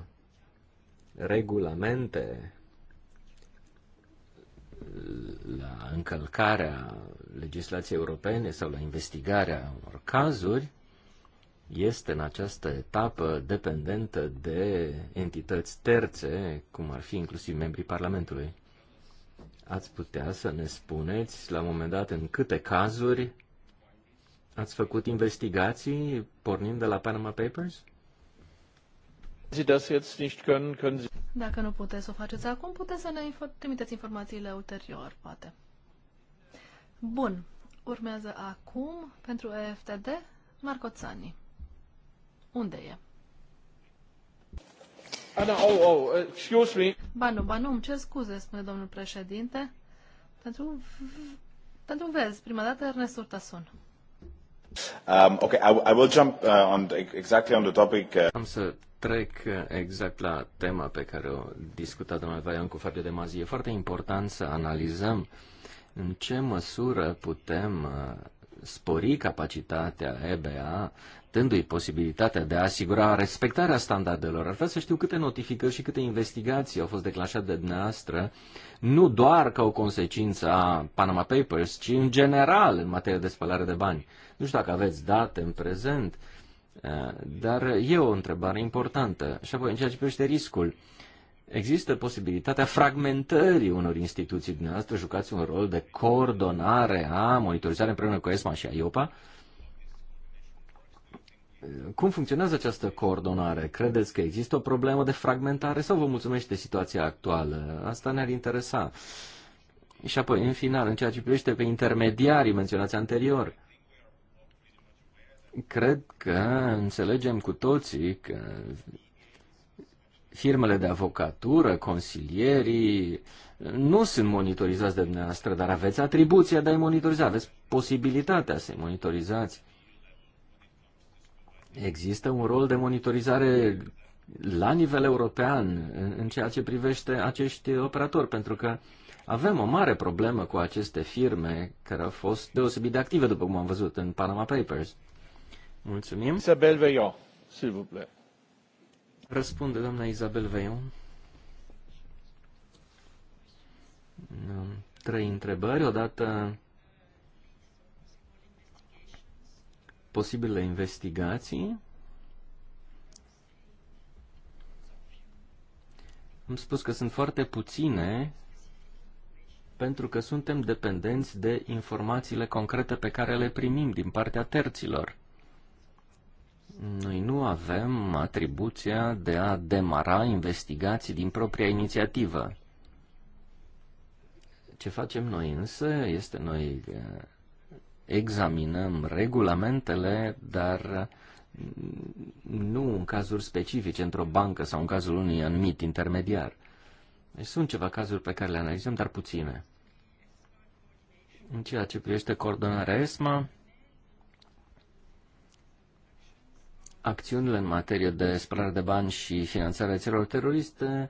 regulamente la încălcarea legislației europene sau la investigarea unor cazuri este în această etapă dependentă de entități terțe, cum ar fi inclusiv membrii Parlamentului. Ați putea să ne spuneți, la un moment dat, în câte cazuri ați făcut investigații pornind de la Panama Papers? Dacă nu puteți să o faceți acum, puteți să ne trimiteți informațiile ulterior, poate. Bun. Urmează acum, pentru EFTD, Marco Țani. Unde e? Ana, oh, oh, excuse me. Ba nu, ba nu, îmi cer scuze, spune domnul președinte. Pentru, pentru vezi, prima dată Ernest Urtasun. Um, ok, I, I will jump uh, on exactly on the topic. Uh... Am să trec uh, exact la tema pe care o discutat domnul Vaian cu Fabio de Mazi. E foarte important să analizăm în ce măsură putem uh, spori capacitatea EBA, dându-i posibilitatea de a asigura respectarea standardelor. Ar vrea să știu câte notificări și câte investigații au fost declanșate de dumneavoastră, nu doar ca o consecință a Panama Papers, ci în general în materie de spălare de bani. Nu știu dacă aveți date în prezent, eh, dar e o întrebare importantă. Și apoi, în ceea ce privește riscul, există posibilitatea fragmentării unor instituții. Dumneavoastră jucați un rol de coordonare a monitorizare împreună cu ESMA și IOPA. Cum funcționează această coordonare? Credeți că există o problemă de fragmentare sau vă mulțumesc de situația actuală? Asta ne-ar interesa. Și apoi, în final, în ceea ce privește pe intermediarii menționați anterior, cred că înțelegem cu toții că firmele de avocatură, consilierii, nu sunt monitorizați de dumneavoastră, dar aveți atribuția de a-i monitoriza, aveți posibilitatea să-i monitorizați. Există un rol de monitorizare la nivel european în, ceea ce privește acești operatori, pentru că avem o mare problemă cu aceste firme care au fost deosebit de active, după cum am văzut în Panama Papers. Mulțumim. Isabel Veillon, s'il vous plaît. Răspunde doamna Isabel Veion. Trei întrebări. Odată posibile investigații. Am spus că sunt foarte puține pentru că suntem dependenți de informațiile concrete pe care le primim din partea terților. Noi nu avem atribuția de a demara investigații din propria inițiativă. Ce facem noi însă este noi eh, examinăm regulamentele, dar mm, nu în cazuri specifice, într-o bancă sau în cazul unui anumit intermediar. Deci sunt ceva cazuri pe care le analizăm, dar puține. În ceea ce privește coordonarea ESMA, acțiunile în materie de spălare de bani și finanțarea celor teroriste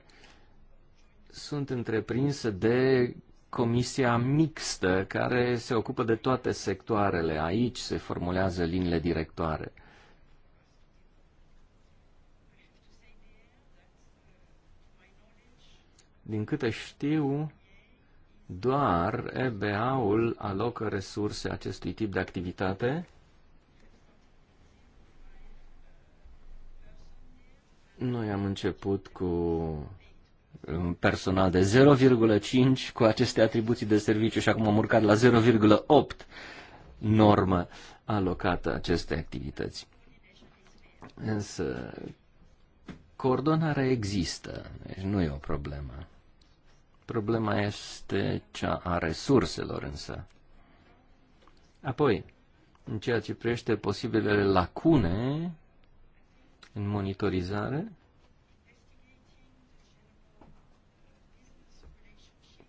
sunt întreprinse de comisia mixtă care se ocupă de toate sectoarele. Aici se formulează liniile directoare. Din câte știu, doar EBA-ul alocă resurse acestui tip de activitate Noi am început cu un personal de 0,5 cu aceste atribuții de serviciu și acum am urcat la 0,8 normă alocată acestei activități. Însă, coordonarea există, deci nu e o problemă. Problema este cea a resurselor însă. Apoi, în ceea ce privește posibilele lacune în monitorizare.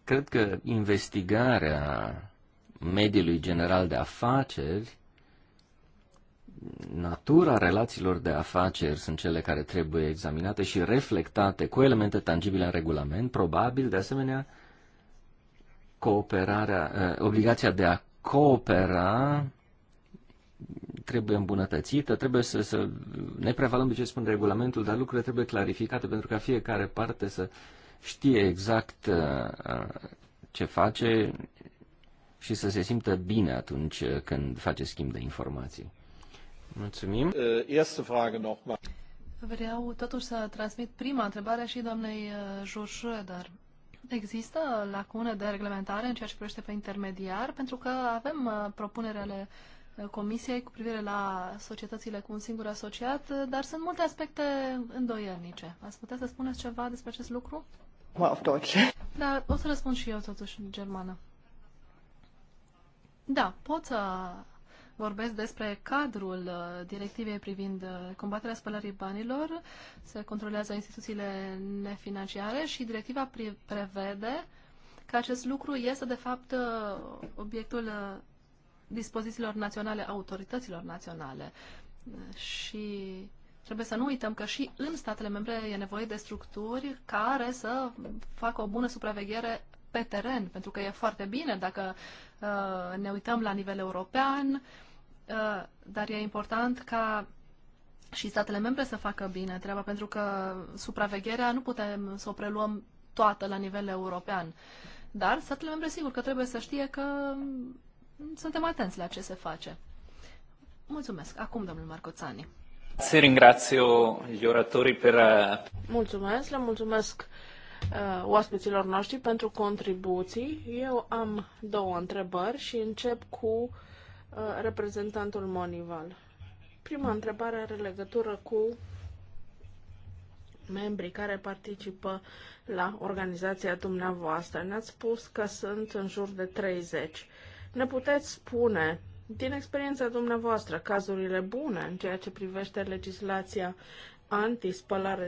Cred că investigarea mediului general de afaceri, natura relațiilor de afaceri sunt cele care trebuie examinate și reflectate cu elemente tangibile în regulament, probabil, de asemenea, cooperarea, eh, obligația de a coopera trebuie îmbunătățită, trebuie să, să ne prevalăm de ce spune regulamentul, dar lucrurile trebuie clarificate pentru ca fiecare parte să știe exact uh, uh, ce face și să se simtă bine atunci când face schimb de informații. Mulțumim. Uh, Vreau totuși să transmit prima întrebare și doamnei dar Există lacune de reglementare în ceea ce privește pe intermediar? Pentru că avem propunerele ale Comisiei cu privire la societățile cu un singur asociat, dar sunt multe aspecte îndoielnice. Ați putea să spuneți ceva despre acest lucru? Auf Deutsch. Da, o să răspund și eu totuși în germană. Da, pot să vorbesc despre cadrul uh, directivei privind uh, combaterea spălării banilor. Se controlează instituțiile nefinanciare și directiva prevede că acest lucru este de fapt uh, obiectul dispozițiilor naționale, autorităților naționale. Și trebuie să nu uităm că și în statele membre e nevoie de structuri care să facă o bună supraveghere pe teren, pentru că e foarte bine dacă uh, ne uităm la nivel european, uh, dar e important ca și statele membre să facă bine treaba, pentru că supravegherea nu putem să o preluăm toată la nivel european. Dar statele membre sigur că trebuie să știe că suntem atenți la ce se face. Mulțumesc. Acum, domnul Marcoțani. Se ringrazio gli oratori per... Eh, mulțumesc, le mulțumesc uh, oaspeților noștri pentru contribuții. Eu am două întrebări și încep cu uh, reprezentantul Monival. Prima întrebare are legătură cu membrii care participă la organizația dumneavoastră. Ne-ați spus că sunt în jur de 30. Ne puteți spune, din experiența dumneavoastră, cazurile bune în ceea ce privește legislația anti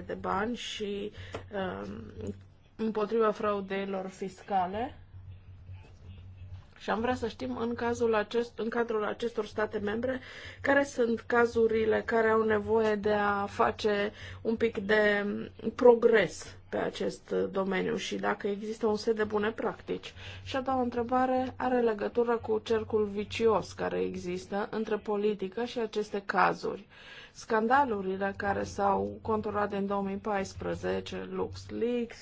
de bani și uh, împotriva fraudeilor fiscale? Și am vrea să știm în, cazul acest, în cadrul acestor state membre care sunt cazurile care au nevoie de a face un pic de progres pe acest domeniu și dacă există un set de bune practici. Și a doua întrebare are legătură cu cercul vicios care există între politică și aceste cazuri. Scandalurile care s-au controlat în 2014, LuxLeaks,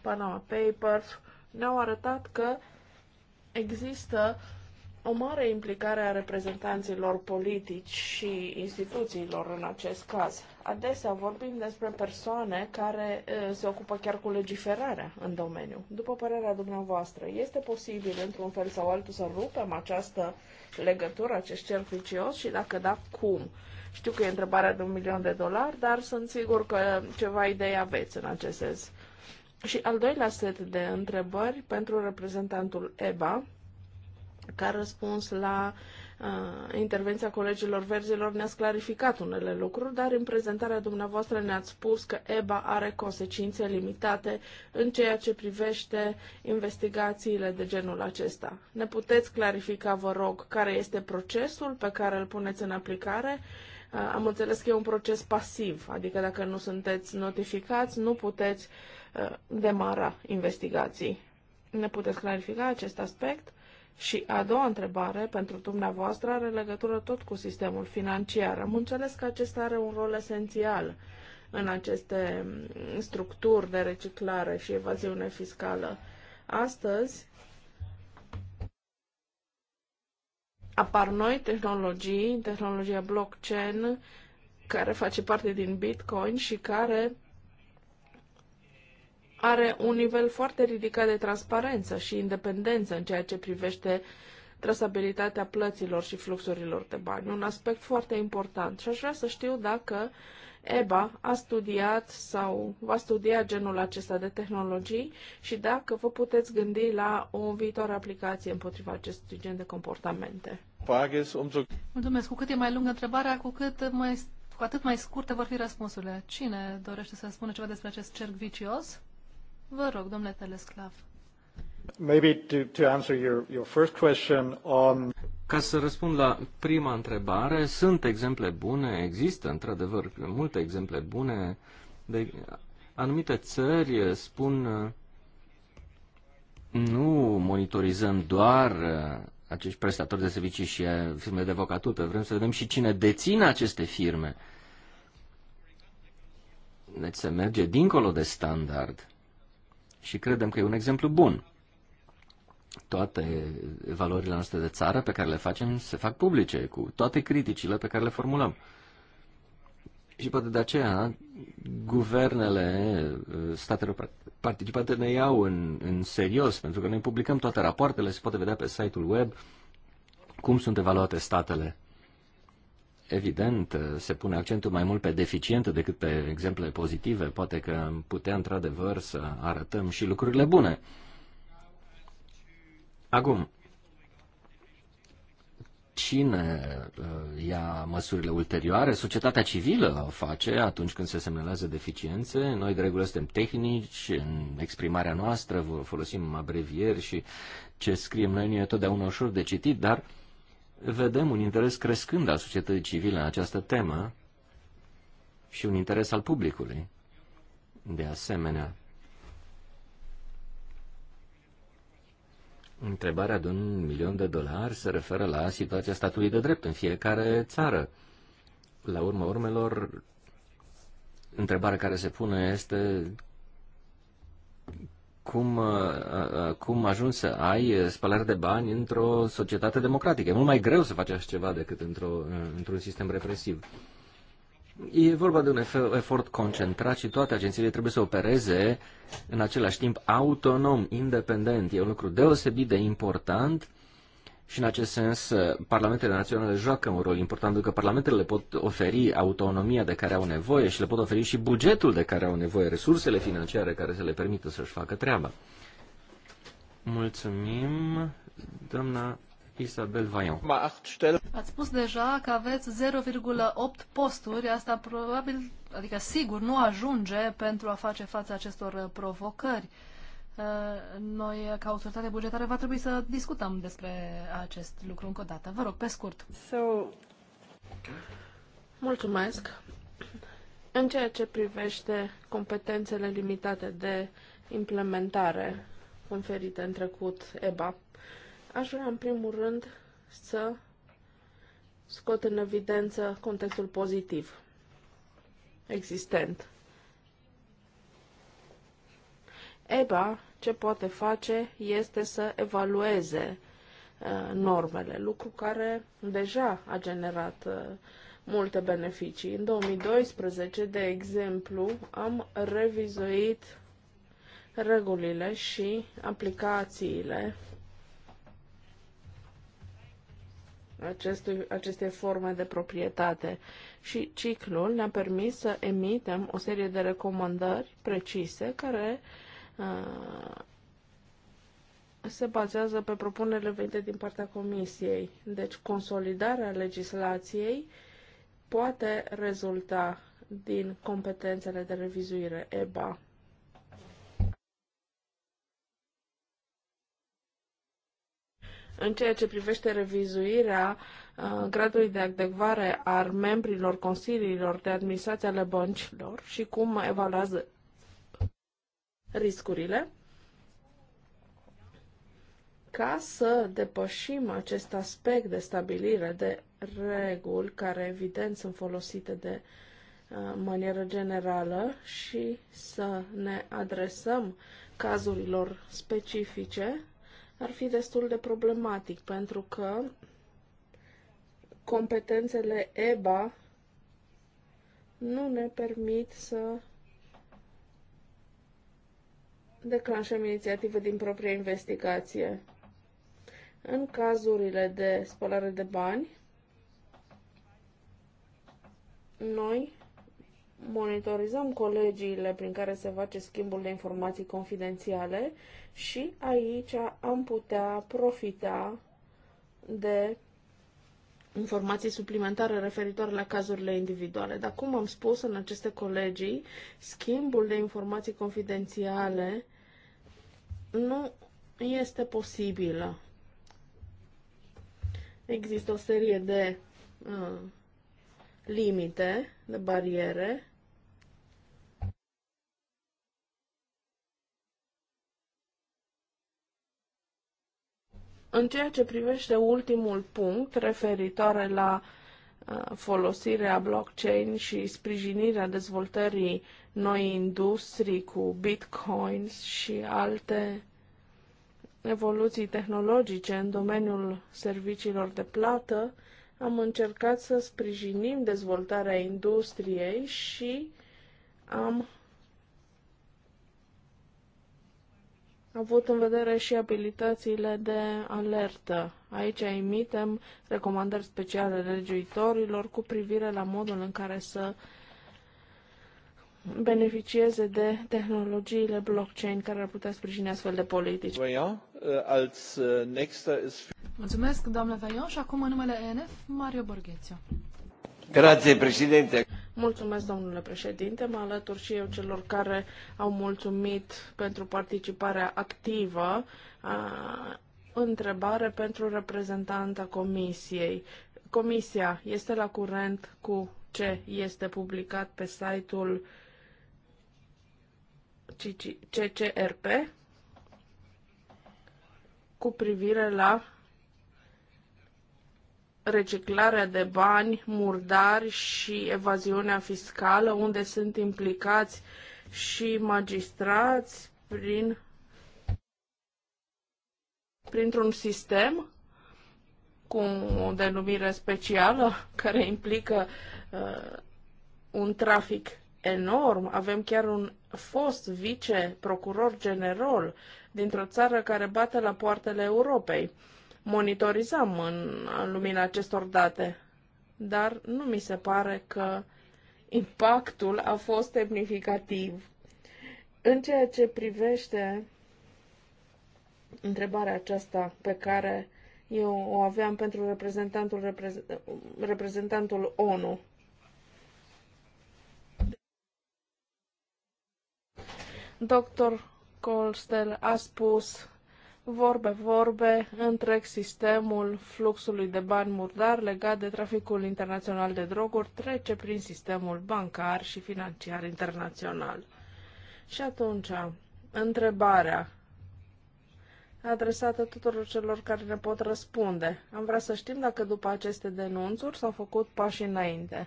Panama Papers, ne-au arătat că există o mare implicare a reprezentanților politici și instituțiilor în acest caz. Adesea vorbim despre persoane care se ocupă chiar cu legiferarea în domeniu. După părerea dumneavoastră, este posibil într-un fel sau altul să rupem această legătură, acest cerc vicios și dacă da, cum? Știu că e întrebarea de un milion de dolari, dar sunt sigur că ceva idei aveți în acest sens. Și al doilea set de întrebări pentru reprezentantul EBA, ca răspuns la uh, intervenția colegilor verzilor ne-ați clarificat unele lucruri, dar în prezentarea dumneavoastră ne-ați spus că EBA are consecințe limitate în ceea ce privește investigațiile de genul acesta. Ne puteți clarifica, vă rog, care este procesul pe care îl puneți în aplicare? Uh, am înțeles că e un proces pasiv, adică dacă nu sunteți notificați, nu puteți uh, demara investigații. Ne puteți clarifica acest aspect? Și a doua întrebare pentru dumneavoastră are legătură tot cu sistemul financiar. Am înțeles că acesta are un rol esențial în aceste mm, structuri de reciclare și evaziune fiscală. Astăzi apar noi tehnologii, tehnologia blockchain, care face parte din Bitcoin și care are un nivel foarte ridicat de transparență și independență în ceea ce privește trasabilitatea plăților și fluxurilor de bani, un aspect foarte important. Și aș vrea să știu dacă EBA a studiat sau va studia genul acesta de tehnologii și dacă vă puteți gândi la o viitoare aplicație împotriva acestui gen de comportamente. Mulțumesc. Cu cât e mai lungă întrebarea, cu cât mai, cu atât mai scurte vor fi răspunsurile. Cine dorește să spună ceva despre acest cerc vicios? Vă rog, domnule Telesclav. Maybe to, to answer your, your first question on... Ca să răspund la prima întrebare, sunt exemple bune, există într-adevăr multe exemple bune. De anumite țări spun nu monitorizăm doar uh, acești prestatori de servicii și uh, firme de avocatură, vrem să vedem și cine deține aceste firme. Deci se merge dincolo de standard și credem că e un exemplu bun. Toate valorile noastre de țară pe care le facem se fac publice, cu toate criticile pe care le formulăm. Și poate de aceea guvernele uh, statelor participate ne iau în, în serios, pentru că noi publicăm toate rapoartele, se poate vedea pe site-ul web cum sunt evaluate statele evident, se pune accentul mai mult pe deficiente decât pe exemple pozitive. Poate că am putea, într-adevăr, să arătăm și lucrurile bune. Acum, cine uh, ia măsurile ulterioare? Societatea civilă o face atunci când se semnalează deficiențe. Noi, de regulă, suntem tehnici în exprimarea noastră, folosim abrevieri și ce scriem noi nu e totdeauna ușor de citit, dar uh, vedem un interes crescând al societății civile în această temă și un interes al publicului. De asemenea, întrebarea de un milion de dolari se referă la situația statului de drept în fiecare țară. La urma urmelor, întrebarea care se pune este cum, uh, uh, uh, cum ajungi să ai spălare de bani într-o societate democratică. E mult mai greu să faci așa ceva decât într-o, într-un sistem represiv. E vorba de un efort concentrat și toate agențiile trebuie să opereze în același timp autonom, independent. E un lucru deosebit de important și în acest sens, uh, parlamentele naționale joacă un rol important, pentru că parlamentele le pot oferi autonomia de care au nevoie și le pot oferi și bugetul de care au nevoie, resursele financiare care să le permită să-și facă treaba. Mulțumim, doamna Isabel Vaion. Ați spus deja că aveți 0,8 posturi, asta probabil, adică sigur, nu ajunge pentru a face față acestor provocări. Uh, noi, ca autoritate bugetară, va trebui să discutăm despre acest lucru încă o dată. Vă rog, pe scurt. So... Mulțumesc. În ceea ce privește competențele limitate de implementare conferite în trecut EBA, aș vrea în primul rând să scot în evidență contextul pozitiv existent. EBA ce poate face este să evalueze uh, normele, lucru care deja a generat uh, multe beneficii. În 2012, de exemplu, am revizuit regulile și aplicațiile acestui, aceste forme de proprietate și ciclul ne-a permis să emitem o serie de recomandări precise care uh, Uh, se bazează pe propunerile venite din partea Comisiei. Deci, consolidarea legislației poate rezulta din competențele de revizuire EBA. În ceea ce privește revizuirea uh, gradului de adecvare al membrilor consiliilor de administrație ale băncilor și cum evaluează riscurile ca să depășim acest aspect de stabilire de reguli care evident sunt folosite de uh, manieră generală și să ne adresăm cazurilor specifice ar fi destul de problematic pentru că competențele EBA nu ne permit să declanșăm inițiative din propria investigație. În cazurile de spălare de bani, noi monitorizăm colegiile prin care se face schimbul de informații confidențiale și aici am putea profita de informații suplimentare referitoare la cazurile individuale. Dar cum am spus în aceste colegii, schimbul de informații confidențiale nu este posibilă. Există o serie de uh, limite, de bariere. În ceea ce privește ultimul punct referitoare la uh, folosirea blockchain și sprijinirea dezvoltării uh, noi industrii cu bitcoins și alte evoluții tehnologice în domeniul serviciilor de plată, am încercat să sprijinim dezvoltarea industriei și am avut în vedere și abilitățile de alertă. Aici emitem recomandări speciale legiuitorilor cu privire la modul în care să uh, beneficieze de tehnologiile blockchain care ar putea sprijini astfel de politici. Uh, uh, Mulțumesc, doamnă Vaion, și acum în numele ENF, Mario Borghețiu. Grazie, președinte. Mulțumesc, domnule președinte. Mă alătur și eu celor care au mulțumit pentru participarea activă. A, întrebare pentru reprezentanta comisiei. Comisia este la curent cu ce este publicat pe site-ul uh, CCRP cu privire la reciclarea de bani murdari și evaziunea fiscală, unde sunt implicați și magistrați prin, printr-un sistem cu o denumire specială care implică uh, un trafic enorm. Avem chiar un fost vice-procuror general dintr-o țară care bate la poartele Europei. Monitorizăm în, în lumina acestor date, dar nu mi se pare că impactul a fost semnificativ. În ceea ce privește întrebarea aceasta pe care eu o aveam pentru reprezentantul, reprezentantul ONU, Dr. Colstel a spus vorbe, vorbe, întreg sistemul fluxului de bani murdar legat de traficul internațional de droguri trece prin sistemul bancar și financiar internațional. Și atunci, întrebarea adresată tuturor celor care ne pot răspunde. Am vrea să știm dacă după aceste denunțuri s-au făcut pași înainte.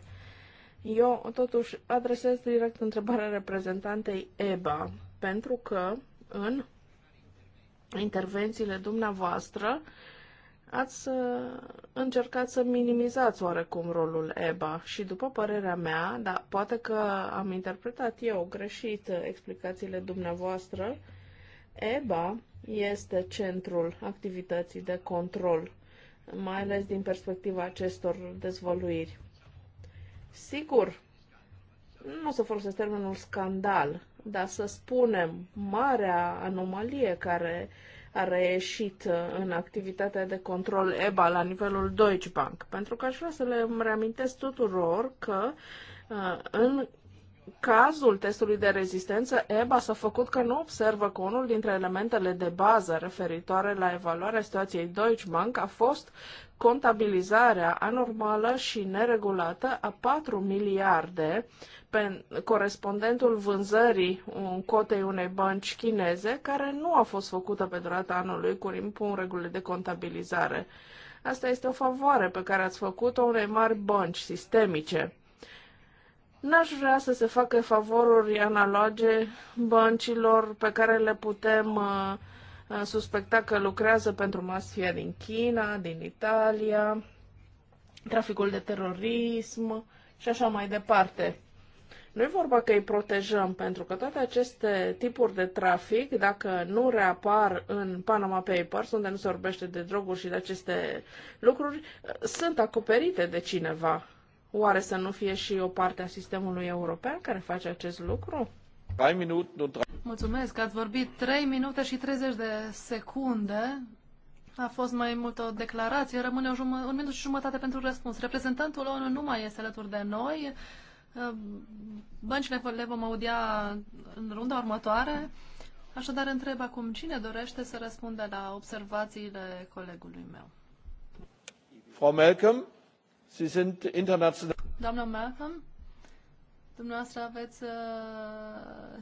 Eu totuși adresez direct întrebarea reprezentantei EBA, pentru că în intervențiile dumneavoastră ați uh, încercat să minimizați oarecum rolul EBA și după părerea mea, dar poate că am interpretat eu greșit explicațiile dumneavoastră, EBA este centrul activității de control, mai ales din perspectiva acestor dezvăluiri. Sigur, nu o să folosesc termenul scandal, dar să spunem, marea anomalie care a reieșit uh, în activitatea de control EBA la nivelul Deutsche Bank. Pentru că aș vrea să le reamintesc tuturor că uh, în cazul testului de rezistență, EBA s-a făcut că nu observă că unul dintre elementele de bază referitoare la evaluarea situației Deutsche Bank a fost contabilizarea anormală și neregulată a 4 miliarde pe corespondentul vânzării cotei unei bănci chineze, care nu a fost făcută pe durata anului cu impun regulile de contabilizare. Asta este o favoare pe care ați făcut-o unei mari bănci sistemice. N-aș vrea să se facă favoruri analoge băncilor pe care le putem uh, suspecta că lucrează pentru mafia din China, din Italia, traficul de terorism și așa mai departe. Nu e vorba că îi protejăm, pentru că toate aceste tipuri de trafic, dacă nu reapar în Panama Papers, unde nu se vorbește de droguri și de aceste lucruri, sunt acoperite de cineva. Oare să nu fie și o parte a sistemului european care face acest lucru? Mulțumesc, ați vorbit 3 minute și 30 de secunde. A fost mai mult o declarație, rămâne o jumă, un minut și jumătate pentru răspuns. Reprezentantul ONU nu mai este alături de noi. Ehm, băncile le vom audia în runda următoare. Așadar, întreb acum cine dorește să răspundă la observațiile colegului meu. Frau Malcolm, Sie sind international. Doamna Malcolm, Dumneavoastră aveți uh,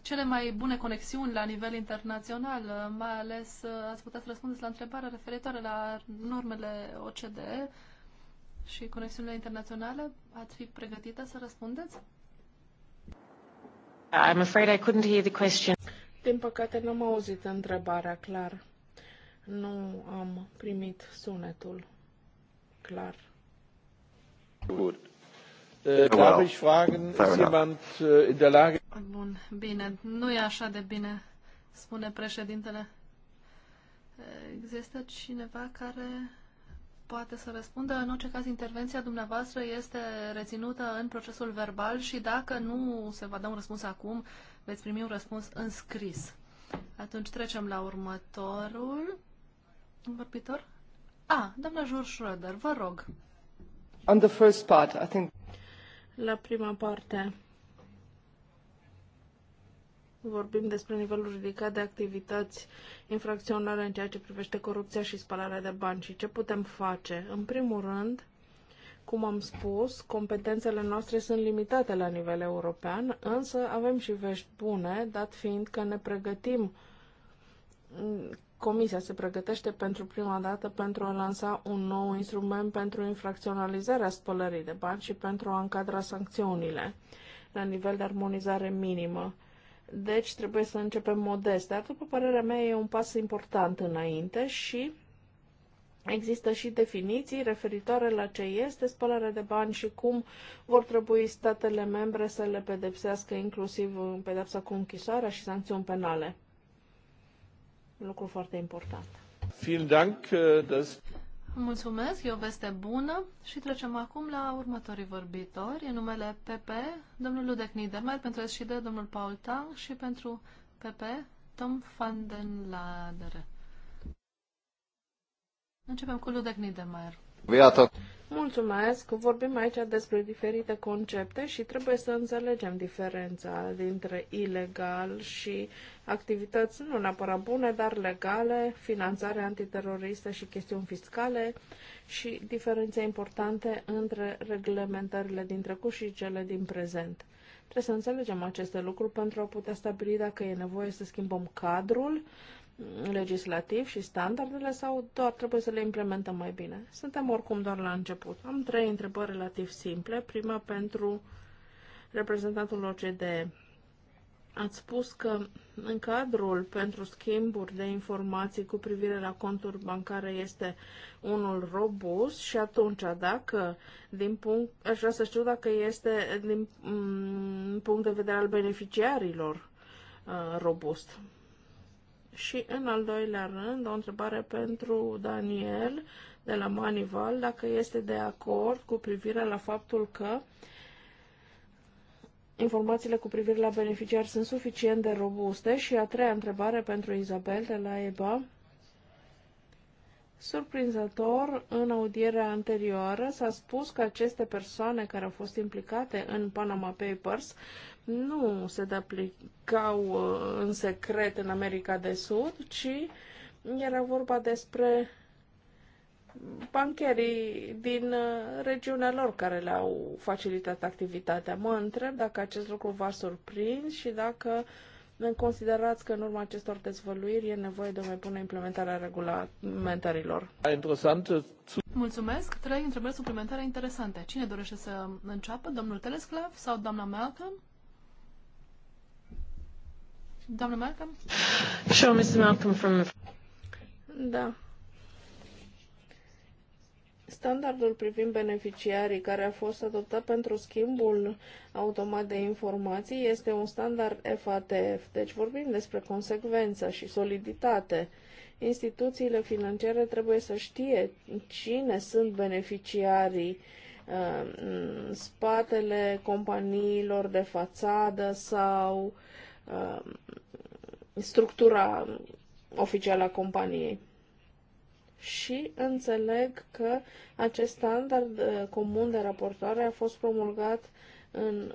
cele mai bune conexiuni la nivel internațional, uh, mai ales uh, ați putea să răspundeți la întrebarea referitoare la normele OCDE și conexiunile internaționale. Ați fi pregătită să răspundeți? I'm afraid I couldn't hear the question. Din păcate, n-am auzit întrebarea clar. Nu am primit sunetul clar. Good. Äh, darf ich fragen, ist jemand äh, in der Lage? Bun, bine, nu e așa de bine, spune președintele. Äh, există cineva care poate să răspundă. În orice caz, intervenția dumneavoastră este reținută în procesul verbal și dacă nu se va da un răspuns acum, veți primi un răspuns în scris. Atunci trecem la următorul vorbitor. A, ah, doamna Jur Schröder, vă rog. On the first part, I think... La prima parte vorbim despre nivelul ridicat de activități infracționale în ceea ce privește corupția și spalarea de bani și ce putem face. În primul rând, cum am spus, competențele noastre sunt limitate la nivel european, însă avem și vești bune, dat fiind că ne pregătim Comisia se pregătește pentru prima dată pentru a lansa un nou instrument pentru infracționalizarea spălării de bani și pentru a încadra sancțiunile la nivel de armonizare minimă. Deci trebuie să începem modest, dar după părerea mea e un pas important înainte și Există și definiții referitoare la ce este spălare de bani și cum vor trebui statele membre să le pedepsească inclusiv pedepsa cu închisoarea și sancțiuni penale. Un lucru foarte important. Äh, Mulțumesc, e o veste bună și trecem acum la următorii vorbitori. În numele PP, domnul Ludec Niedermayer, pentru SCD, domnul Paul Tang și pentru PP, Tom van den Ladere. Începem cu Ludec Niedermayer. Viața. Mulțumesc! Vorbim aici despre diferite concepte și trebuie să înțelegem diferența dintre ilegal și activități nu neapărat bune, dar legale, finanțare antiteroristă și chestiuni fiscale și diferențe importante între reglementările din trecut și cele din prezent. Trebuie să înțelegem aceste lucruri pentru a putea stabili dacă e nevoie să schimbăm cadrul legislativ și standardele sau doar trebuie să le implementăm mai bine? Suntem oricum doar la început. Am trei întrebări relativ simple. Prima pentru reprezentantul OCDE. Ați spus că în cadrul pentru schimburi de informații cu privire la conturi bancare este unul robust și atunci dacă, din punct, aș vrea să știu dacă este din mm, punct de vedere al beneficiarilor uh, robust. Și în al doilea rând, o întrebare pentru Daniel de la Manival, dacă este de acord cu privire la faptul că informațiile cu privire la beneficiari sunt suficient de robuste. Și a treia întrebare pentru Isabel de la EBA, Surprinzător, în audierea anterioară s-a spus că aceste persoane care au fost implicate în Panama Papers nu se aplicau uh, în secret în America de Sud, ci era vorba despre bancherii din uh, regiunea lor care le-au facilitat activitatea. Mă întreb dacă acest lucru v-a surprins și dacă considerați că în urma acestor dezvăluiri e nevoie de o mai bună implementare a regulamentelor. Interesante. Mulțumesc. Trei întrebări suplimentare interesante. Cine dorește să înceapă? Domnul Telesclav sau doamna Malcolm? Doamna Malcolm? Sure, Mr. Malcolm from... Da. Standardul privind beneficiarii care a fost adoptat pentru schimbul automat de informații este un standard FATF, deci vorbim despre consecvență și soliditate. Instituțiile financiare trebuie să știe cine sunt beneficiarii uh, în spatele companiilor de fațadă sau uh, Uh, structura oficială a companiei. Și înțeleg că acest standard uh, comun de raportare a fost promulgat în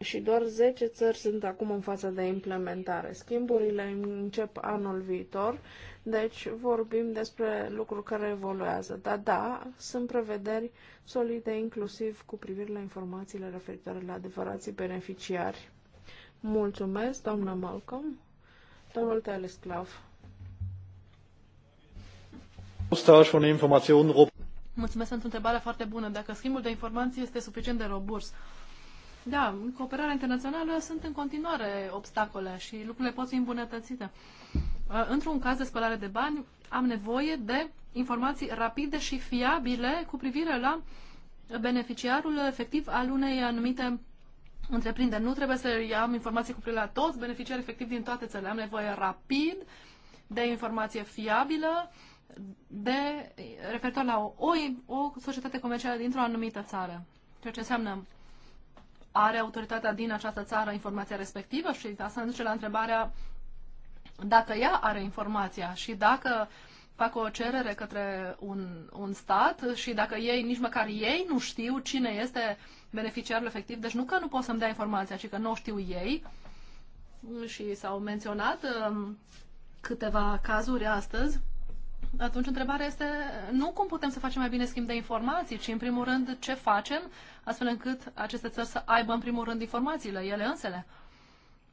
și doar 10 țări sunt acum în fața de implementare. Schimburile încep anul viitor, deci vorbim despre lucruri care evoluează. Dar da, sunt prevederi solide inclusiv cu privire la informațiile referitoare la adevărații beneficiari. Mulțumesc, doamna Malcolm. Domnul Telesclav. Mulțumesc pentru întrebarea foarte bună. Dacă schimbul de informații este suficient de robust? Da, în cooperarea internațională sunt în continuare obstacole și lucrurile pot fi îmbunătățite. Uh, într-un caz de spălare de bani, am nevoie de informații rapide și fiabile cu privire la beneficiarul efectiv al unei anumite întreprinderi. Nu trebuie să am informații cu privire la toți beneficiari efectiv din toate țările. Am nevoie rapid de informație fiabilă, de referitor la o, o, o societate comercială dintr-o anumită țară. Ceea ce înseamnă are autoritatea din această țară informația respectivă și asta ne duce la întrebarea dacă ea are informația și dacă fac o cerere către un, un stat și dacă ei, nici măcar ei nu știu cine este beneficiarul efectiv, deci nu că nu pot să-mi dea informația, ci că nu știu ei, și s-au menționat um, câteva cazuri astăzi, atunci întrebarea este nu cum putem să facem mai bine schimb de informații, ci în primul rând ce facem astfel încât aceste țări să aibă în primul rând informațiile ele însele.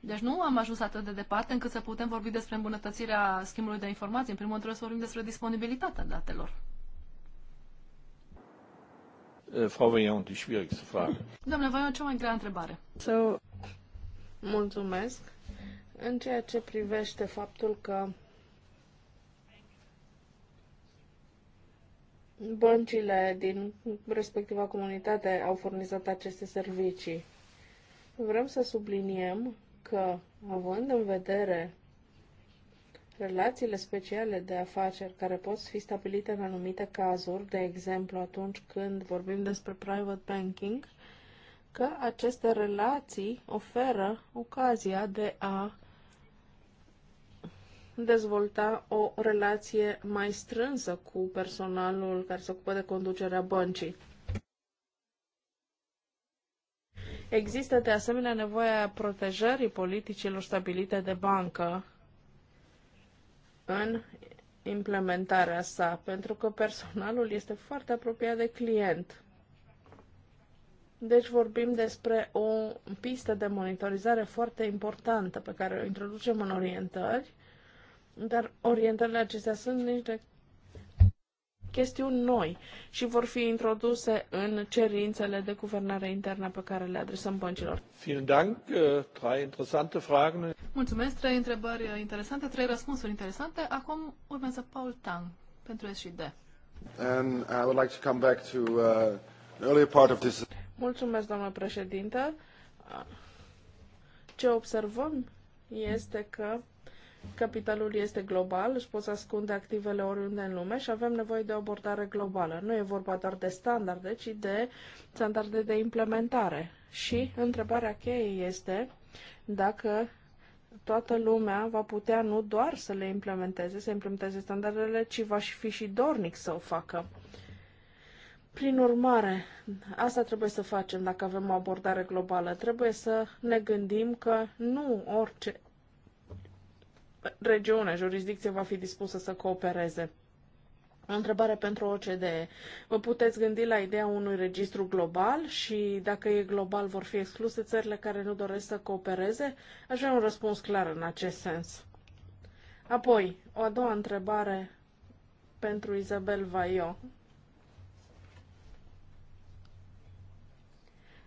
Deci nu am ajuns atât de departe încât să putem vorbi despre îmbunătățirea schimbului de informații. În primul rând trebuie să vorbim despre disponibilitatea datelor. Eh, Frau Veillon, die schwierigste Frage. Doamne vă cea mai grea întrebare. So, mulțumesc. În ceea ce privește faptul că băncile din respectiva comunitate au furnizat aceste servicii, vrem să subliniem că, având în vedere relațiile speciale de afaceri care pot fi stabilite în anumite cazuri, de exemplu atunci când vorbim despre private banking, că aceste relații oferă ocazia de a dezvolta o relație mai strânsă cu personalul care se ocupă de conducerea băncii. Există de asemenea nevoia protejării politicilor stabilite de bancă în implementarea sa, pentru că personalul este foarte apropiat de client. Deci vorbim despre o pistă de monitorizare foarte importantă pe care o introducem în orientări, dar orientările acestea sunt niște chestiuni noi și vor fi introduse în cerințele de guvernare internă pe care le adresăm băncilor. Äh, Mulțumesc, trei întrebări interesante, trei răspunsuri interesante. Acum urmează Paul Tang pentru SD. And I would like to come back to uh, earlier part of this. Mulțumesc, doamnă președintă. Ce observăm este că Capitalul este global, își poți ascunde activele oriunde în lume și avem nevoie de o abordare globală. Nu e vorba doar de standarde, ci de standarde de implementare. Și întrebarea cheie este dacă toată lumea va putea nu doar să le implementeze, să implementeze standardele, ci va fi și dornic să o facă. Prin urmare, asta trebuie să facem dacă avem o abordare globală. Trebuie să ne gândim că nu orice regiune, jurisdicție va fi dispusă să coopereze. O întrebare pentru OCDE. Vă puteți gândi la ideea unui registru global și dacă e global vor fi excluse țările care nu doresc să coopereze? Aș vrea un răspuns clar în acest sens. Apoi, o a doua întrebare pentru Isabel Vaio.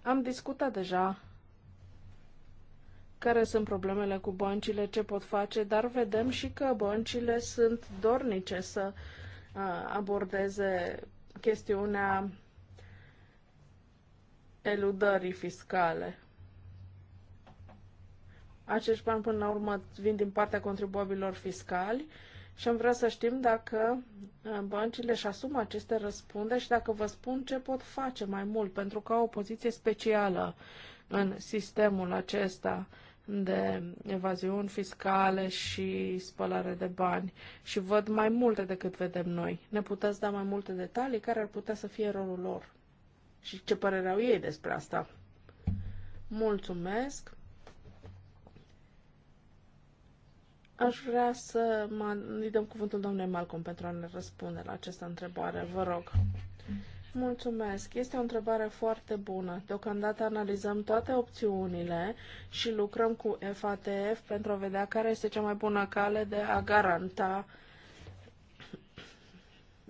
Am discutat deja care sunt problemele cu băncile, ce pot face, dar vedem și că băncile sunt dornice să uh, abordeze chestiunea eludării fiscale. Acești bani, până la urmă, vin din partea contribuabilor fiscali și am vrea să știm dacă uh, băncile își asumă aceste răspunde și dacă vă spun ce pot face mai mult pentru că au o poziție specială în sistemul acesta de evaziuni fiscale și spălare de bani și văd mai multe decât vedem noi. Ne puteți da mai multe detalii care ar putea să fie rolul lor și ce părere au ei despre asta. Mulțumesc! Aș vrea să mă... îi dăm cuvântul domnului Malcolm pentru a ne răspunde la această întrebare. Vă rog. Mulțumesc. Este o întrebare foarte bună. Deocamdată analizăm toate opțiunile și lucrăm cu FATF pentru a vedea care este cea mai bună cale de a garanta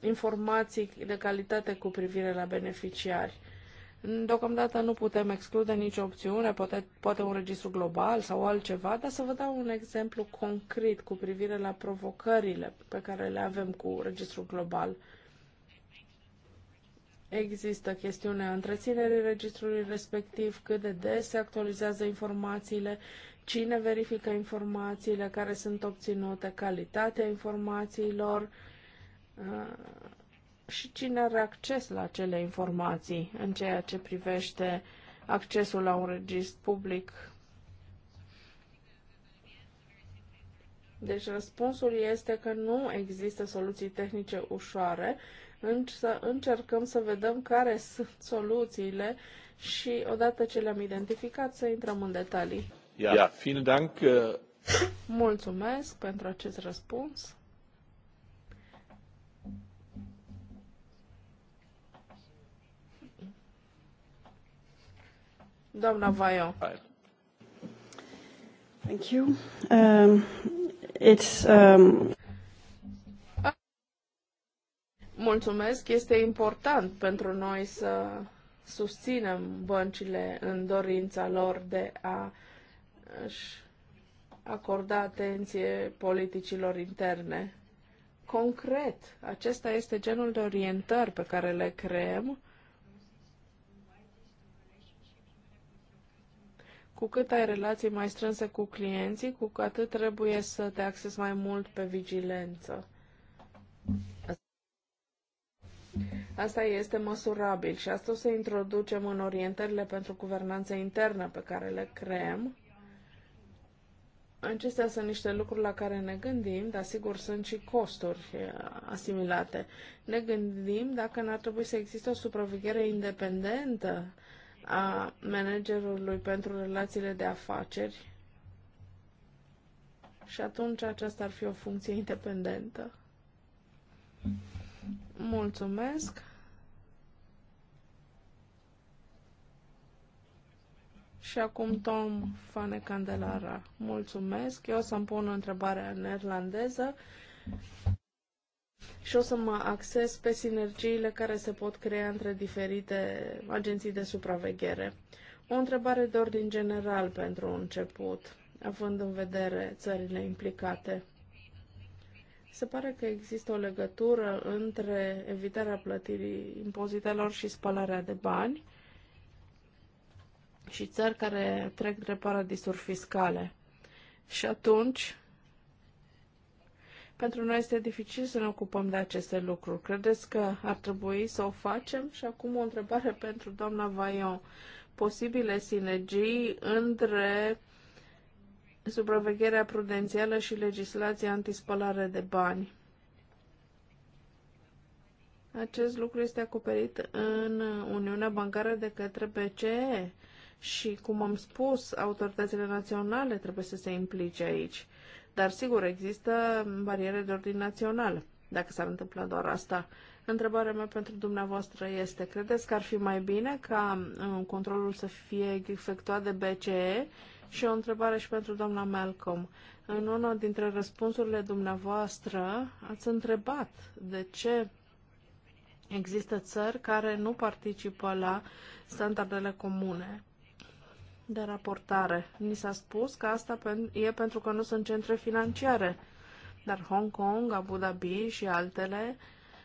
informații de calitate cu privire la beneficiari. Deocamdată nu putem exclude nicio opțiune, poate, poate un registru global sau altceva, dar să vă dau un exemplu concret cu privire la provocările pe care le avem cu registrul global. Există chestiunea întreținerii registrului respectiv, cât de des se actualizează informațiile, cine verifică informațiile care sunt obținute, calitatea informațiilor uh, și cine are acces la acele informații în ceea ce privește accesul la un registru public. Deci răspunsul este că nu există soluții tehnice ușoare să încercăm să vedem care sunt soluțiile și odată ce le-am identificat să intrăm în detalii. Ja, ja vielen Dank. Uh, Mulțumesc pentru acest răspuns. Doamna Vaio. Thank you. Um, it's, um... mulțumesc. Este important pentru noi să susținem băncile în dorința lor de a își acorda atenție politicilor interne. Concret, acesta este genul de orientări pe care le creăm. Cu cât ai relații mai strânse cu clienții, cu atât trebuie să te axezi mai mult pe vigilență. Asta este măsurabil și asta o să introducem în orientările pentru guvernanță internă pe care le creăm. Acestea sunt niște lucruri la care ne gândim, dar sigur sunt și costuri eh, asimilate. Ne gândim dacă n-ar trebui să existe o supraveghere independentă a managerului pentru relațiile de afaceri și atunci aceasta ar fi o funcție independentă. Mulțumesc. Și acum Tom Fane Candelara. Mulțumesc. Eu o să-mi pun o întrebare în neerlandeză și o să mă acces pe sinergiile care se pot crea între diferite agenții de supraveghere. O întrebare de ordin general pentru început, având în vedere țările implicate. Se pare că există o legătură între evitarea plătirii impozitelor și spălarea de bani și țări care trec de paradisuri fiscale. Și atunci, pentru noi este dificil să ne ocupăm de aceste lucruri. Credeți că ar trebui să o facem? Și acum o întrebare pentru doamna Vaion. Posibile sinergii între supravegherea prudențială și legislația antispălare de bani. Acest lucru este acoperit în Uniunea Bancară de către BCE și, cum am spus, autoritățile naționale trebuie să se implice aici. Dar, sigur, există bariere de ordin național, dacă s-ar întâmpla doar asta. Întrebarea mea pentru dumneavoastră este, credeți că ar fi mai bine ca uh, controlul să fie efectuat de BCE și o întrebare și pentru doamna Malcolm. În unul dintre răspunsurile dumneavoastră ați întrebat de ce există țări care nu participă la standardele comune de raportare. Ni s-a spus că asta e pentru că nu sunt centre financiare, dar Hong Kong, Abu Dhabi și altele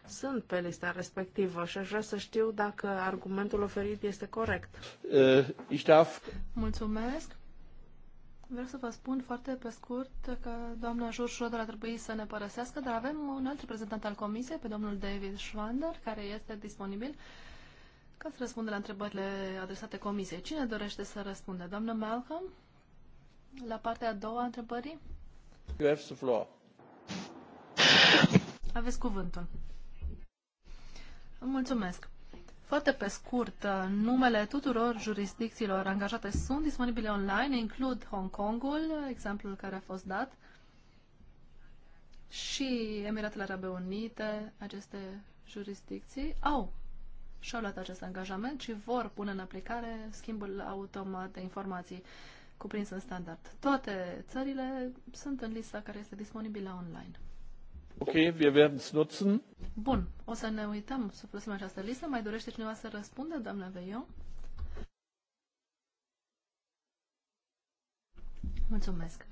sunt pe lista respectivă și aș vrea să știu dacă argumentul oferit este corect. Uh, Mulțumesc. Vreau să vă spun foarte pe scurt că doamna Jur Schroeder a trebuit să ne părăsească, dar avem un alt reprezentant al comisiei, pe domnul David Schwander, care este disponibil ca să răspundă la întrebările adresate comisiei. Cine dorește să răspundă? Doamna Malcolm? La partea a doua a întrebării? You have the floor. Aveți cuvântul. Mulțumesc. Foarte pe scurt, uh, numele tuturor jurisdicțiilor angajate sunt disponibile online, includ Hong Kongul, exemplul care a fost dat, și Emiratele Arabe Unite, aceste jurisdicții, au și-au luat acest angajament și vor pune în aplicare schimbul automat de informații cuprins în standard. Toate țările sunt în lista care este disponibilă online. Ok, wir werden es nutzen. Bun, o să ne uităm să folosim această listă. Mai dorește cineva să răspundă, doamna Veion? Mulțumesc.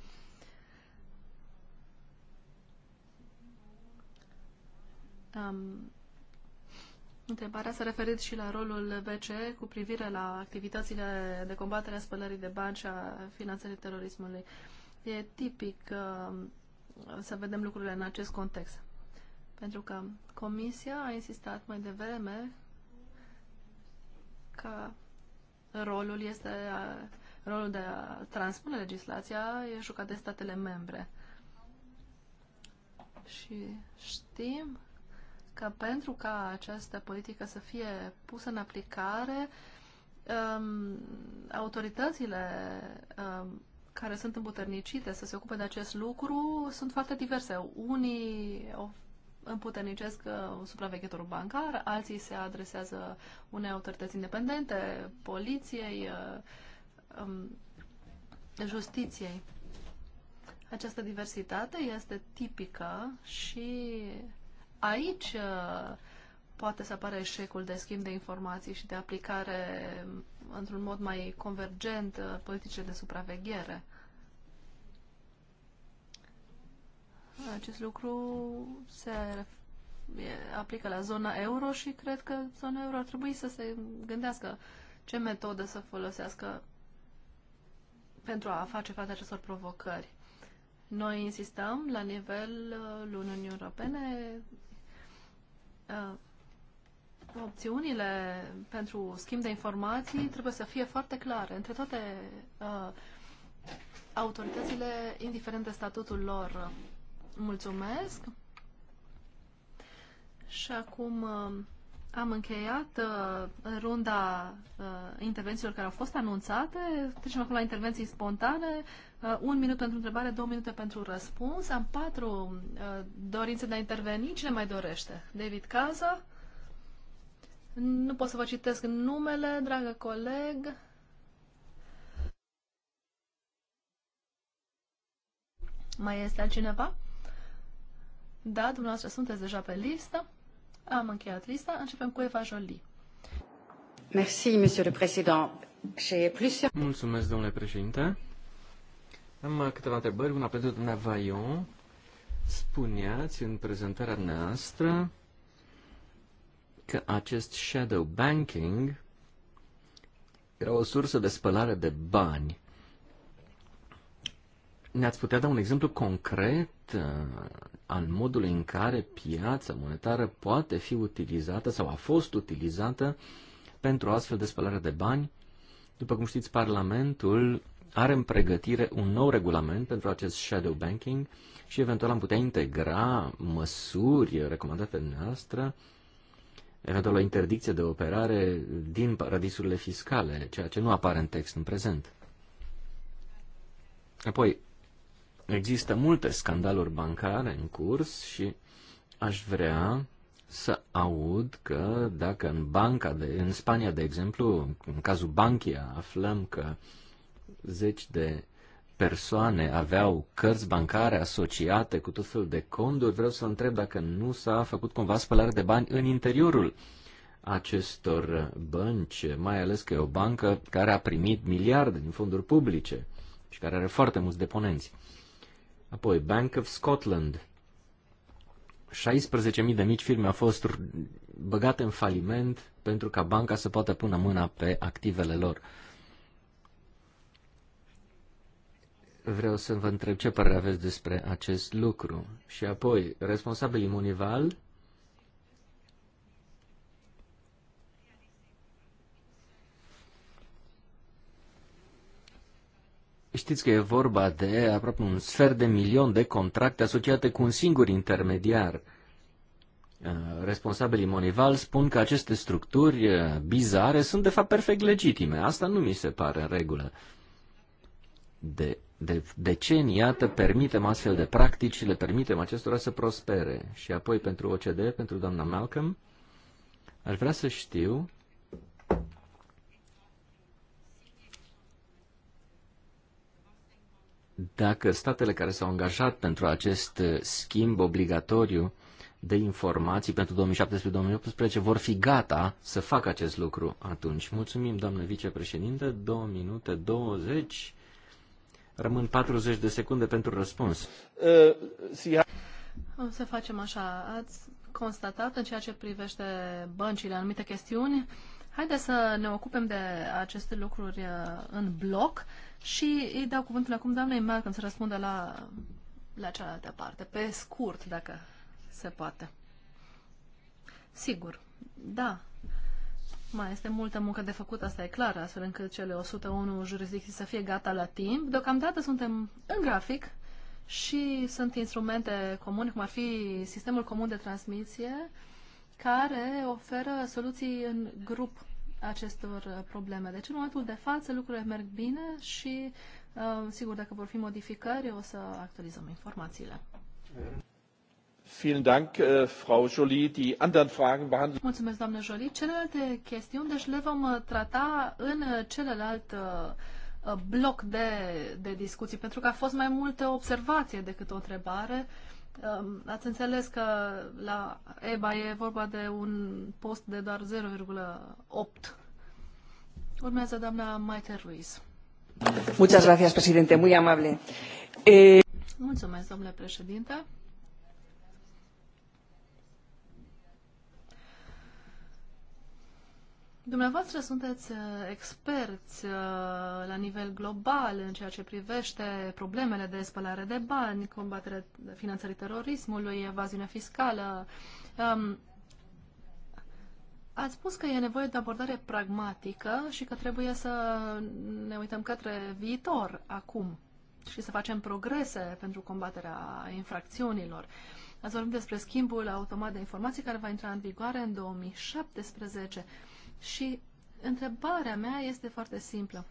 Um, întrebarea s-a referit și la rolul BCE cu privire la activitățile de combatere a spălării de bani și a finanțării terorismului. E tipic uh, să vedem lucrurile în acest context. Pentru că Comisia a insistat mai devreme că rolul este rolul de a transpune legislația e jucat de statele membre. Și știm că pentru ca această politică să fie pusă în aplicare, um, autoritățile um, care sunt împuternicite să se ocupe de acest lucru sunt foarte diverse. Unii împuternicesc uh, supraveghetorul bancar, alții se adresează unei autorități independente, poliției, uh, um, justiției. Această diversitate este tipică și aici uh, poate să apară eșecul de schimb de informații și de aplicare într-un mod mai convergent uh, politicile de supraveghere. Acest lucru se aplică la zona euro și cred că zona euro ar trebui să se gândească ce metodă să folosească pentru a face față acestor provocări. Noi insistăm la nivelul uh, Uniunii Europene uh, opțiunile pentru schimb de informații trebuie să fie foarte clare între toate uh, autoritățile, indiferent de statutul lor. Mulțumesc! Și acum uh, am încheiat uh, runda uh, intervențiilor care au fost anunțate. Trecem acum la intervenții spontane. Uh, un minut pentru întrebare, două minute pentru răspuns. Am patru uh, dorințe de a interveni. Cine mai dorește? David Caza? Nu pot să vă citesc numele, dragă coleg. Mai este altcineva? Da, dumneavoastră sunteți deja pe listă. Am încheiat lista. Începem cu Eva Jolie. Merci, monsieur le président. Plusieurs... Mulțumesc, domnule președinte. Am câteva întrebări. Una pentru dumneavoastră. Spuneați în prezentarea noastră că acest shadow banking era o sursă de spălare de bani. Ne-ați putea da un exemplu concret uh, al modului în care piața monetară poate fi utilizată sau a fost utilizată pentru astfel de spălare de bani? După cum știți, Parlamentul are în pregătire un nou regulament pentru acest shadow banking și eventual am putea integra măsuri recomandate noastră eventuală interdicție de operare din paradisurile fiscale, ceea ce nu apare în text în prezent. Apoi, există multe scandaluri bancare în curs și aș vrea să aud că dacă în banca de, în Spania, de exemplu, în cazul Bankia, aflăm că zeci de persoane aveau cărți bancare asociate cu tot felul de conduri, vreau să întreb dacă nu s-a făcut cumva spălare de bani în interiorul acestor bănci, mai ales că e o bancă care a primit miliarde din fonduri publice și care are foarte mulți deponenți. Apoi, Bank of Scotland. 16.000 de mici firme au fost băgate în faliment pentru ca banca să poată pune mâna pe activele lor. vreau să vă întreb ce părere aveți despre acest lucru. Și apoi, responsabilii Munival Știți că e vorba de aproape un sfert de milion de contracte asociate cu un singur intermediar. Uh, responsabilii Monival spun că aceste structuri uh, bizare sunt de fapt perfect legitime. Asta nu mi se pare în regulă. De de decenii, iată, permitem astfel de practici și le permitem acestora să prospere. Și apoi pentru OCD, pentru doamna Malcolm, aș vrea să știu dacă statele care s-au angajat pentru acest schimb obligatoriu de informații pentru 2017-2018 vor fi gata să facă acest lucru atunci. Mulțumim, doamnă vicepreședinte, 2 minute 20 Rămân 40 de secunde pentru răspuns. O să facem așa. Ați constatat în ceea ce privește băncile anumite chestiuni. Haideți să ne ocupem de aceste lucruri uh, în bloc și îi dau cuvântul acum doamnei Malcolm să răspundă la, la cealaltă parte, pe scurt, dacă se poate. Sigur, da, mai este multă muncă de făcut, asta e clar, astfel încât cele 101 jurisdicții să fie gata la timp. Deocamdată suntem în grafic și sunt instrumente comune, cum ar fi sistemul comun de transmisie, care oferă soluții în grup acestor probleme. Deci, în momentul de față, lucrurile merg bine și, uh, sigur, dacă vor fi modificări, o să actualizăm informațiile. Vielen Dank, äh, Frau Jolie. Die anderen Fragen behandeln. Mulțumesc, doamnă Jolie. Celelalte chestiuni, deci le vom uh, trata în uh, celălalt uh, bloc de, de discuții, pentru că a fost mai multe observație decât o întrebare. Um, ați înțeles că la EBA e vorba de un post de doar 0,8. Urmează doamna Maite Ruiz. Muchas gracias, presidente. Muy amable. Eh, Mulțumesc, domnule președinte. Dumneavoastră sunteți uh, experți uh, la nivel global în ceea ce privește problemele de spălare de bani, combaterea finanțării terorismului, evaziunea fiscală. Um, ați spus că e nevoie de abordare pragmatică și că trebuie să ne uităm către viitor acum și să facem progrese pentru combaterea infracțiunilor. Ați vorbit despre schimbul automat de informații care va intra în vigoare în 2017. Și întrebarea mea este foarte simplă.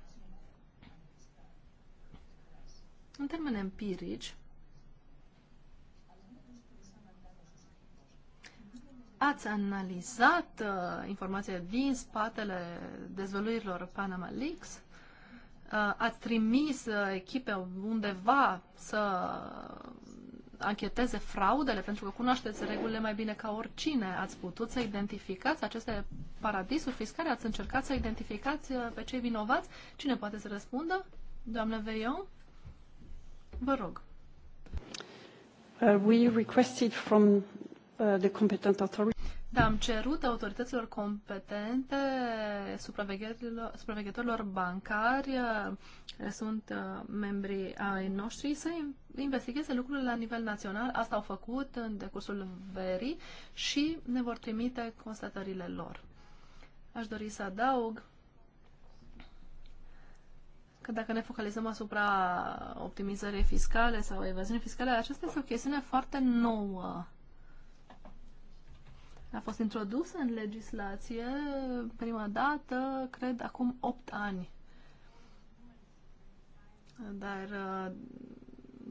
În termeni empirici, ați analizat uh, informația din spatele dezvăluirilor Panama Leaks? Uh, ați trimis uh, echipe undeva să ancheteze fraudele, pentru că cunoașteți regulile mai bine ca oricine. Ați putut să identificați aceste paradisuri fiscale? Ați încercat să identificați uh, pe cei vinovați? Cine poate să răspundă? Doamne Veion? Vă rog. Uh, we requested from uh, the competent authority. Da, am cerut autorităților competente, supraveghetorilor bancari, care sunt uh, membrii ai noștri, să investigheze lucrurile la nivel național. Asta au făcut în decursul verii și ne vor trimite constatările lor. Aș dori să adaug că dacă ne focalizăm asupra optimizării fiscale sau evaziunii fiscale, aceasta este o chestiune foarte nouă a fost introdusă în legislație prima dată, cred, acum 8 ani. Dar uh,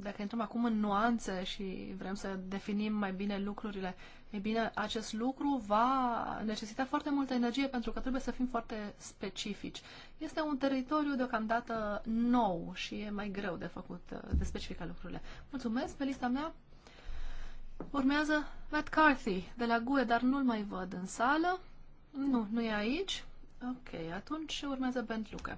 dacă intrăm acum în nuanțe și vrem să definim mai bine lucrurile, e bine, acest lucru va necesita foarte multă energie pentru că trebuie să fim foarte specifici. Este un teritoriu deocamdată nou și e mai greu de făcut, uh, de specificat lucrurile. Mulțumesc, pe lista mea Urmează Matt Carthy de la GUE, dar nu-l mai văd în sală. Nu, nu e aici. Ok, atunci urmează Bent Luca.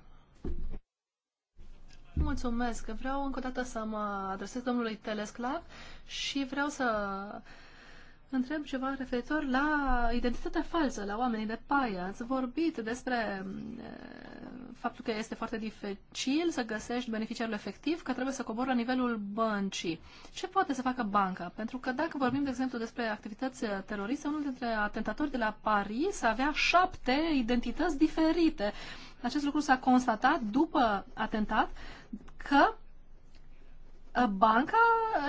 Mulțumesc. Vreau încă o dată să mă adresez domnului Telesclav și vreau să întreb ceva referitor la identitatea falsă, la oamenii de paie. Ați vorbit despre eh, faptul că este foarte dificil să găsești beneficiarul efectiv, că trebuie să cobori la nivelul băncii. Ce poate să facă banca? Pentru că dacă vorbim, de exemplu, despre activități eh, teroriste, unul dintre atentatori de la Paris avea șapte identități diferite. Acest lucru s-a constatat după atentat că Ă, banca,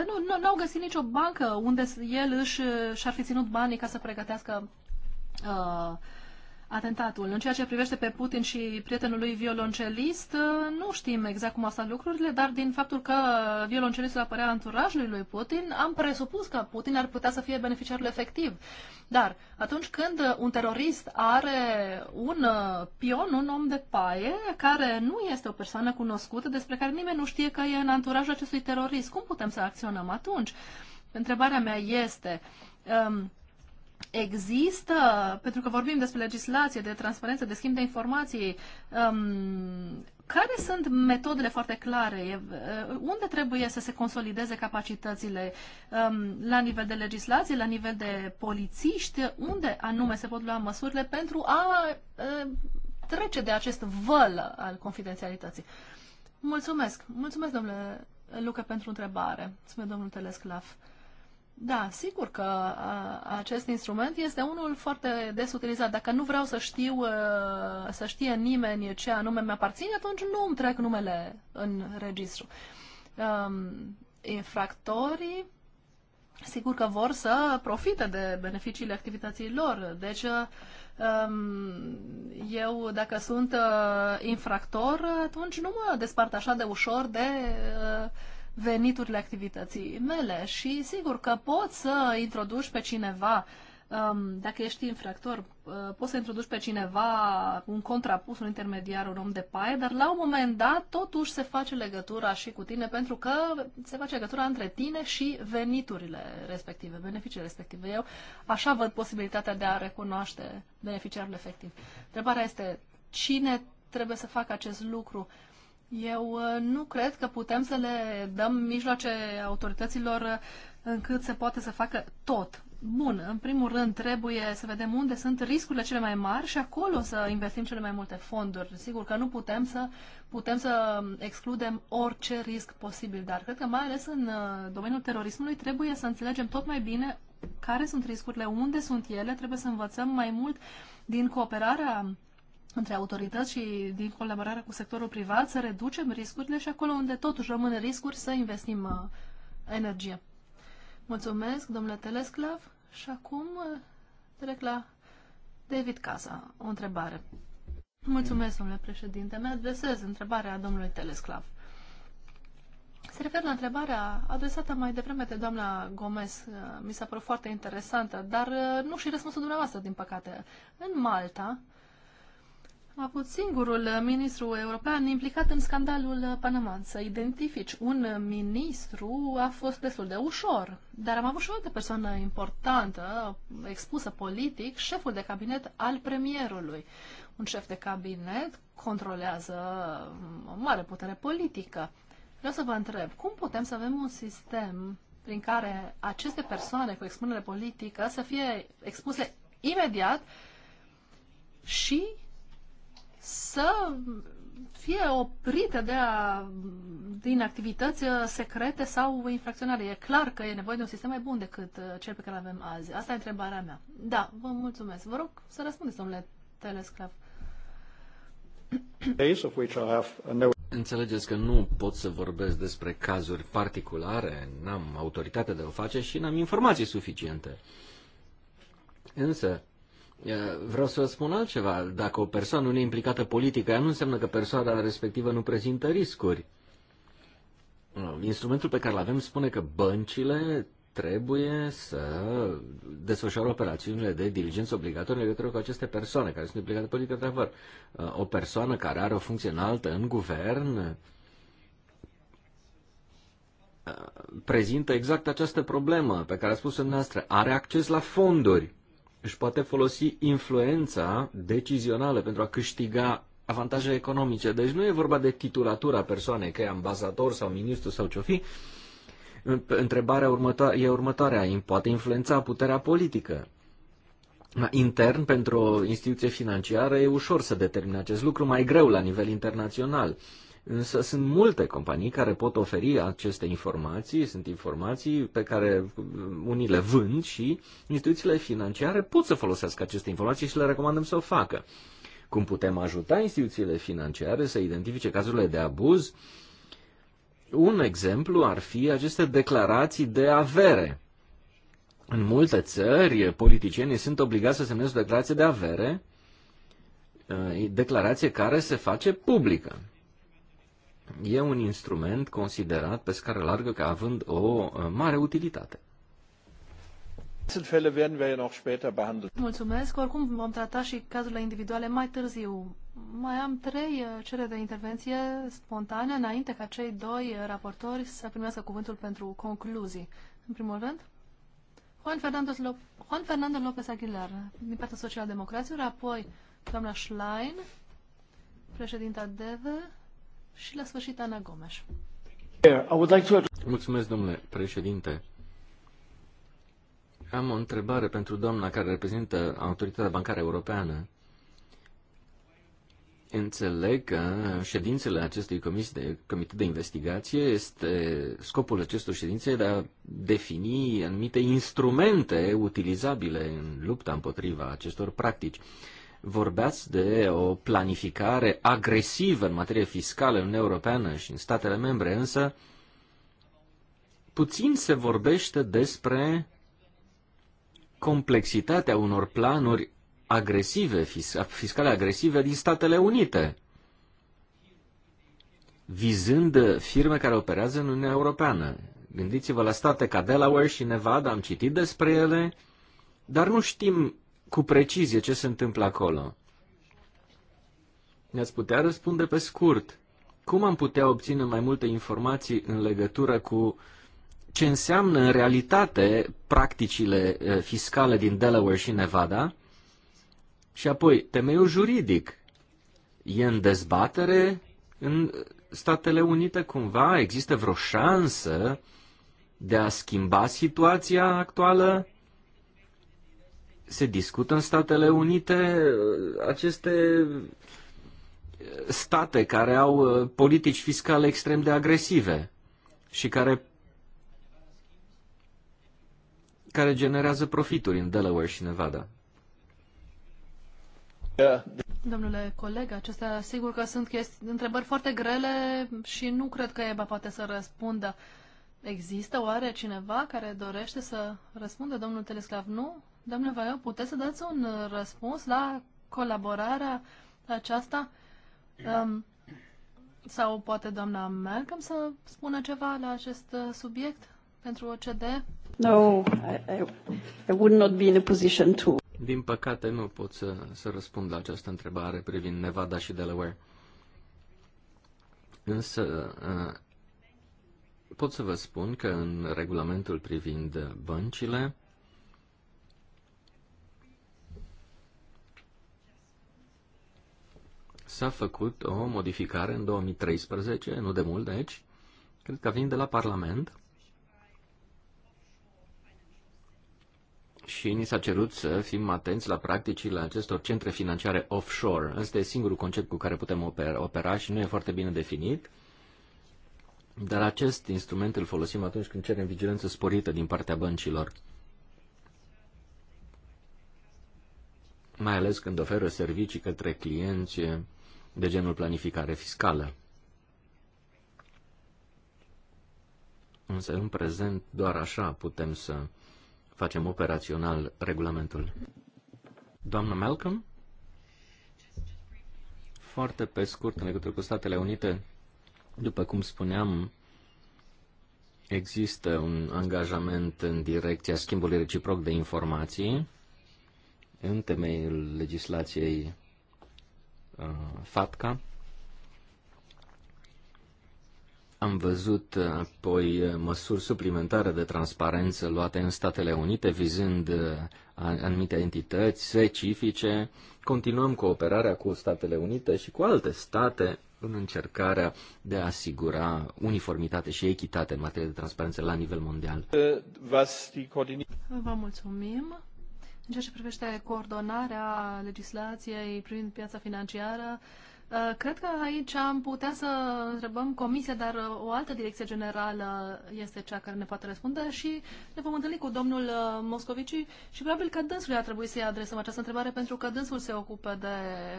nu, nu au găsit nicio bancă unde el își și-ar fi ținut banii ca să pregătească uh, atentatul. În ceea ce privește pe Putin și prietenul lui violoncelist, nu știm exact cum au stat lucrurile, dar din faptul că violoncelistul apărea anturajului lui Putin, am presupus că Putin ar putea să fie beneficiarul efectiv. Dar atunci când un terorist are un uh, pion, un om de paie, care nu este o persoană cunoscută, despre care nimeni nu știe că e în anturajul acestui terorist, cum putem să acționăm atunci? Întrebarea mea este... Um, Există, pentru că vorbim despre legislație, de transparență, de schimb de informații, um, care sunt metodele foarte clare? Uh, unde trebuie să se consolideze capacitățile um, la nivel de legislație, la nivel de polițiști? Unde anume se pot lua măsurile pentru a uh, trece de acest văl al confidențialității? Mulțumesc! Mulțumesc, domnule Luca, pentru întrebare. Mulțumesc, domnul Telesclav. Da, sigur că a, acest instrument este unul foarte des utilizat. Dacă nu vreau să știu, să știe nimeni ce anume mi-aparține, atunci nu îmi trec numele în registru. Um, infractorii sigur că vor să profite de beneficiile activității lor. Deci, eu, dacă sunt infractor, atunci nu mă despart așa de ușor de veniturile activității mele și sigur că pot să introduci pe cineva um, dacă ești infractor, uh, poți să introduci pe cineva un contrapus, un intermediar, un om de paie, dar la un moment dat totuși se face legătura și cu tine, pentru că se face legătura între tine și veniturile respective, beneficiile respective. Eu așa văd posibilitatea de a recunoaște beneficiarul efectiv. Întrebarea este cine trebuie să facă acest lucru eu uh, nu cred că putem să le dăm mijloace autorităților uh, încât se poate să facă tot. Bun, în primul rând trebuie să vedem unde sunt riscurile cele mai mari și acolo să investim cele mai multe fonduri. Sigur că nu putem să, putem să excludem orice risc posibil, dar cred că mai ales în uh, domeniul terorismului trebuie să înțelegem tot mai bine care sunt riscurile, unde sunt ele, trebuie să învățăm mai mult din cooperarea între autorități și din colaborarea cu sectorul privat, să reducem riscurile și acolo unde totuși rămâne riscuri să investim uh, energie. Mulțumesc, domnule Telesclav. Și acum uh, trec la David Casa. O întrebare. Mulțumesc, domnule președinte. Mă adresez întrebarea domnului Telesclav. Se referă la întrebarea adresată mai devreme de doamna Gomez. Uh, mi s-a părut foarte interesantă, dar uh, nu și răspunsul dumneavoastră, din păcate. În Malta, a avut singurul uh, ministru european implicat în scandalul uh, Panama. Să identifici un uh, ministru a fost destul de ușor, dar am avut și o altă persoană importantă, expusă politic, șeful de cabinet al premierului. Un șef de cabinet controlează um, o mare putere politică. Vreau să vă întreb, cum putem să avem un sistem prin care aceste persoane cu expunere politică să fie expuse imediat și să fie oprită de a, din activități uh, secrete sau infracționale. E clar că e nevoie de un sistem mai bun decât uh, cel pe care îl avem azi. Asta e întrebarea mea. Da, vă mulțumesc. Vă rog să răspundeți, domnule Telesclav. Înțelegeți că nu pot să vorbesc despre cazuri particulare, n-am autoritate de a o face și n-am informații suficiente. Însă, Vreau să vă spun altceva. Dacă o persoană nu e implicată politică, ea nu înseamnă că persoana respectivă nu prezintă riscuri. Instrumentul pe care îl avem spune că băncile trebuie să desfășoare operațiunile de diligență obligatorie în legătură cu aceste persoane care sunt implicate politică de adevăr. O persoană care are o funcție înaltă în guvern prezintă exact această problemă pe care a spus-o noastră. Are acces la fonduri își poate folosi influența decizională pentru a câștiga avantaje economice. Deci nu e vorba de titulatura persoanei, că e ambasador sau ministru sau ce-o fi. Întrebarea următoare, e următoarea. Poate influența puterea politică. Intern, pentru o instituție financiară, e ușor să determine acest lucru, mai greu la nivel internațional. Uh, Însă sunt multe companii care pot oferi aceste informații, sunt informații pe care unii le vând și instituțiile financiare pot să folosească aceste informații și le recomandăm să o facă. Cum putem ajuta instituțiile financiare să identifice cazurile de abuz? Un exemplu ar fi aceste declarații de avere. În multe țări, politicienii sunt obligați să semneze o declarație de avere, eh, declarație care se face publică e un instrument considerat pe scară largă ca având o uh, mare utilitate. Mulțumesc. Oricum vom trata și cazurile individuale mai târziu. Mai am trei uh, cereri de intervenție spontane înainte ca cei doi uh, raportori să primească cuvântul pentru concluzii. În primul rând, Juan Fernando, Lop- Juan Fernando López Aguilar, din partea Social Democraților, apoi doamna Schlein, președinta DEVE, și la sfârșit Ana Gomes. Mulțumesc, domnule președinte. Am o întrebare pentru doamna care reprezintă Autoritatea Bancară Europeană. Înțeleg că ședințele acestui comis de, comitet de investigație este scopul acestor ședințe de a defini anumite instrumente utilizabile în lupta împotriva acestor practici. Vorbeați de o planificare agresivă în materie fiscală în Uniunea Europeană și în statele membre, însă puțin se vorbește despre complexitatea unor planuri agresive, fiscale agresive din Statele Unite, vizând firme care operează în Uniunea Europeană. Gândiți-vă la state ca Delaware și Nevada, am citit despre ele, dar nu știm cu precizie ce se întâmplă acolo. Ne-ați putea răspunde pe scurt. Cum am putea obține mai multe informații în legătură cu ce înseamnă în realitate practicile eh, fiscale din Delaware și Nevada? Și apoi, temeiul juridic. E în dezbatere în Statele Unite cumva? Există vreo șansă de a schimba situația actuală? se discută în Statele Unite uh, aceste uh, state care au uh, politici fiscale extrem de agresive și care care generează profituri în Delaware și Nevada. Domnule coleg, acestea sigur că sunt întrebări foarte grele și nu cred că EBA poate să răspundă. Există oare cineva care dorește să răspundă, domnul Telesclav? Nu? Domnule Vaiu, puteți să dați un uh, răspuns la colaborarea aceasta? Da. Um, sau poate doamna Malcolm să spună ceva la acest uh, subiect pentru OCD? No, I, I, I would not be in a position to. Din păcate nu pot să, să răspund la această întrebare privind Nevada și Delaware. Însă uh, pot să vă spun că în regulamentul privind băncile s-a făcut o modificare în 2013, nu de mult, deci, cred că vin de la Parlament, și ni s-a cerut să fim atenți la practicile acestor centre financiare offshore. Ăsta e singurul concept cu care putem opera, opera și nu e foarte bine definit, dar acest instrument îl folosim atunci când cerem vigilență sporită din partea băncilor. Mai ales când oferă servicii către clienți de genul planificare fiscală. Însă, în prezent, doar așa putem să facem operațional regulamentul. Doamna Malcolm? Foarte pe scurt, în legătură cu Statele Unite, după cum spuneam, există un angajament în direcția schimbului reciproc de informații în temeiul legislației Uh, FATCA. Am văzut uh, apoi uh, măsuri suplimentare de transparență luate în Statele Unite vizând anumite entități specifice. Continuăm cooperarea cu Statele Unite și cu alte state în încercarea de a asigura uniformitate și echitate în materie de transparență la nivel mondial. Vă mulțumim. În ceea ce privește coordonarea legislației privind piața financiară, uh, Cred că aici am putea să întrebăm comisia, dar o altă direcție generală este cea care ne poate răspunde și ne vom întâlni cu domnul uh, Moscovici și probabil că i ar trebui să-i adresăm această întrebare pentru că dânsul se ocupă de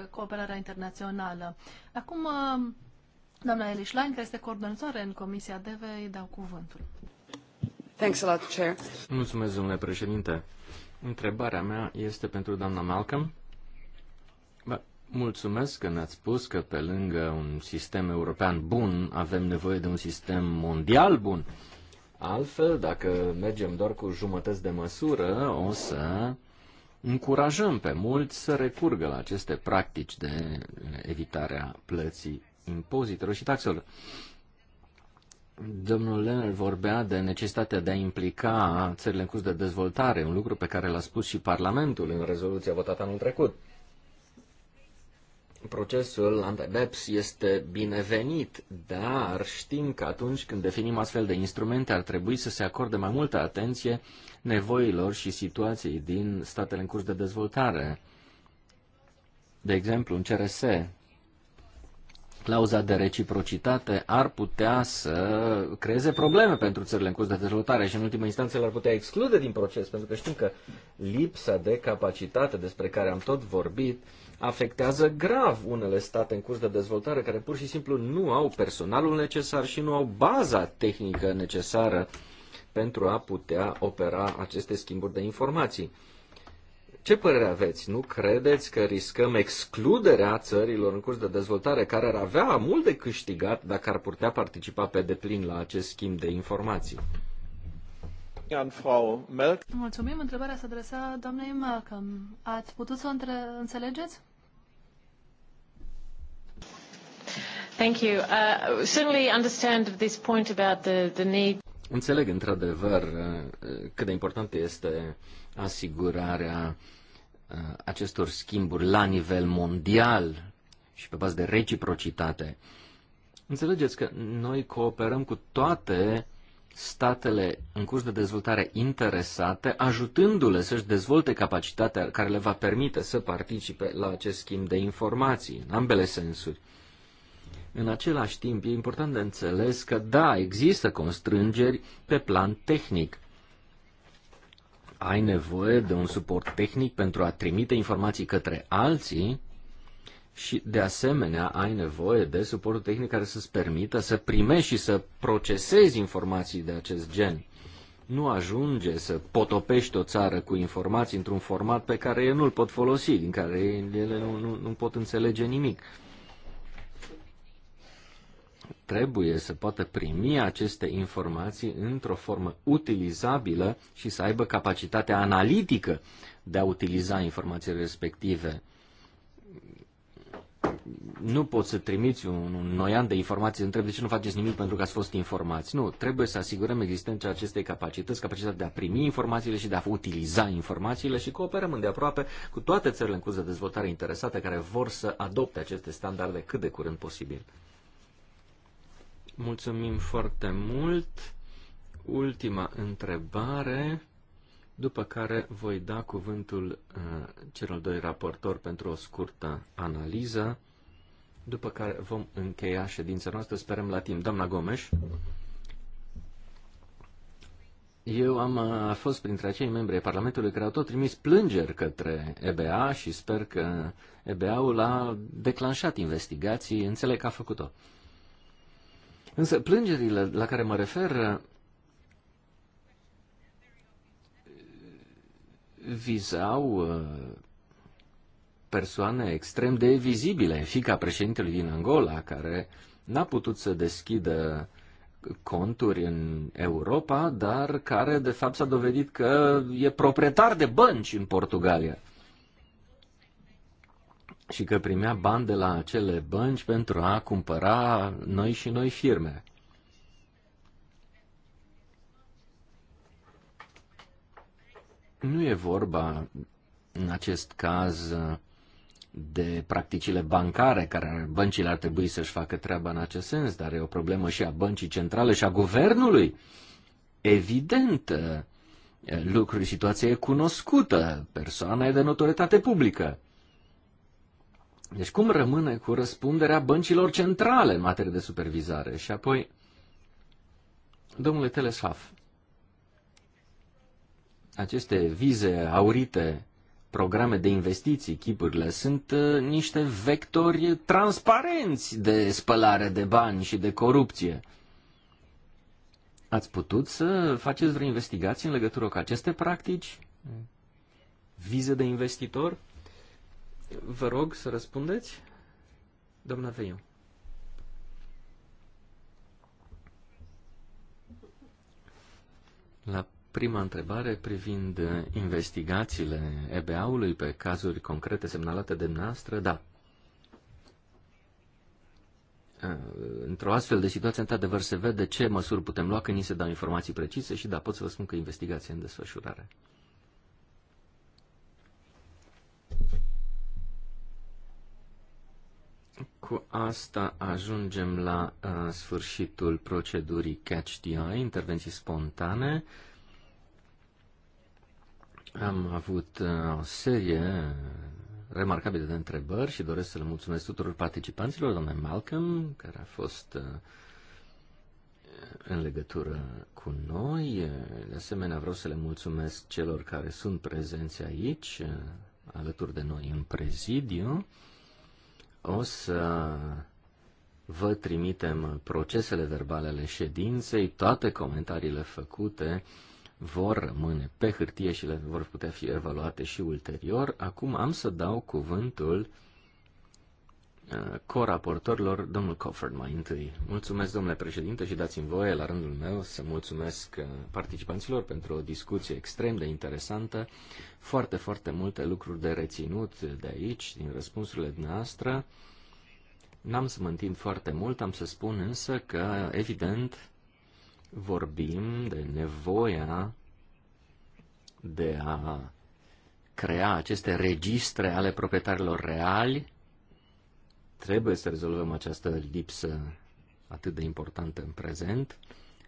cooperarea internațională. Acum, uh, doamna Eli care este coordonatoare în Comisia DEVE, îi dau cuvântul. Thanks a lot, Chair. Mulțumesc, domnule președinte. Întrebarea mea este pentru doamna Malcolm. Bă, mulțumesc că ne-ați spus că pe lângă un sistem european bun avem nevoie de un sistem mondial bun. Altfel, dacă mergem doar cu jumătăți de măsură, o să încurajăm pe mulți să recurgă la aceste practici de evitarea plății impozitelor și taxelor. Domnul Lenner vorbea de necesitatea de a implica țările în curs de dezvoltare, un lucru pe care l-a spus și Parlamentul în rezoluția votată anul trecut. Procesul anti-BEPS este binevenit, dar știm că atunci când definim astfel de instrumente ar trebui să se acorde mai multă atenție nevoilor și situației din statele în curs de dezvoltare. De exemplu, în CRS, clauza de reciprocitate ar putea să creeze probleme pentru țările în curs de dezvoltare și în ultima instanță le-ar putea exclude din proces, pentru că știm că lipsa de capacitate despre care am tot vorbit afectează grav unele state în curs de dezvoltare care pur și simplu nu au personalul necesar și nu au baza tehnică necesară pentru a putea opera aceste schimburi de informații. Ce părere aveți? Nu credeți că riscăm excluderea țărilor în curs de dezvoltare care ar avea mult de câștigat dacă ar putea participa pe deplin la acest schimb de informații? Mulțumim. Întrebarea se adresa doamnei Malcolm. Ați putut să o între... înțelegeți? Thank you. Uh, certainly understand this point about the, the need. Înțeleg într-adevăr uh, cât de important este uh, asigurarea uh, acestor schimburi la nivel mondial și pe bază de reciprocitate. Înțelegeți că noi cooperăm cu toate statele în curs de dezvoltare interesate, ajutându-le să-și dezvolte capacitatea care le va permite să participe la acest schimb de informații, în ambele sensuri. În același timp, e important de înțeles că, da, există constrângeri pe plan tehnic ai nevoie de un suport tehnic pentru a trimite informații către alții și, de asemenea, ai nevoie de suportul tehnic care să-ți permită să primești și să procesezi informații de acest gen. Nu ajunge să potopești o țară cu informații într-un format pe care ei nu-l pot folosi, din care ele nu, nu, nu pot înțelege nimic trebuie să poată primi aceste informații într-o formă utilizabilă și să aibă capacitatea analitică de a utiliza informațiile respective. Nu poți să trimiți un, un noian de informații, întreb de ce nu faceți nimic pentru că ați fost informați. Nu, trebuie să asigurăm existența acestei capacități, capacitatea de a primi informațiile și de a utiliza informațiile și cooperăm îndeaproape cu toate țările în curs de dezvoltare interesate care vor să adopte aceste standarde cât de curând posibil. Mulțumim foarte mult. Ultima întrebare, după care voi da cuvântul uh, celor doi raportori pentru o scurtă analiză, după care vom încheia ședința noastră, sperăm la timp. Doamna Gomes. Eu am a uh, fost printre acei membri ai Parlamentului care au tot trimis plângeri către EBA și sper că EBA-ul a declanșat investigații, înțeleg că a făcut-o. Însă plângerile la care mă refer uh, vizau uh, persoane extrem de vizibile, fica președintelui din Angola, care n-a putut să deschidă conturi în Europa, dar care de fapt s-a dovedit că e proprietar de bănci în Portugalia și că primea bani de la acele bănci pentru a cumpăra noi și noi firme. Nu e vorba în acest caz de practicile bancare, care băncile ar trebui să-și facă treaba în acest sens, dar e o problemă și a băncii centrale și a guvernului. Evident, eh, lucrul, situația e cunoscută, persoana e de notoritate publică. Deci cum rămâne cu răspunderea băncilor centrale în materie de supervizare? Și apoi, domnule Telesaf, aceste vize aurite, programe de investiții, chipurile, sunt uh, niște vectori transparenți de spălare de bani și de corupție. Ați putut să faceți vreo investigație în legătură cu aceste practici? Vize de investitor? Vă rog să răspundeți, doamna Veiu. La prima întrebare privind investigațiile EBA-ului pe cazuri concrete semnalate de noastră, da. Într-o astfel de situație, într-adevăr, se vede ce măsuri putem lua când ni se dau informații precise și da, pot să vă spun că investigația e în desfășurare. Cu asta ajungem la uh, sfârșitul procedurii Catch the Eye, intervenții spontane. Am avut uh, o serie remarcabile de întrebări și doresc să le mulțumesc tuturor participanților, domnule Malcolm, care a fost uh, în legătură cu noi. De asemenea, vreau să le mulțumesc celor care sunt prezenți aici, uh, alături de noi în prezidiu. O să vă trimitem procesele verbale ale ședinței, toate comentariile făcute vor rămâne pe hârtie și le vor putea fi evaluate și ulterior. Acum am să dau cuvântul Eh, coraportorilor, domnul Cofford mai întâi. Mulțumesc, domnule președinte, și dați-mi voie, la rândul meu, să mulțumesc eh, participanților pentru o discuție extrem de interesantă. Foarte, foarte multe lucruri de reținut de aici, din răspunsurile dumneavoastră. N-am să mă întind foarte mult, am să spun însă că, evident, vorbim de nevoia de a crea aceste registre ale proprietarilor reali, Trebuie să rezolvăm această lipsă atât de importantă în prezent.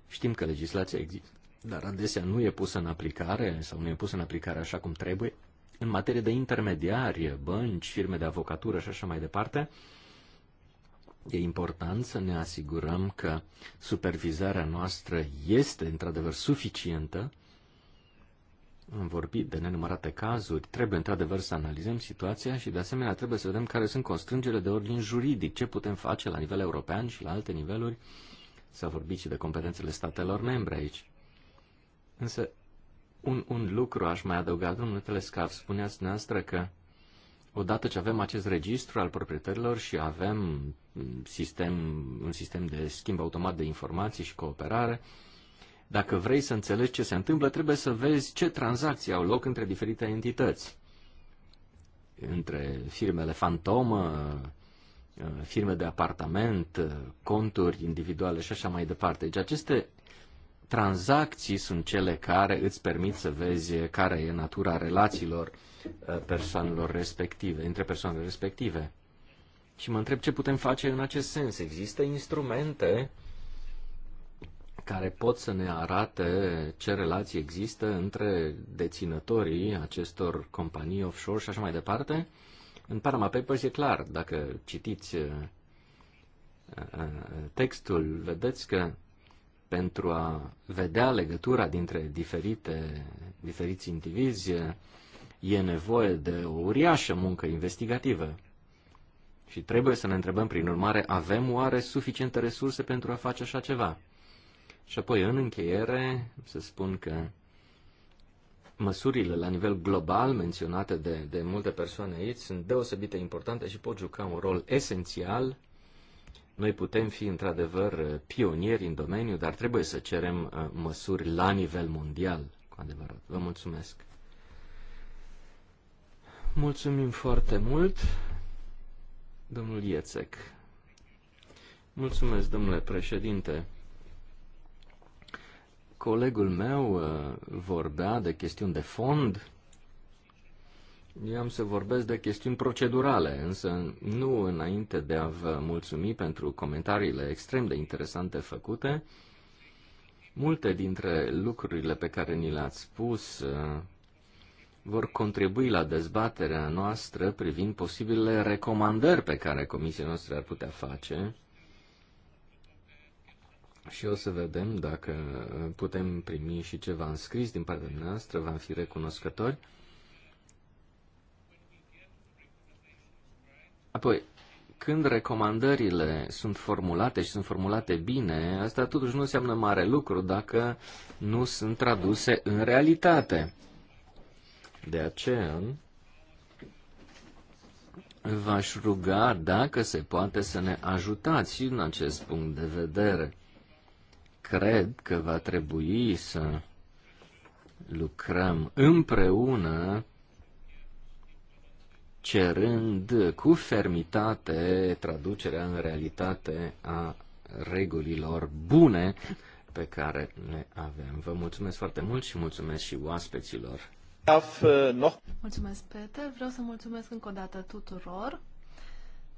Știm că legislația există, dar adesea nu e pusă în aplicare sau nu e pusă în aplicare așa cum trebuie. În materie de intermediari, bănci, firme de avocatură și așa mai departe, e important să ne asigurăm că supervizarea noastră este într-adevăr suficientă am vorbit de nenumărate cazuri, trebuie într-adevăr să analizăm situația și de asemenea trebuie să vedem care sunt constrângerile de ordin juridic, ce putem face la nivel european și la alte niveluri. S-a vorbit și de competențele statelor membre aici. Însă, un, un lucru aș mai adăuga, domnule Telescaf, spuneați dumneavoastră că odată ce avem acest registru al proprietarilor și avem mm, sistem, un sistem de schimb automat de informații și cooperare, dacă vrei să înțelegi ce se întâmplă, trebuie să vezi ce tranzacții au loc între diferite entități. Între firmele fantomă, uh, firme de apartament, uh, conturi individuale și așa mai departe. Deci aceste tranzacții sunt cele care îți permit să vezi care e natura relațiilor uh, persoanelor respective, între persoanele respective. Și mă întreb ce putem face în acest sens. Există instrumente uh, care pot să ne arate ce relații există între deținătorii acestor companii offshore și așa mai departe. În Panama Papers e clar, dacă citiți uh, uh, textul, vedeți că pentru a vedea legătura dintre diferite, diferiți indivizi, e nevoie de o uriașă muncă investigativă. Și trebuie să ne întrebăm, prin urmare, avem oare suficiente resurse pentru a face așa ceva? Și apoi, în încheiere, să spun că măsurile la nivel global menționate de, de multe persoane aici sunt deosebite importante și pot juca un rol esențial. Noi putem fi, într-adevăr, pionieri în domeniu, dar trebuie să cerem uh, măsuri la nivel mondial, cu adevărat. Vă mulțumesc! Mulțumim foarte mult, domnul Iețec. Mulțumesc, domnule președinte. Colegul meu uh, vorbea de chestiuni de fond. Eu am să vorbesc de chestiuni procedurale, însă nu înainte de a vă mulțumi pentru comentariile extrem de interesante făcute. Multe dintre lucrurile pe care ni le-ați spus uh, vor contribui la dezbaterea noastră privind posibilele recomandări pe care comisia noastră ar putea face și o să vedem dacă putem primi și ceva înscris din partea noastră, v-am fi recunoscători. Apoi, când recomandările sunt formulate și sunt formulate bine, asta totuși nu înseamnă mare lucru dacă nu sunt traduse în realitate. De aceea, v-aș ruga dacă se poate să ne ajutați și în acest punct de vedere cred că va trebui să lucrăm împreună cerând cu fermitate traducerea în realitate a regulilor bune pe care le avem. Vă mulțumesc foarte mult și mulțumesc și oaspeților. Uh, mulțumesc, Peter. Vreau să mulțumesc încă o dată tuturor.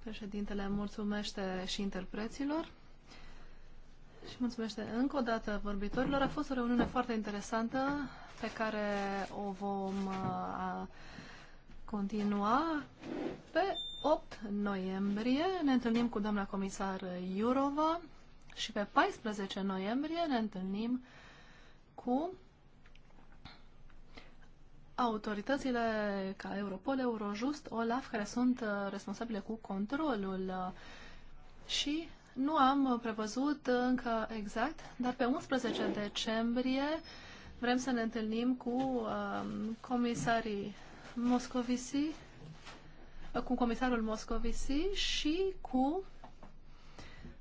Președintele mulțumește și interpreților și mulțumește încă o dată vorbitorilor. A fost o reuniune foarte interesantă pe care o vom uh, continua pe 8 noiembrie. Ne întâlnim cu doamna comisar Iurova și pe 14 noiembrie ne întâlnim cu autoritățile ca Europol, Eurojust, OLAF, care sunt uh, responsabile cu controlul și nu am uh, prevăzut uh, încă exact, dar pe 11 decembrie vrem să ne întâlnim cu um, comisarii Moscovici, uh, cu comisarul Moscovici și cu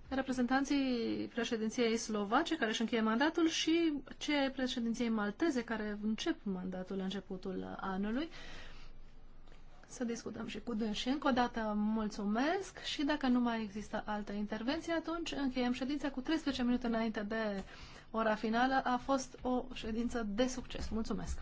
reprezentanții președinției slovace care își încheie mandatul și cei președinției malteze care încep mandatul la începutul anului să discutăm și cu dânsii. Încă o dată mulțumesc și dacă nu mai există altă intervenție, atunci încheiem ședința cu 13 minute înainte de ora finală. A fost o ședință de succes. Mulțumesc!